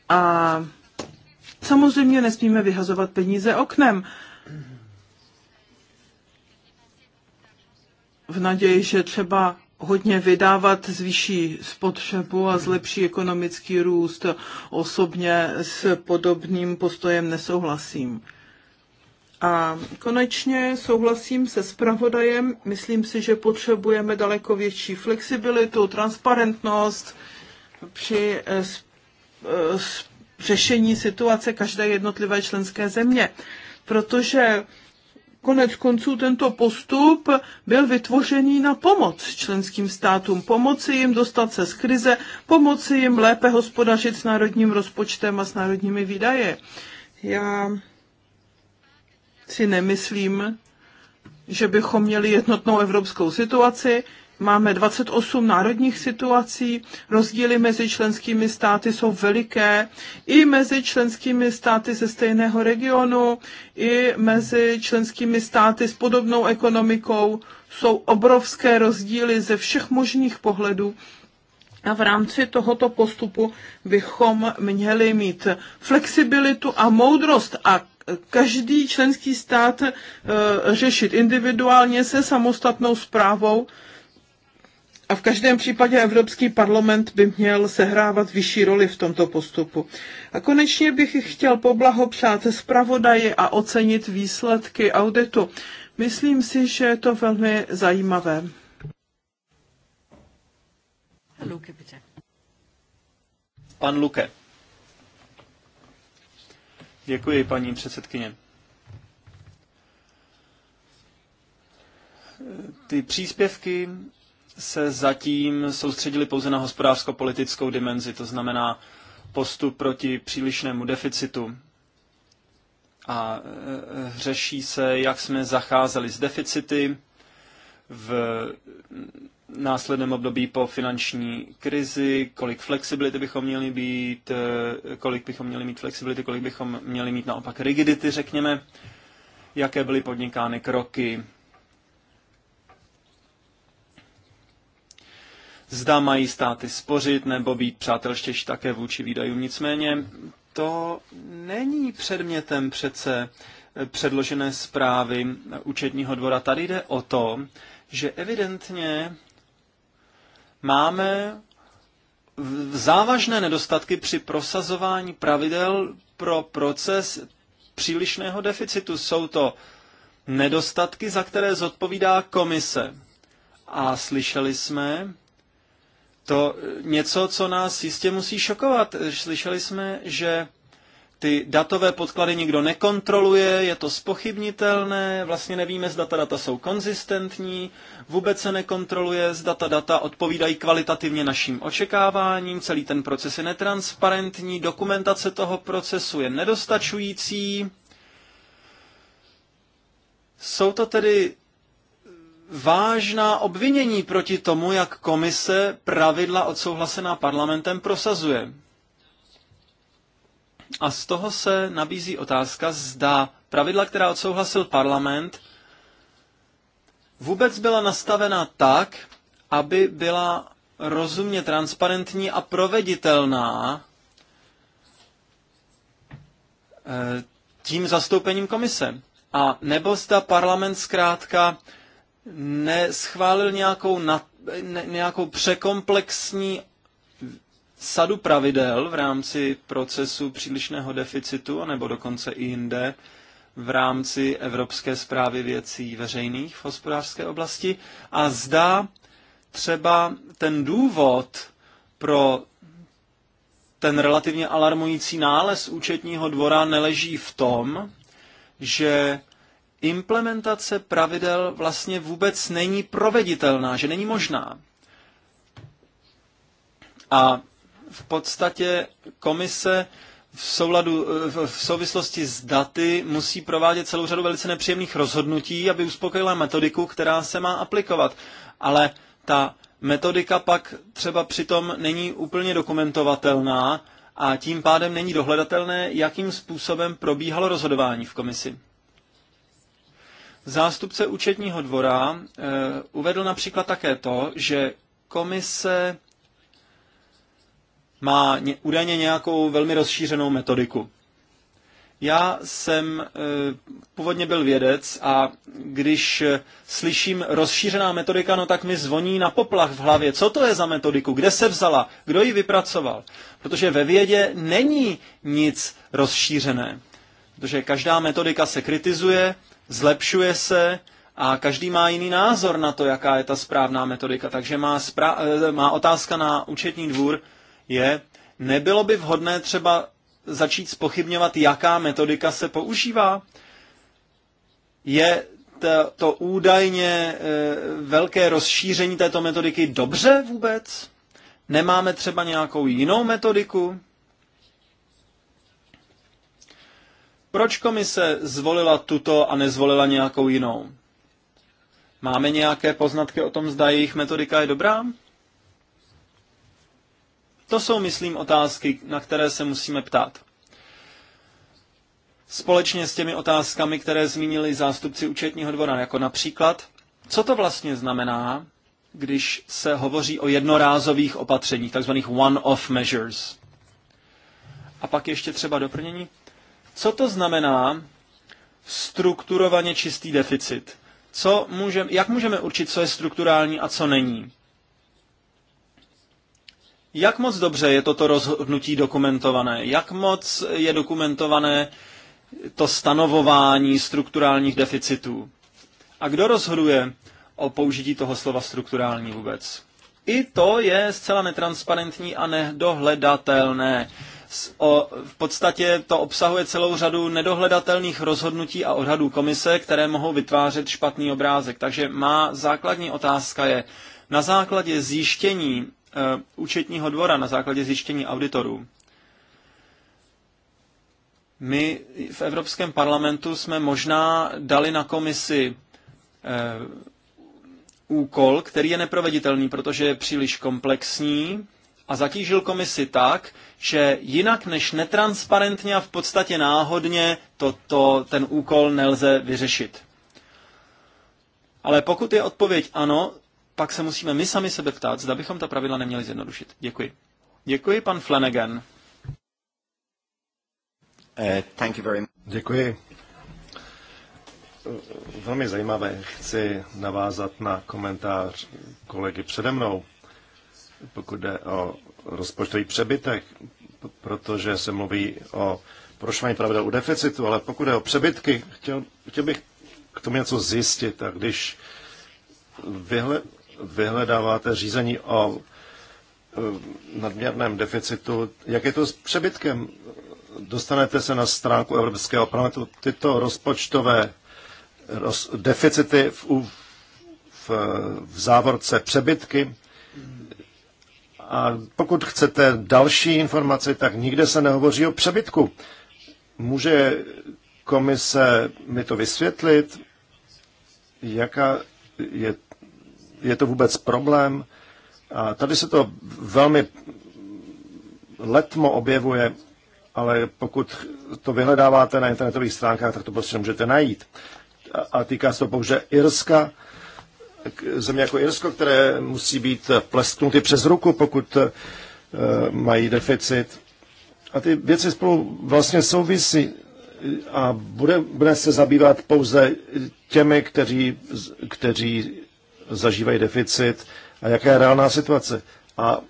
C: A samozřejmě nesmíme vyhazovat peníze oknem. V naději, že třeba hodně vydávat zvýší spotřebu a zlepší ekonomický růst. Osobně s podobným postojem nesouhlasím. A konečně souhlasím se spravodajem. Myslím si, že potřebujeme daleko větší flexibilitu, transparentnost při eh, eh, řešení situace každé jednotlivé členské země. Protože konec konců tento postup byl vytvořený na pomoc členským státům, pomoci jim dostat se z krize, pomoci jim lépe hospodařit s národním rozpočtem a s národními výdaje. Já si nemyslím, že bychom měli jednotnou evropskou situaci. Máme 28 národních situací, rozdíly mezi členskými státy jsou veliké, i mezi členskými státy ze stejného regionu, i mezi členskými státy s podobnou ekonomikou jsou obrovské rozdíly ze všech možných pohledů. A v rámci tohoto postupu bychom měli mít flexibilitu a moudrost a každý členský stát eh, řešit individuálně se samostatnou zprávou. A v každém případě Evropský parlament by měl sehrávat vyšší roli v tomto postupu. A konečně bych chtěl poblahopřát zpravodaji a ocenit výsledky auditu. Myslím si, že je to velmi zajímavé.
B: Pan Luke. Děkuji, paní předsedkyně. Ty příspěvky se zatím soustředili pouze na hospodářsko-politickou dimenzi, to znamená postup proti přílišnému deficitu. A e, řeší se, jak jsme zacházeli s deficity v následném období po finanční krizi, kolik flexibility bychom měli být, eh, kolik bychom měli mít flexibility, kolik bychom měli mít naopak rigidity, řekněme, jaké byly podnikány kroky, zda mají státy spořit nebo být přátelštější také vůči výdajům. Nicméně to není předmětem přece eh, předložené zprávy účetního dvora. Tady jde o to, že evidentně máme závažné nedostatky při prosazování pravidel pro proces přílišného deficitu. Jsou to nedostatky, za které zodpovídá komise. A slyšeli jsme to něco, co nás jistě musí šokovat. Slyšeli jsme, že ty datové podklady nikdo nekontroluje, je to spochybnitelné, vlastně nevíme, zda ta data jsou konzistentní, vůbec se nekontroluje, zda ta data odpovídají kvalitativně našim očekáváním, celý ten proces je netransparentní, dokumentace toho procesu je nedostačující. Jsou to tedy vážná obvinění proti tomu, jak komise pravidla odsouhlasená parlamentem prosazuje. A z toho se nabízí otázka, zda pravidla, která odsouhlasil parlament, vůbec byla nastavena tak, aby byla rozumně transparentní a proveditelná eh, tím zastoupením komise. A nebo zda parlament zkrátka neschválil nějakou, na, ne, nějakou překomplexní sadu pravidel v rámci procesu přílišného deficitu, nebo dokonce i jinde, v rámci Evropské zprávy věcí veřejných v hospodářské oblasti a zdá třeba ten důvod pro ten relativně alarmující nález účetního dvora neleží v tom, že implementace pravidel vlastně vůbec není proveditelná, že není možná. A v podstatě komise v, souladu, eh, v souvislosti s daty musí provádět celou řadu velice nepříjemných rozhodnutí, aby uspokojila metodiku, která se má aplikovat. Ale ta metodika pak třeba přitom není úplně dokumentovatelná a tím pádem není dohledatelné, jakým způsobem probíhalo rozhodování v komisi. Zástupce účetního dvora e, uvedl například také to, že komise má údajně nějakou velmi rozšířenou metodiku. Já jsem e, původně byl vědec a když e, slyším rozšířená metodika, no tak mi zvoní na poplach v hlavě. Co to je za metodiku? Kde se vzala? Kdo ji vypracoval? Protože ve vědě není nic rozšířené. Protože každá metodika se kritizuje, zlepšuje se a každý má jiný názor na to, jaká je ta správná metodika. Takže má, spra- e, má otázka na účetní dvůr, je, nebylo by vhodné třeba začít spochybňovat, jaká metodika se používá? Je to, to údajně e, velké rozšíření této metodiky dobře vůbec? Nemáme třeba nějakou jinou metodiku? Proč komise zvolila tuto a nezvolila nějakou jinou? Máme nějaké poznatky o tom, zda jejich metodika je dobrá? To jsou, myslím, otázky, na které se musíme ptát. Společně s těmi otázkami, které zmínili zástupci účetního dvora, jako například, co to vlastně znamená, když se hovoří o jednorázových opatřeních, takzvaných one-off measures. A pak ještě třeba doplnění. Co to znamená strukturovaně čistý deficit? Co můžem, jak můžeme určit, co je strukturální a co není? Jak moc dobře je toto rozhodnutí dokumentované? Jak moc je dokumentované to stanovování strukturálních deficitů? A kdo rozhoduje o použití toho slova strukturální vůbec? I to je zcela netransparentní a nedohledatelné. O, v podstatě to obsahuje celou řadu nedohledatelných rozhodnutí a odhadů komise, které mohou vytvářet špatný obrázek. Takže má základní otázka je, na základě zjištění Eh, účetního dvora na základě zjištění auditorů. My v Evropském parlamentu jsme možná dali na komisi eh, úkol, který je neproveditelný, protože je příliš komplexní a zatížil komisi tak, že jinak než netransparentně a v podstatě náhodně to, to, ten úkol nelze vyřešit. Ale pokud je odpověď ano, pak se musíme my sami sebe ptát, zda bychom ta pravidla neměli zjednodušit. Děkuji. Děkuji, pan Flanagan.
A: Eh, thank you very much. Děkuji. Velmi zajímavé. Chci navázat na komentář kolegy přede mnou, pokud jde o rozpočtový přebytek, protože se mluví o porušování pravidel u deficitu, ale pokud jde o přebytky, chtěl, chtěl bych k tomu něco zjistit. A když vyhle, vyhledáváte řízení o e, nadměrném deficitu. Jak je to s přebytkem? Dostanete se na stránku Evropského parlamentu. Tyto rozpočtové roz, deficity v, v, v závorce přebytky. A pokud chcete další informace, tak nikde se nehovoří o přebytku. Může komise mi to vysvětlit, jaká je je to vůbec problém. A tady se to velmi letmo objevuje, ale pokud to vyhledáváte na internetových stránkách, tak to prostě můžete najít. A týká se to pouze Irska, země jako Irsko, které musí být plestnuty přes ruku, pokud eh, mají deficit. A ty věci spolu vlastně souvisí a bude, bude se zabývat pouze těmi, kteří, kteří zažívají deficit a jaká je reálná situace. A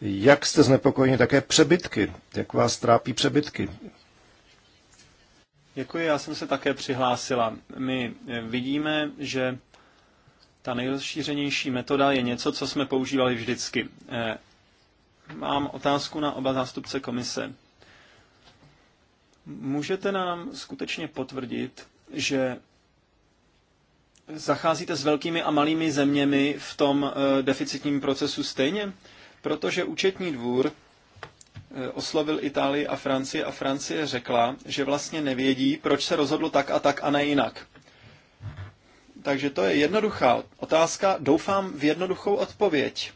A: jak jste znepokojeni také přebytky? Jak vás trápí přebytky?
B: Děkuji, já jsem se také přihlásila. My vidíme, že ta nejrozšířenější metoda je něco, co jsme používali vždycky. Eh, mám otázku na oba zástupce komise. Můžete nám skutečně potvrdit, že zacházíte s velkými a malými zeměmi v tom eh, deficitním procesu stejně? Protože účetní dvůr eh, oslovil Itálii a Francii a Francie řekla, že vlastně nevědí, proč se rozhodlo tak a tak a ne jinak. Takže to je jednoduchá otázka. Doufám v jednoduchou odpověď.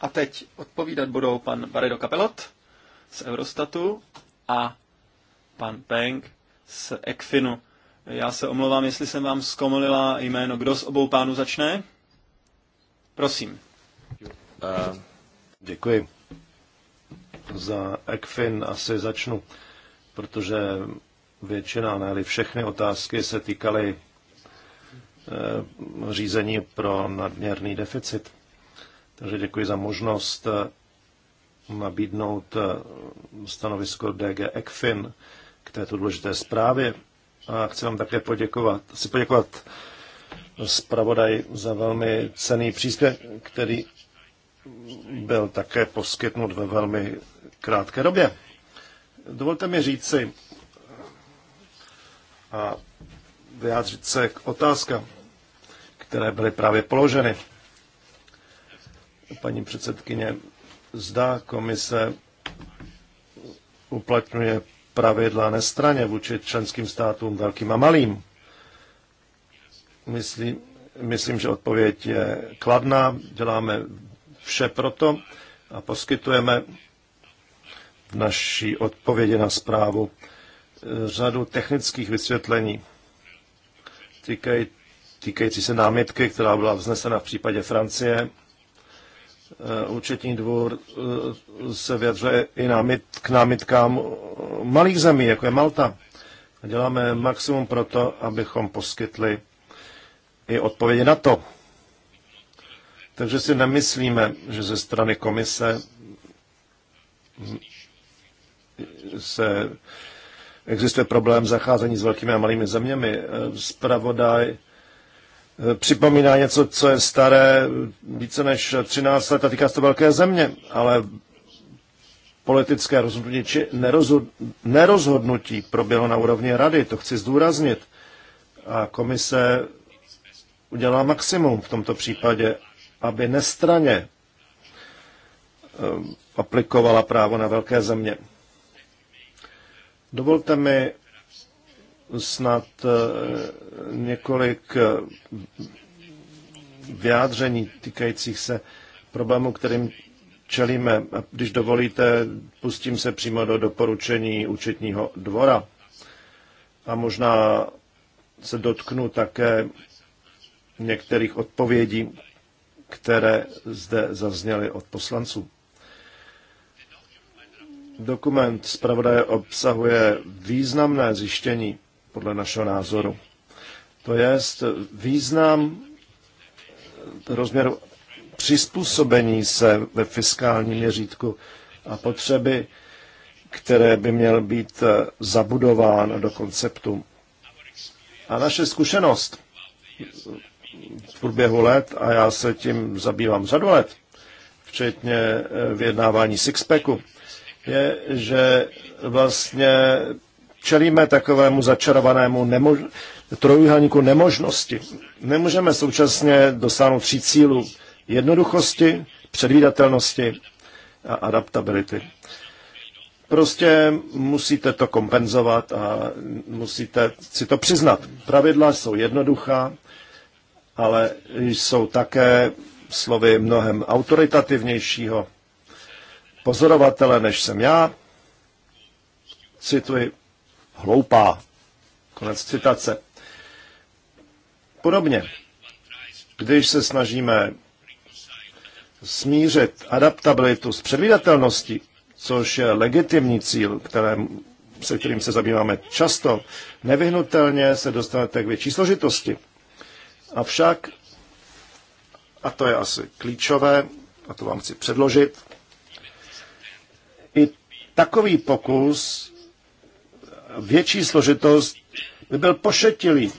B: A teď odpovídat budou pan Baredo Kapelot z Eurostatu a pan Peng z Ekfinu. Já se omlouvám, jestli jsem vám zkomolila jméno. Kdo z obou pánů začne? Prosím.
A: Uh, děkuji. Za ECFIN asi začnu, protože většina, ne všechny otázky se týkaly eh, řízení pro nadměrný deficit. Takže děkuji za možnost eh, nabídnout stanovisko DG ECFIN k této důležité zprávě a chci vám také poděkovat. Chci poděkovat zpravodaj za velmi cený příspěvek, který byl také poskytnut ve velmi krátké době. Dovolte mi říci a vyjádřit se k otázkám, které byly právě položeny. Paní předsedkyně, zda komise uplatňuje pravidla nestraně vůči členským státům velkým a malým? Myslím, myslím, že odpověď je kladná. Děláme vše proto a poskytujeme v naší odpovědi na zprávu eh, řadu technických vysvětlení týkající se námitky, která byla vznesena v případě Francie Eh, účetní dvůr eh, se vyjadřuje i námit, k námitkám malých zemí, jako je Malta. Děláme maximum pro to, abychom poskytli i odpovědi na to. Takže si nemyslíme, že ze strany komise se existuje problém zacházení s velkými a malými zeměmi. Spravodaj eh, Eh, připomíná něco, co je staré více než 13 let a týká se to velké země, ale politické rozhodnutí či nerozhodnutí proběhlo na úrovni rady, to chci zdůraznit. A komise udělá maximum v tomto případě, aby nestraně eh, aplikovala právo na velké země. Dovolte mi snad eh, několik eh, vyjádření týkajících se problémů, kterým čelíme. Když dovolíte, pustím se přímo do doporučení účetního dvora a možná se dotknu také některých odpovědí, které zde zazněly od poslanců. Dokument zpravodaje obsahuje významné zjištění podle našeho názoru. To je význam rozměru přizpůsobení se ve fiskálním měřítku a potřeby, které by měl být eh, zabudován do konceptu. A naše zkušenost v průběhu let, a já se tím zabývám řadu let, včetně eh, vyjednávání Sixpacku, je, že vlastně čelíme takovému začarovanému nemož- trojuhelníku nemožnosti. Nemůžeme současně dosáhnout tří cílů jednoduchosti, předvídatelnosti a adaptability. Prostě musíte to kompenzovat a musíte si to přiznat. Pravidla jsou jednoduchá, ale jsou také slovy mnohem autoritativnějšího pozorovatele, než jsem já. Cituji, hloupá. Konec citace. Podobně, když se snažíme smířit adaptabilitu s předvídatelností, což je legitimní cíl, kterém, se kterým se zabýváme často, nevyhnutelně se dostanete k větší složitosti. Avšak, a to je asi klíčové, a to vám chci předložit, i takový pokus větší složitost by byl pošetilý,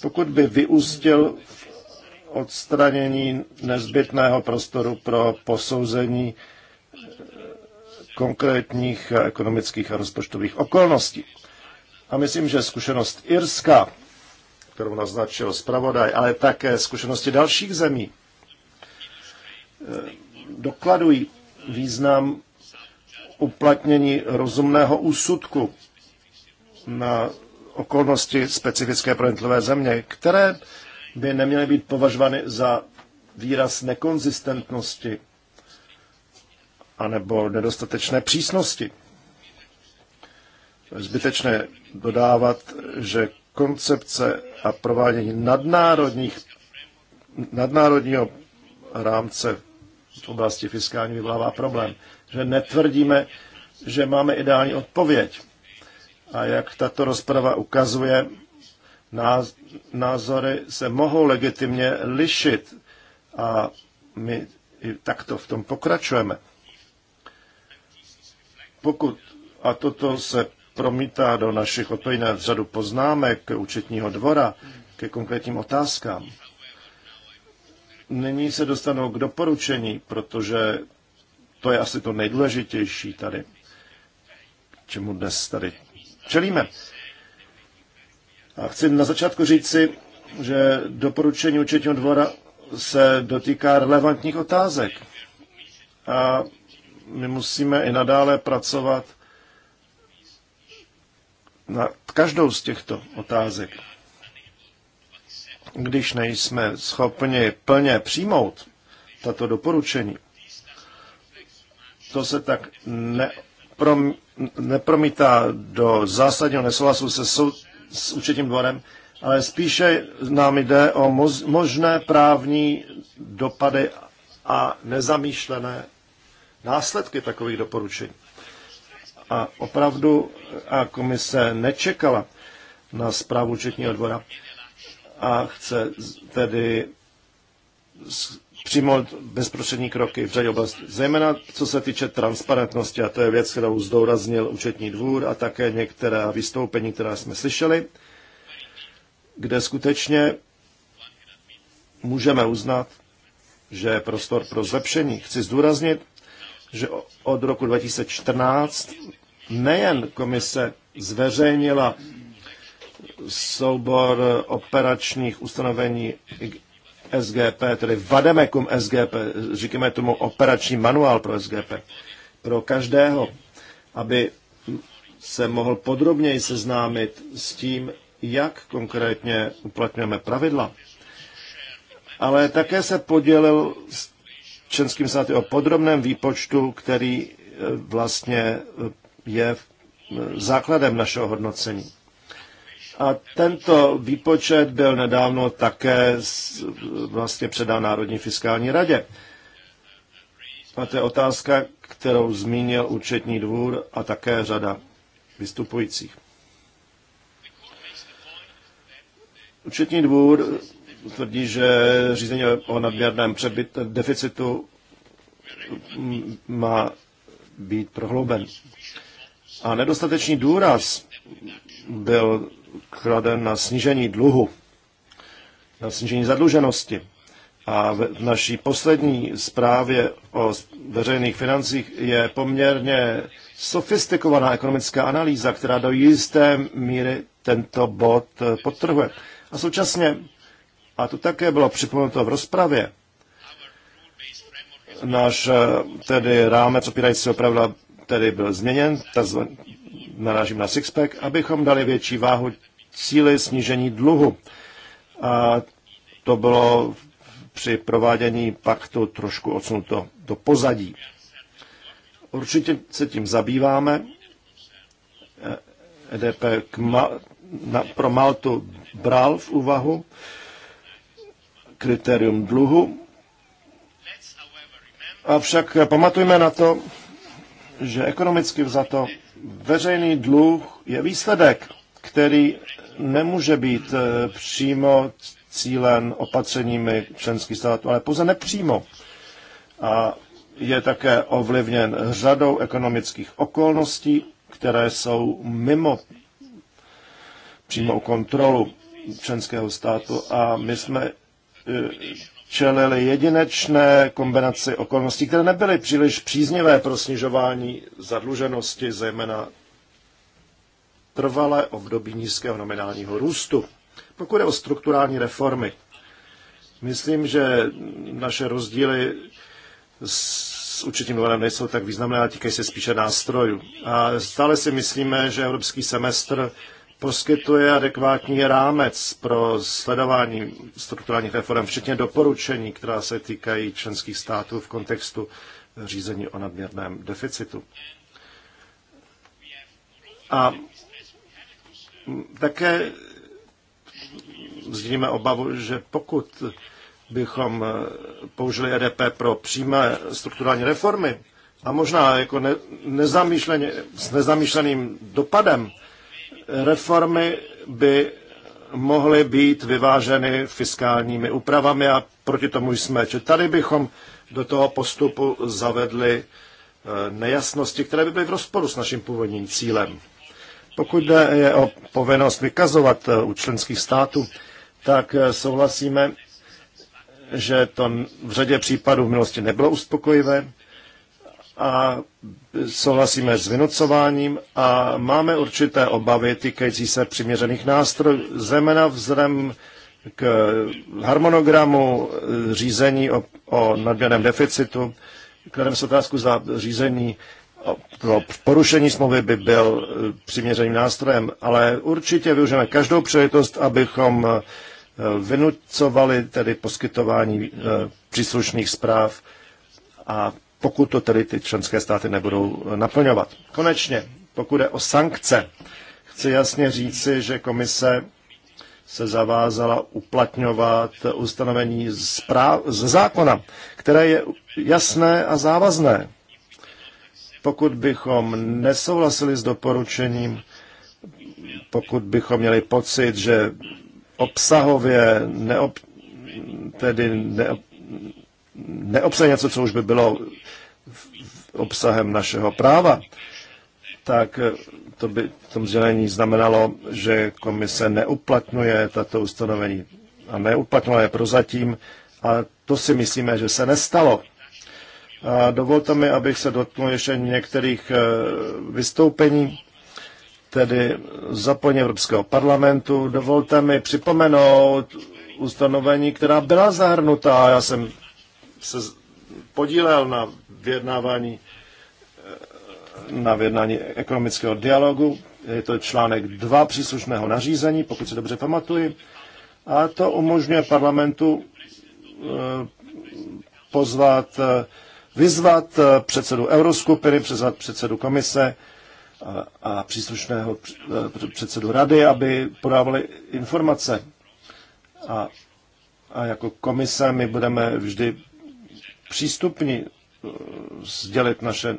A: pokud by vyústil odstranění nezbytného prostoru pro posouzení eh, konkrétních ekonomických a rozpočtových okolností. A myslím, že zkušenost Irska, kterou naznačil zpravodaj, ale také zkušenosti dalších zemí, eh, dokladují význam uplatnění rozumného úsudku na okolnosti specifické pro jednotlivé země, které by neměly být považovány za výraz nekonzistentnosti anebo nedostatečné přísnosti. Zbytečné dodávat, že koncepce a provádění nadnárodních, nadnárodního rámce v oblasti fiskální vyvolává problém. Že netvrdíme, že máme ideální odpověď a jak tato rozprava ukazuje, názory se mohou legitimně lišit a my i takto v tom pokračujeme. Pokud, a toto se promítá do našich odpovědí v řadu poznámek účetního dvora ke konkrétním otázkám, nyní se dostanou k doporučení, protože to je asi to nejdůležitější tady, čemu dnes tady čelíme. A chci na začátku říci, že doporučení účetního dvora se dotýká relevantních otázek. A my musíme i nadále pracovat na každou z těchto otázek. Když nejsme schopni plně přijmout tato doporučení, to se tak neprom, nepromítá do zásadního nesouhlasu se sou, s určitým dvorem, ale spíše nám jde o moz, možné právní dopady a nezamýšlené následky takových doporučení. A opravdu a komise nečekala na zprávu účetního dvora a chce tedy přijmout bezprostřední kroky v řadě oblastí, zejména co se týče transparentnosti, a to je věc, kterou zdůraznil účetní dvůr a také některá vystoupení, která jsme slyšeli, kde skutečně můžeme uznat, že je prostor pro zlepšení. Chci zdůraznit, že od roku 2014 nejen komise zveřejnila soubor operačních ustanovení SGP, tedy vademekum SGP, říkáme tomu operační manuál pro SGP, pro každého, aby se mohl podrobněji seznámit s tím, jak konkrétně uplatňujeme pravidla. Ale také se podělil s členským státem o podrobném výpočtu, který eh, vlastně eh, je základem našeho hodnocení. A tento výpočet byl nedávno také vlastně předán Národní fiskální radě. A to je otázka, kterou zmínil účetní dvůr a také řada vystupujících. Účetní dvůr tvrdí, že řízení o nadměrném přebyt, deficitu má být prohlouben. A nedostatečný důraz byl kladen na snížení dluhu, na snížení zadluženosti. A v naší poslední zprávě o veřejných financích je poměrně sofistikovaná ekonomická analýza, která do jisté míry tento bod eh, podtrhuje. A současně, a to také bylo připomenuto v rozpravě, náš eh, tedy rámec opírajícího pravidla tedy byl změněn, narážím na Sixpack, abychom dali větší váhu cíli snížení dluhu. A to bylo při provádění paktu trošku odsunuto do pozadí. Určitě se tím zabýváme. EDP k Ma- na, pro Maltu bral v úvahu kritérium dluhu. Avšak pamatujme na to, že ekonomicky vzato veřejný dluh je výsledek, který nemůže být eh, přímo cílen opatřeními členských států, ale pouze nepřímo. A je také ovlivněn řadou ekonomických okolností, které jsou mimo přímou kontrolu členského státu a my jsme eh, čelili jedinečné kombinaci okolností, které nebyly příliš příznivé pro snižování zadluženosti, zejména trvalé období nízkého nominálního růstu. Pokud je o strukturální reformy, myslím, že naše rozdíly s určitým důvodem nejsou tak významné, ale týkají se spíše nástrojů. A stále si myslíme, že evropský semestr poskytuje adekvátní rámec pro sledování strukturálních reform, včetně doporučení, která se týkají členských států v kontextu řízení o nadměrném deficitu. A také sdílíme obavu, že pokud bychom použili EDP pro přímé strukturální reformy a možná jako ne, nezamýšleně, s nezamýšleným dopadem, Reformy by mohly být vyváženy fiskálními úpravami a proti tomu jsme. Či tady bychom do toho postupu zavedli eh, nejasnosti, které by byly v rozporu s naším původním cílem. Pokud je o povinnost vykazovat eh, u členských států, tak eh, souhlasíme, že to v řadě případů v minulosti nebylo uspokojivé a souhlasíme s vynucováním a máme určité obavy týkající se přiměřených nástrojů, zejména vzhledem k harmonogramu řízení o, o nadměrném deficitu. Klademe se otázku za řízení pro porušení smlouvy by byl eh, přiměřeným nástrojem, ale určitě využijeme každou příležitost, abychom eh, vynucovali tedy poskytování eh, příslušných zpráv a pokud to tedy ty členské státy nebudou eh, naplňovat. Konečně, pokud je o sankce, chci jasně říci, že komise se zavázala uplatňovat ustanovení z, práv, z zákona, které je jasné a závazné. Pokud bychom nesouhlasili s doporučením, pokud bychom měli pocit, že obsahově neob, tedy neob, neobsahuje něco, co už by bylo obsahem našeho práva, tak to by v tom sdělení znamenalo, že komise neuplatňuje tato ustanovení a neuplatňuje je prozatím a to si myslíme, že se nestalo. A dovolte mi, abych se dotknul ještě některých e, vystoupení, tedy zaplně Evropského parlamentu. Dovolte mi připomenout ustanovení, která byla zahrnutá. Já jsem se podílel na vyjednávání eh, na vyjednání ekonomického dialogu. Je to článek 2 příslušného nařízení, pokud se dobře pamatuji. A to umožňuje parlamentu eh, pozvat, eh, vyzvat předsedu Euroskupiny, přizvat předsedu komise a, a příslušného předsedu rady, aby podávali informace. A, a jako komise my budeme vždy přístupni eh, sdělit naše,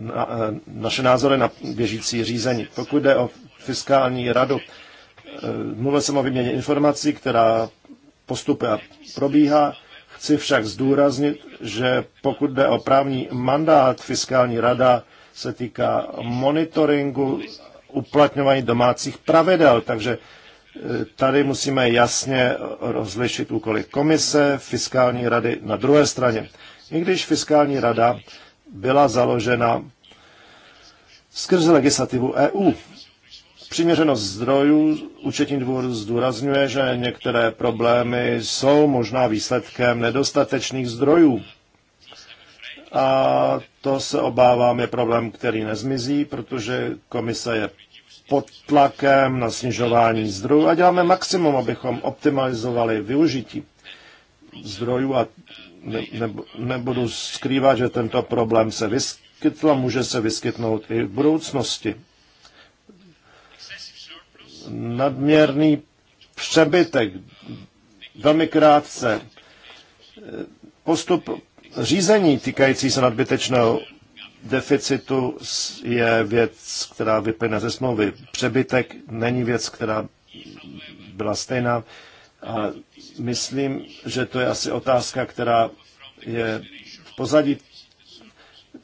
A: na, eh, naše názory na běžící řízení. Pokud jde o fiskální radu, eh, mluvil jsem o vyměně informací, která postupuje a probíhá. Chci však zdůraznit, že pokud jde o právní mandát, fiskální rada se týká monitoringu uplatňování domácích pravidel, takže Tady musíme jasně rozlišit úkoly komise, fiskální rady na druhé straně. I když fiskální rada byla založena skrze legislativu EU. Přiměřenost zdrojů účetní dvůr zdůrazňuje, že některé problémy jsou možná výsledkem nedostatečných zdrojů. A to se obávám je problém, který nezmizí, protože komise je pod tlakem na snižování zdrojů a děláme maximum, abychom optimalizovali využití zdrojů a ne, ne, nebudu skrývat, že tento problém se vyskytl a může se vyskytnout i v budoucnosti. Nadměrný přebytek, velmi krátce, postup řízení týkající se nadbytečného deficitu je věc, která vyplyne ze smlouvy. Přebytek není věc, která byla stejná. A myslím, že to je asi otázka, která je v pozadí,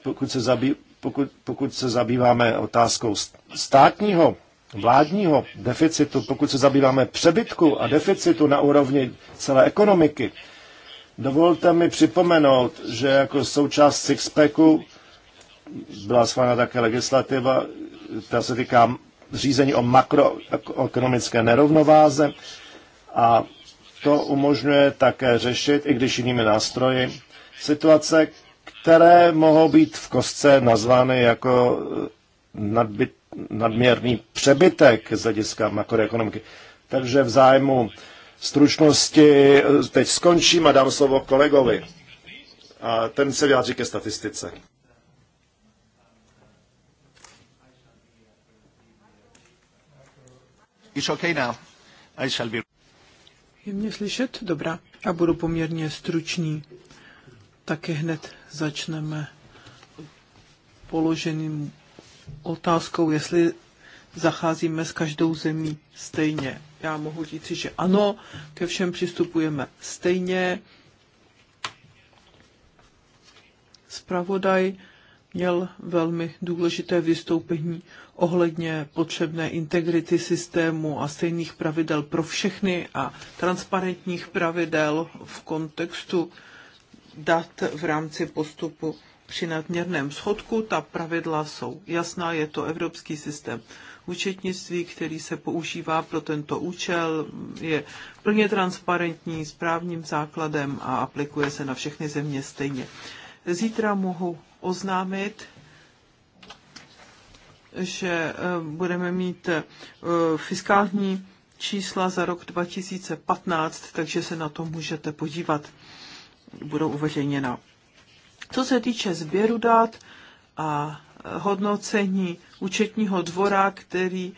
A: pokud se, zabý, pokud, pokud se zabýváme otázkou státního, vládního deficitu, pokud se zabýváme přebytku a deficitu na úrovni celé ekonomiky. Dovolte mi připomenout, že jako součást Sixpacku byla schválena také legislativa, ta se týká řízení o makroekonomické nerovnováze a to umožňuje také řešit, i když jinými nástroji, situace, které mohou být v kostce nazvány jako nadbyt, nadměrný přebytek z hlediska makroekonomiky. Takže v zájmu stručnosti teď skončím a dám slovo kolegovi. A ten se vyjádří ke statistice. It's okay now. I shall be... Je mě slyšet?
C: Dobrá. A budu poměrně stručný. Taky hned začneme položeným otázkou, jestli zacházíme s každou zemí stejně. Já mohu říci, že ano, ke všem přistupujeme stejně. Spravodaj měl velmi důležité vystoupení ohledně potřebné integrity systému a stejných pravidel pro všechny a transparentních pravidel v kontextu dat v rámci postupu při nadměrném schodku. Ta pravidla jsou jasná, je to evropský systém účetnictví, který se používá pro tento účel, je plně transparentní, s právním základem a aplikuje se na všechny země stejně. Zítra mohu oznámit, že eh, budeme mít eh, fiskální čísla za rok 2015, takže se na to můžete podívat. Budou uveřejněna. Co se týče sběru dat a eh, hodnocení účetního dvora, který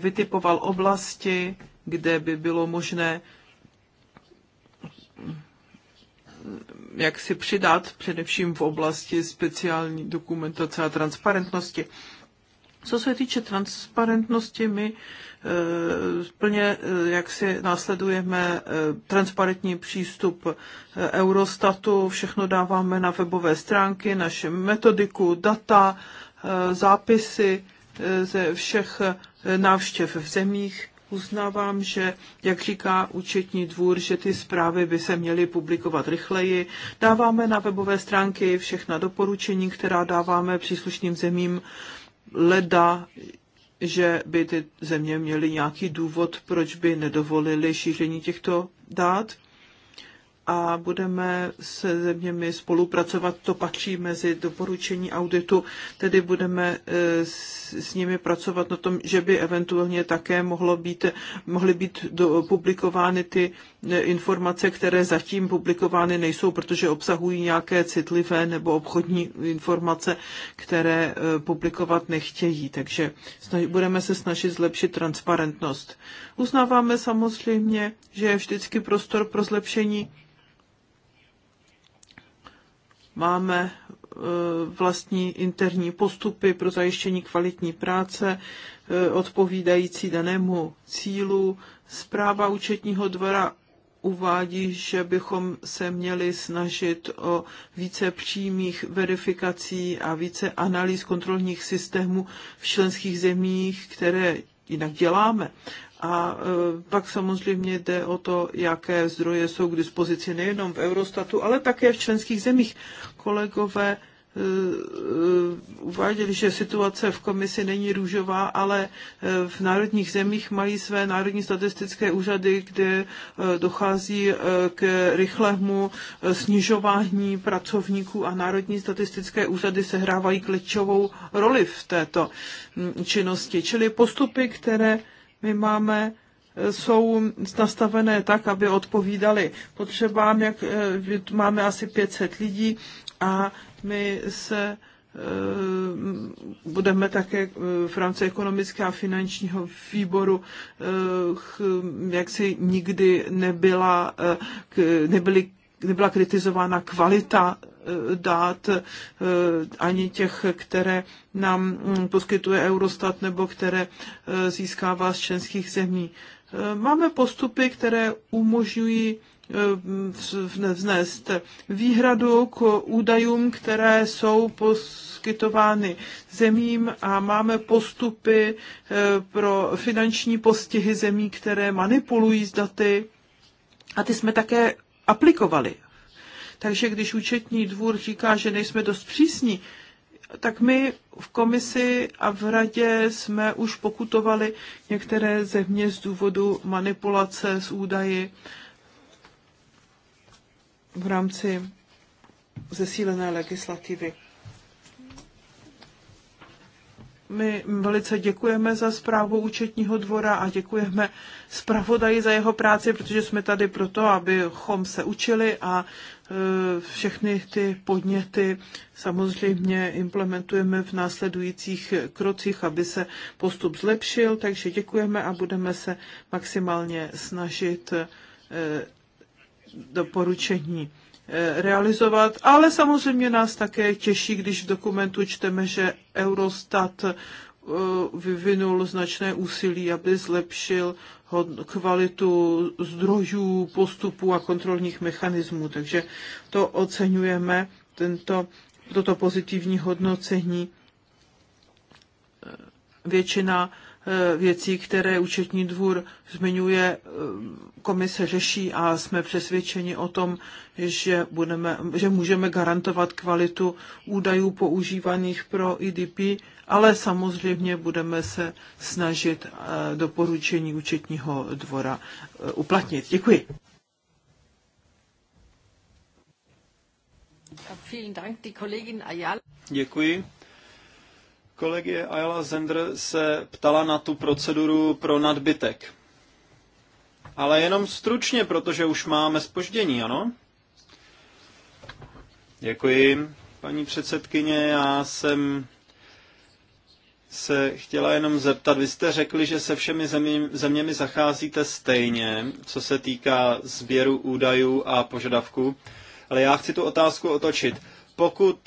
C: vytipoval oblasti, kde by bylo možné jak si přidat, především v oblasti speciální dokumentace a transparentnosti. Co se týče transparentnosti, my eh, plně eh, jak si následujeme eh, transparentní přístup Eurostatu, všechno dáváme na webové stránky, naše metodiku, data, zápisy ze všech návštěv v zemích. Uznávám, že, jak říká účetní dvůr, že ty zprávy by se měly publikovat rychleji. Dáváme na webové stránky všechna doporučení, která dáváme příslušným zemím leda, že by ty země měly nějaký důvod, proč by nedovolili šíření těchto dát a budeme se zeměmi spolupracovat. To patří mezi doporučení auditu, tedy budeme eh, s, nimi pracovat na tom, že by eventuálně také mohlo být, mohly být do, publikovány ty eh, informace, které zatím publikovány nejsou, protože obsahují nějaké citlivé nebo obchodní informace, které eh, publikovat nechtějí. Takže snaž, budeme se snažit zlepšit transparentnost. Uznáváme samozřejmě, že je vždycky prostor pro zlepšení máme e, vlastní interní postupy pro zajištění kvalitní práce e, odpovídající danému cílu. Zpráva účetního dvora uvádí, že bychom se měli snažit o více přímých verifikací a více analýz kontrolních systémů v členských zemích, které jinak děláme. A e, pak samozřejmě jde o to, jaké zdroje jsou k dispozici nejenom v Eurostatu, ale také v členských zemích. Kolegové Eh, eh, uváděli, že situace v komisi není růžová, ale eh, v národních zemích mají své národní statistické úřady, kde dochází k rychlému snižování pracovníků a národní statistické úřady sehrávají klíčovou roli v této mm, činnosti. Čili postupy, které my máme, jsou nastavené tak, aby odpovídaly potřebám, jak eh, máme asi 500 lidí a my se eh, budeme také eh, v rámci ekonomického a finančního výboru, jak si nikdy nebyla, nebyly, nebyla kritizována kvalita dát ani těch, které nám mm, poskytuje Eurostat nebo které získává z členských zemí. Máme postupy, které umožňují eh, vznést výhradu k údajům, které jsou poskytovány zemím a máme postupy eh, pro finanční postihy zemí, které manipulují s daty a ty jsme také aplikovali. Takže když účetní dvůr říká, že nejsme dost přísní, tak my v komisi a v radě jsme už pokutovali některé země z důvodu manipulace s údaji v rámci zesílené legislativy. My velice děkujeme za zprávu účetního dvora a děkujeme zpravodaji za jeho práci, protože jsme tady proto, abychom se učili a Eh, všechny ty podněty samozřejmě implementujeme v následujících krocích, aby se postup zlepšil, takže děkujeme a budeme se maximálně snažit eh, doporučení eh, realizovat, ale samozřejmě nás také těší, když v dokumentu čteme, že Eurostat Eh, vyvinul značné úsilí, aby zlepšil kvalitu zdrojů, postupů a kontrolních mechanismů. Takže to oceňujeme, tento, toto pozitivní hodnocení. Eh, většina Eh, věcí, které účetní dvůr zmiňuje, eh, komise řeší a jsme přesvědčeni o tom, že, budeme, že můžeme garantovat kvalitu údajů používaných pro IDP, ale samozřejmě budeme se snažit eh, doporučení účetního dvora uplatnit. Děkuji.
B: Děkuji. Kolegie Ayala Zender se ptala na tu proceduru pro nadbytek. Ale jenom stručně, protože už máme spoždění, ano? Děkuji, paní předsedkyně. Já jsem se chtěla jenom zeptat, vy jste řekli, že se všemi zemi, zeměmi zacházíte stejně, co se týká sběru údajů a požadavků, ale já chci tu otázku otočit pokud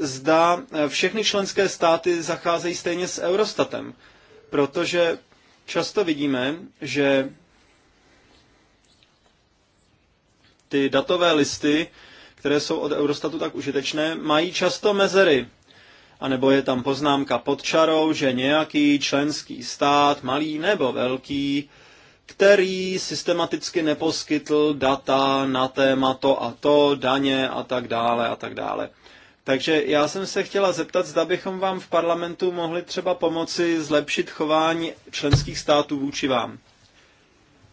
B: zda eh, všechny členské státy zacházejí stejně s Eurostatem, protože často vidíme, že ty datové listy, které jsou od Eurostatu tak užitečné, mají často mezery. A nebo je tam poznámka pod čarou, že nějaký členský stát, malý nebo velký, který systematicky neposkytl data na téma to a to, daně a tak dále a tak dále. Takže já jsem se chtěla zeptat, zda bychom vám v parlamentu mohli třeba pomoci zlepšit chování členských států vůči vám.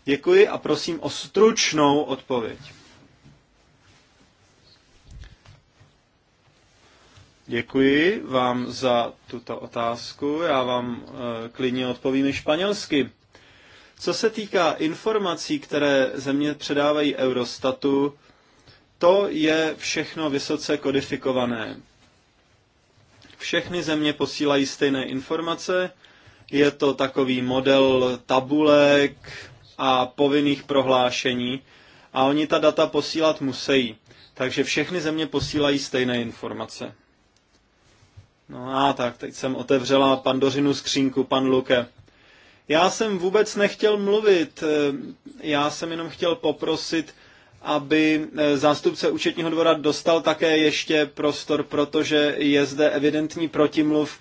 B: Děkuji a prosím o stručnou odpověď. Děkuji vám za tuto otázku. Já vám eh, klidně odpovím i španělsky. Co se týká informací, které země předávají Eurostatu, to je všechno vysoce kodifikované. Všechny země posílají stejné informace, je to takový model tabulek a povinných prohlášení a oni ta data posílat musí. Takže všechny země posílají stejné informace. No a tak, teď jsem otevřela pandořinu skřínku, pan Luke. Já jsem vůbec nechtěl mluvit, eh, já jsem jenom chtěl poprosit, aby eh, zástupce účetního dvora dostal také ještě prostor, protože je zde evidentní protimluv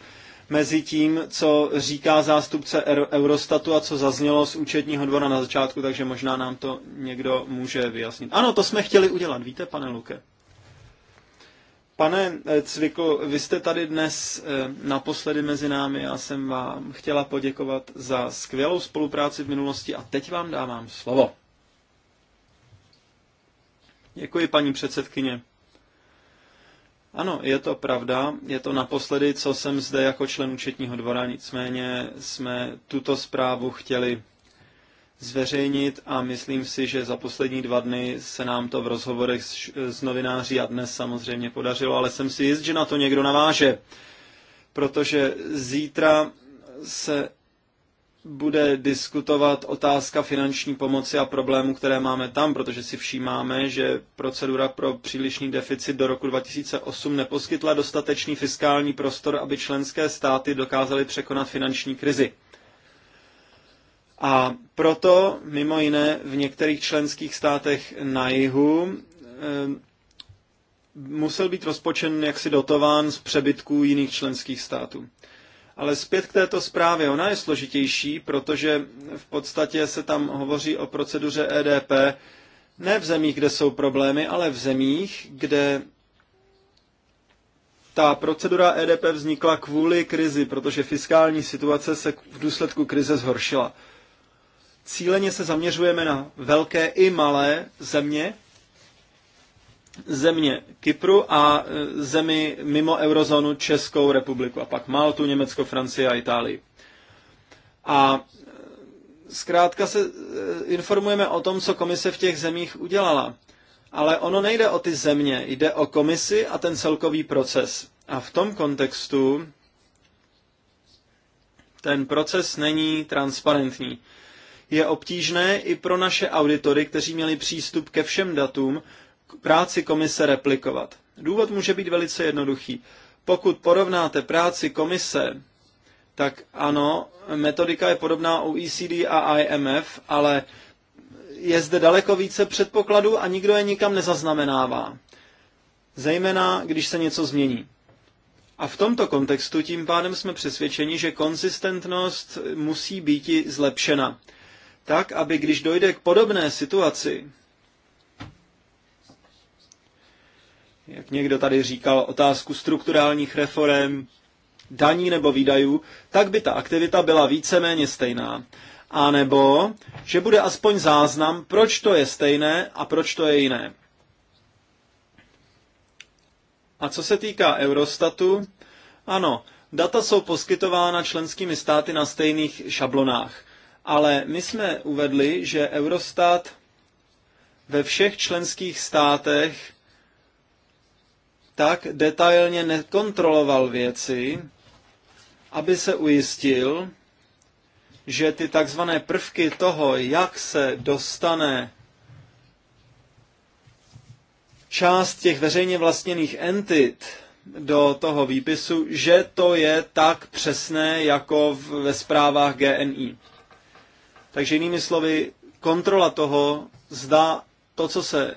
B: mezi tím, co říká zástupce Eurostatu a co zaznělo z účetního dvora na začátku, takže možná nám to někdo může vyjasnit. Ano, to jsme chtěli udělat, víte, pane Luke? Pane eh, Cviku, vy jste tady dnes eh, naposledy mezi námi. Já jsem vám chtěla poděkovat za skvělou spolupráci v minulosti a teď vám dávám slovo. Děkuji, paní předsedkyně. Ano, je to pravda. Je to naposledy, co jsem zde jako člen účetního dvora. Nicméně jsme tuto zprávu chtěli zveřejnit a myslím si, že za poslední dva dny se nám to v rozhovorech s, s novináři a dnes samozřejmě podařilo, ale jsem si jist, že na to někdo naváže, protože zítra se bude diskutovat otázka finanční pomoci a problémů, které máme tam, protože si všímáme, že procedura pro přílišný deficit do roku 2008 neposkytla dostatečný fiskální prostor, aby členské státy dokázaly překonat finanční krizi. A proto mimo jiné v některých členských státech na jihu eh, musel být rozpočen jaksi dotován z přebytků jiných členských států. Ale zpět k této zprávě. Ona je složitější, protože v podstatě se tam hovoří o proceduře EDP ne v zemích, kde jsou problémy, ale v zemích, kde ta procedura EDP vznikla kvůli krizi, protože fiskální situace se v důsledku krize zhoršila. Cíleně se zaměřujeme na velké i malé země, země Kypru a e, zemi mimo eurozónu Českou republiku a pak Maltu, Německo, Francii a Itálii. A e, zkrátka se e, informujeme o tom, co komise v těch zemích udělala. Ale ono nejde o ty země, jde o komisi a ten celkový proces. A v tom kontextu ten proces není transparentní je obtížné i pro naše auditory, kteří měli přístup ke všem datům, práci komise replikovat. Důvod může být velice jednoduchý. Pokud porovnáte práci komise, tak ano, metodika je podobná OECD a IMF, ale je zde daleko více předpokladů a nikdo je nikam nezaznamenává. Zejména, když se něco změní. A v tomto kontextu tím pádem jsme přesvědčeni, že konzistentnost musí být zlepšena tak aby když dojde k podobné situaci, jak někdo tady říkal, otázku strukturálních reform, daní nebo výdajů, tak by ta aktivita byla víceméně stejná. A nebo, že bude aspoň záznam, proč to je stejné a proč to je jiné. A co se týká Eurostatu, ano, data jsou poskytována členskými státy na stejných šablonách ale my jsme uvedli, že Eurostat ve všech členských státech tak detailně nekontroloval věci, aby se ujistil, že ty takzvané prvky toho, jak se dostane část těch veřejně vlastněných entit do toho výpisu, že to je tak přesné jako v, ve zprávách GNI. Takže jinými slovy, kontrola toho, zda to, co se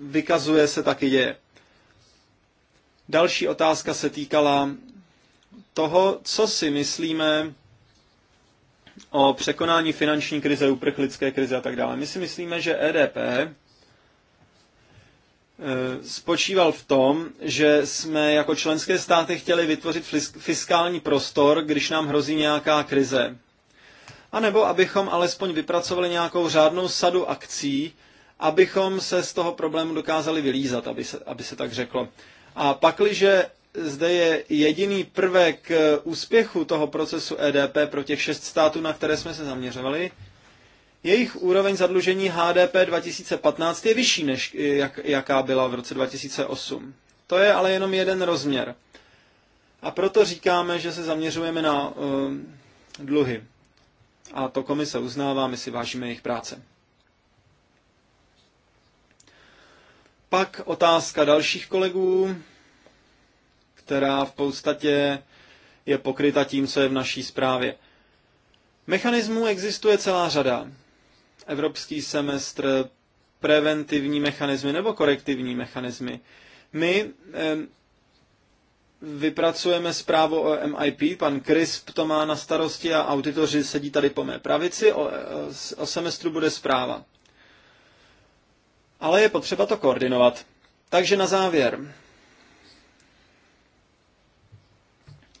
B: vykazuje, se taky děje. Další otázka se týkala toho, co si myslíme o překonání finanční krize, uprchlické krize a tak dále. My si myslíme, že EDP eh, spočíval v tom, že jsme jako členské státy chtěli vytvořit fiskální prostor, když nám hrozí nějaká krize anebo abychom alespoň vypracovali nějakou řádnou sadu akcí, abychom se z toho problému dokázali vylízat, aby se, aby se tak řeklo. A pakliže zde je jediný prvek eh, úspěchu toho procesu EDP pro těch šest států, na které jsme se zaměřovali, jejich úroveň zadlužení HDP 2015 je vyšší, než eh, jak, jaká byla v roce 2008. To je ale jenom jeden rozměr. A proto říkáme, že se zaměřujeme na uh, dluhy a to komise uznává, my si vážíme jejich práce. Pak otázka dalších kolegů, která v podstatě je pokryta tím, co je v naší zprávě. Mechanismů existuje celá řada. Evropský semestr, preventivní mechanismy nebo korektivní mechanismy. My vypracujeme zprávu o MIP, pan Krisp to má na starosti a auditoři sedí tady po mé pravici, o, eh, o semestru bude zpráva. Ale je potřeba to koordinovat. Takže na závěr.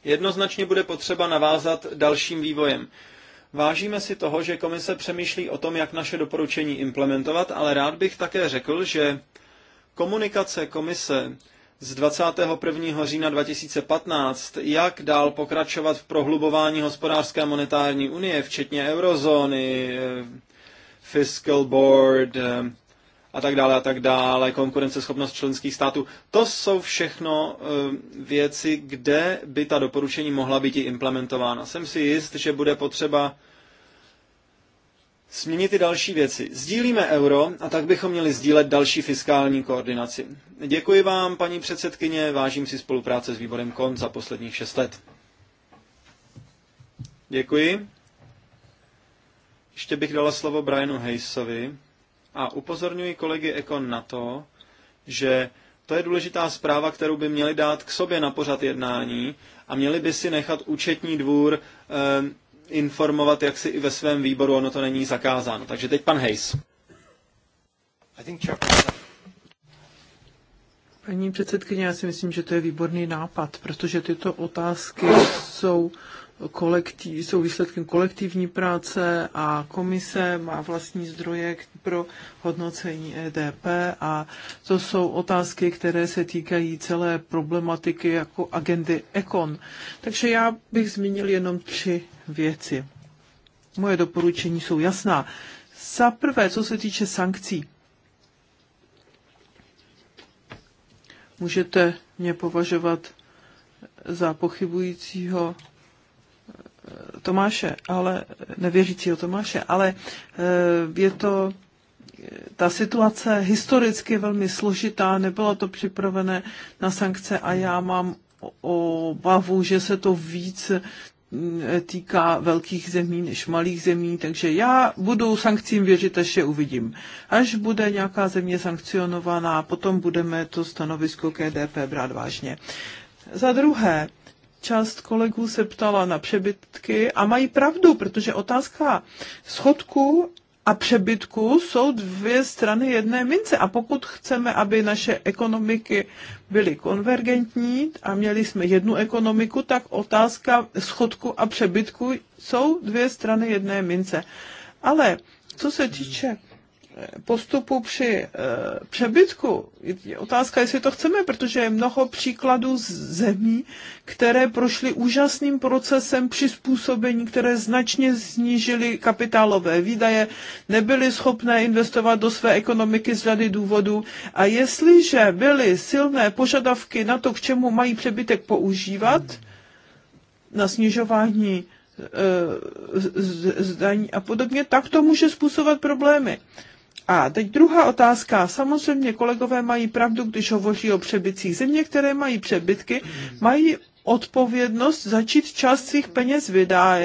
B: Jednoznačně bude potřeba navázat dalším vývojem. Vážíme si toho, že komise přemýšlí o tom, jak naše doporučení implementovat, ale rád bych také řekl, že komunikace komise z 21. října 2015, jak dál pokračovat v prohlubování hospodářské a monetární unie, včetně eurozóny, eh, fiscal board eh, a tak dále a tak dále, konkurenceschopnost členských států. To jsou všechno eh, věci, kde by ta doporučení mohla být i implementována. Jsem si jist, že bude potřeba Směnit i další věci. Sdílíme euro a tak bychom měli sdílet další fiskální koordinaci. Děkuji vám, paní předsedkyně, vážím si spolupráce s výborem KON za posledních šest let. Děkuji. Ještě bych dala slovo Brianu Hayesovi a upozorňuji kolegy Ekon na to, že to je důležitá zpráva, kterou by měli dát k sobě na pořad jednání a měli by si nechat účetní dvůr eh, informovat jaksi i ve svém výboru, ono to není zakázáno. Takže teď pan Hayes.
C: Paní předsedkyně, já si myslím, že to je výborný nápad, protože tyto otázky jsou, kolektiv, jsou výsledkem kolektivní práce a komise má vlastní zdroje pro hodnocení EDP a to jsou otázky, které se týkají celé problematiky jako agendy ECON. Takže já bych zmínil jenom tři věci. Moje doporučení jsou jasná. Za prvé, co se týče sankcí. Můžete mě považovat za pochybujícího eh, Tomáše, ale nevěřícího Tomáše, ale eh, je to eh, ta situace historicky velmi složitá, nebylo to připravené na sankce a já mám obavu, že se to víc týká velkých zemí než malých zemí, takže já budu sankcím věřit, až je uvidím. Až bude nějaká země sankcionovaná, potom budeme to stanovisko KDP brát vážně. Za druhé, část kolegů se ptala na přebytky a mají pravdu, protože otázka schodku a přebytku jsou dvě strany jedné mince. A pokud chceme, aby naše ekonomiky byly konvergentní a měli jsme jednu ekonomiku, tak otázka schodku a přebytku jsou dvě strany jedné mince. Ale co se týče postupu při eh, přebytku. Je otázka, jestli to chceme, protože je mnoho příkladů z zemí, které prošly úžasným procesem přizpůsobení, které značně snížily kapitálové výdaje, nebyly schopné investovat do své ekonomiky z řady důvodů. A jestliže byly silné požadavky na to, k čemu mají přebytek používat, na snižování eh, zdaní a podobně, tak to může způsobovat problémy. A teď druhá otázka. Samozřejmě kolegové mají pravdu, když hovoří o přebytcích. Země, které mají přebytky, mají odpovědnost začít část svých peněz vydá,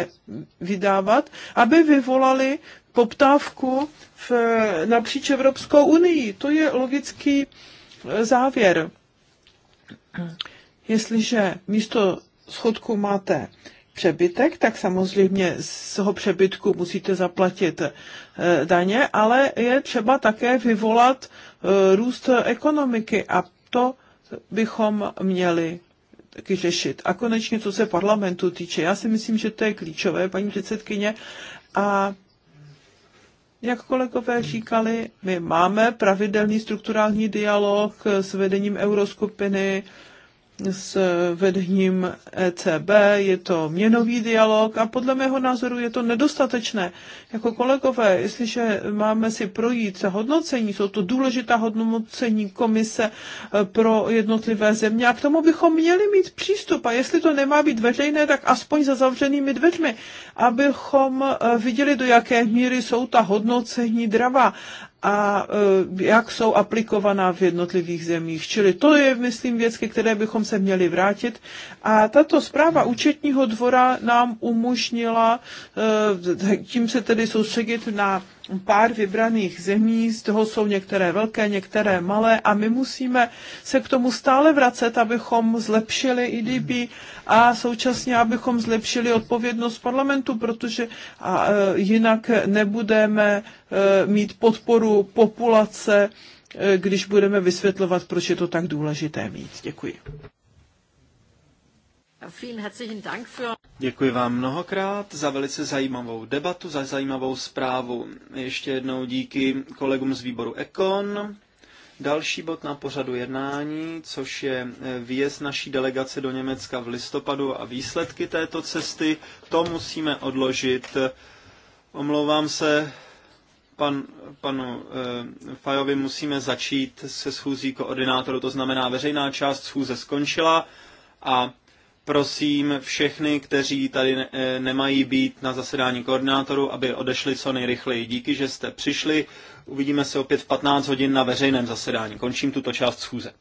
C: vydávat, aby vyvolali poptávku v, napříč Evropskou unii. To je logický eh, závěr. Jestliže místo schodku máte přebytek, tak samozřejmě z toho přebytku musíte zaplatit eh, daně, ale je třeba také vyvolat eh, růst ekonomiky a to bychom měli taky řešit. A konečně, co se parlamentu týče, já si myslím, že to je klíčové, paní předsedkyně, a jak kolegové říkali, my máme pravidelný strukturální dialog s vedením euroskupiny, s eh, vedením ECB, je to měnový dialog a podle mého názoru je to nedostatečné. Jako kolegové, jestliže máme si projít hodnocení, jsou to důležitá hodnocení komise eh, pro jednotlivé země a k tomu bychom měli mít přístup a jestli to nemá být veřejné, tak aspoň za zavřenými dveřmi, abychom eh, viděli, do jaké míry jsou ta hodnocení dravá a e, jak jsou aplikovaná v jednotlivých zemích. Čili to je, myslím, věc, ke které bychom se měli vrátit. A tato zpráva účetního dvora nám umožnila e, tím se tedy soustředit na pár vybraných zemí, z toho jsou některé velké, některé malé a my musíme se k tomu stále vracet, abychom zlepšili IDB a současně abychom zlepšili odpovědnost parlamentu, protože a, e, jinak nebudeme e, mít podporu populace, e, když budeme vysvětlovat, proč je to tak důležité mít. Děkuji. Děkuji vám mnohokrát za velice zajímavou
B: debatu, za zajímavou zprávu. Ještě jednou díky kolegům z výboru Ekon. Další bod na pořadu jednání, což je eh, výjezd naší delegace do Německa v listopadu a výsledky této cesty, to musíme odložit. Omlouvám se, pan, panu e, Fajovi musíme začít se schůzí koordinátoru, to znamená veřejná část schůze skončila a prosím všechny, kteří tady eh, nemají být na zasedání koordinátoru, aby odešli co nejrychleji. Díky, že jste přišli. Uvidíme se opět v 15 hodin na veřejném zasedání. Končím tuto část schůze.